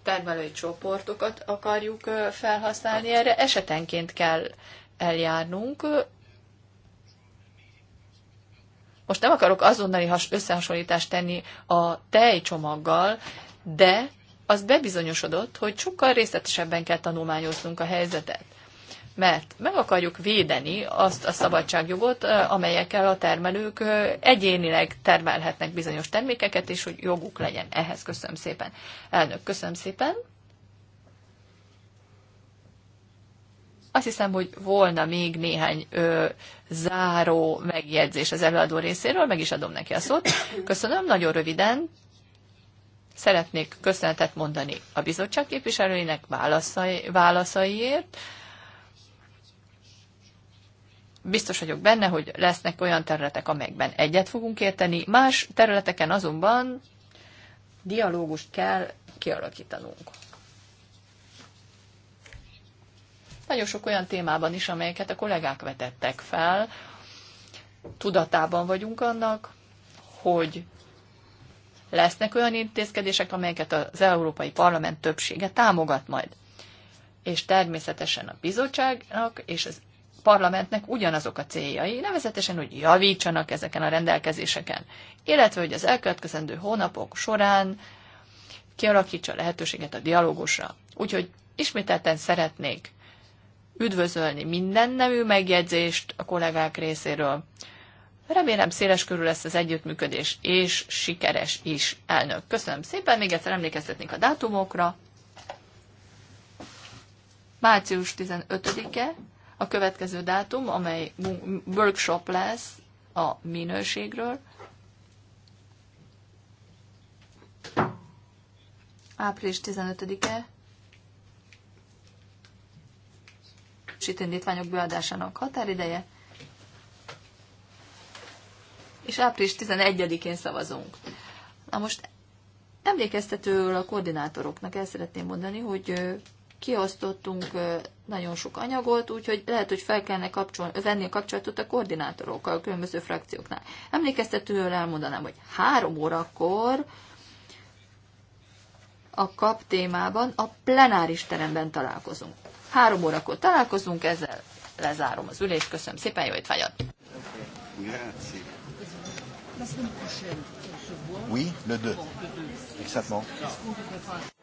termelői csoportokat akarjuk felhasználni, erre esetenként kell eljárnunk, most nem akarok azonnali összehasonlítást tenni a tejcsomaggal, de az bebizonyosodott, hogy sokkal részletesebben kell tanulmányoznunk a helyzetet. Mert meg akarjuk védeni azt a szabadságjogot, amelyekkel a termelők egyénileg termelhetnek bizonyos termékeket, és hogy joguk legyen ehhez. Köszönöm szépen. Elnök, köszönöm szépen. Azt hiszem, hogy volna még néhány ö, záró megjegyzés az előadó részéről, meg is adom neki a szót. Köszönöm, nagyon röviden. Szeretnék köszönetet mondani a bizottság képviselőinek válaszai, válaszaiért. Biztos vagyok benne, hogy lesznek olyan területek, amelyekben egyet fogunk érteni, más területeken azonban dialógust kell kialakítanunk. nagyon sok olyan témában is, amelyeket a kollégák vetettek fel. Tudatában vagyunk annak, hogy lesznek olyan intézkedések, amelyeket az Európai Parlament többsége támogat majd. És természetesen a bizottságnak és az parlamentnek ugyanazok a céljai, nevezetesen, hogy javítsanak ezeken a rendelkezéseken, illetve, hogy az elkövetkezendő hónapok során kialakítsa lehetőséget a dialógusra. Úgyhogy ismételten szeretnék üdvözölni minden nemű megjegyzést a kollégák részéről. Remélem széles körül lesz az együttműködés, és sikeres is, elnök. Köszönöm szépen, még egyszer emlékeztetnék a dátumokra. Március 15-e a következő dátum, amely workshop lesz a minőségről. Április 15-e indítványok beadásának határideje, és április 11-én szavazunk. Na most emlékeztetőről a koordinátoroknak el szeretném mondani, hogy kiosztottunk nagyon sok anyagot, úgyhogy lehet, hogy fel kellene kapcsol, venni a kapcsolatot a koordinátorokkal, a különböző frakcióknál. Emlékeztetőről elmondanám, hogy három órakor a kap témában a plenáris teremben találkozunk. Három órakor találkozunk, ezzel lezárom az ülést. Köszönöm szépen, jó étvágyat! Oui, le 2. Exactement.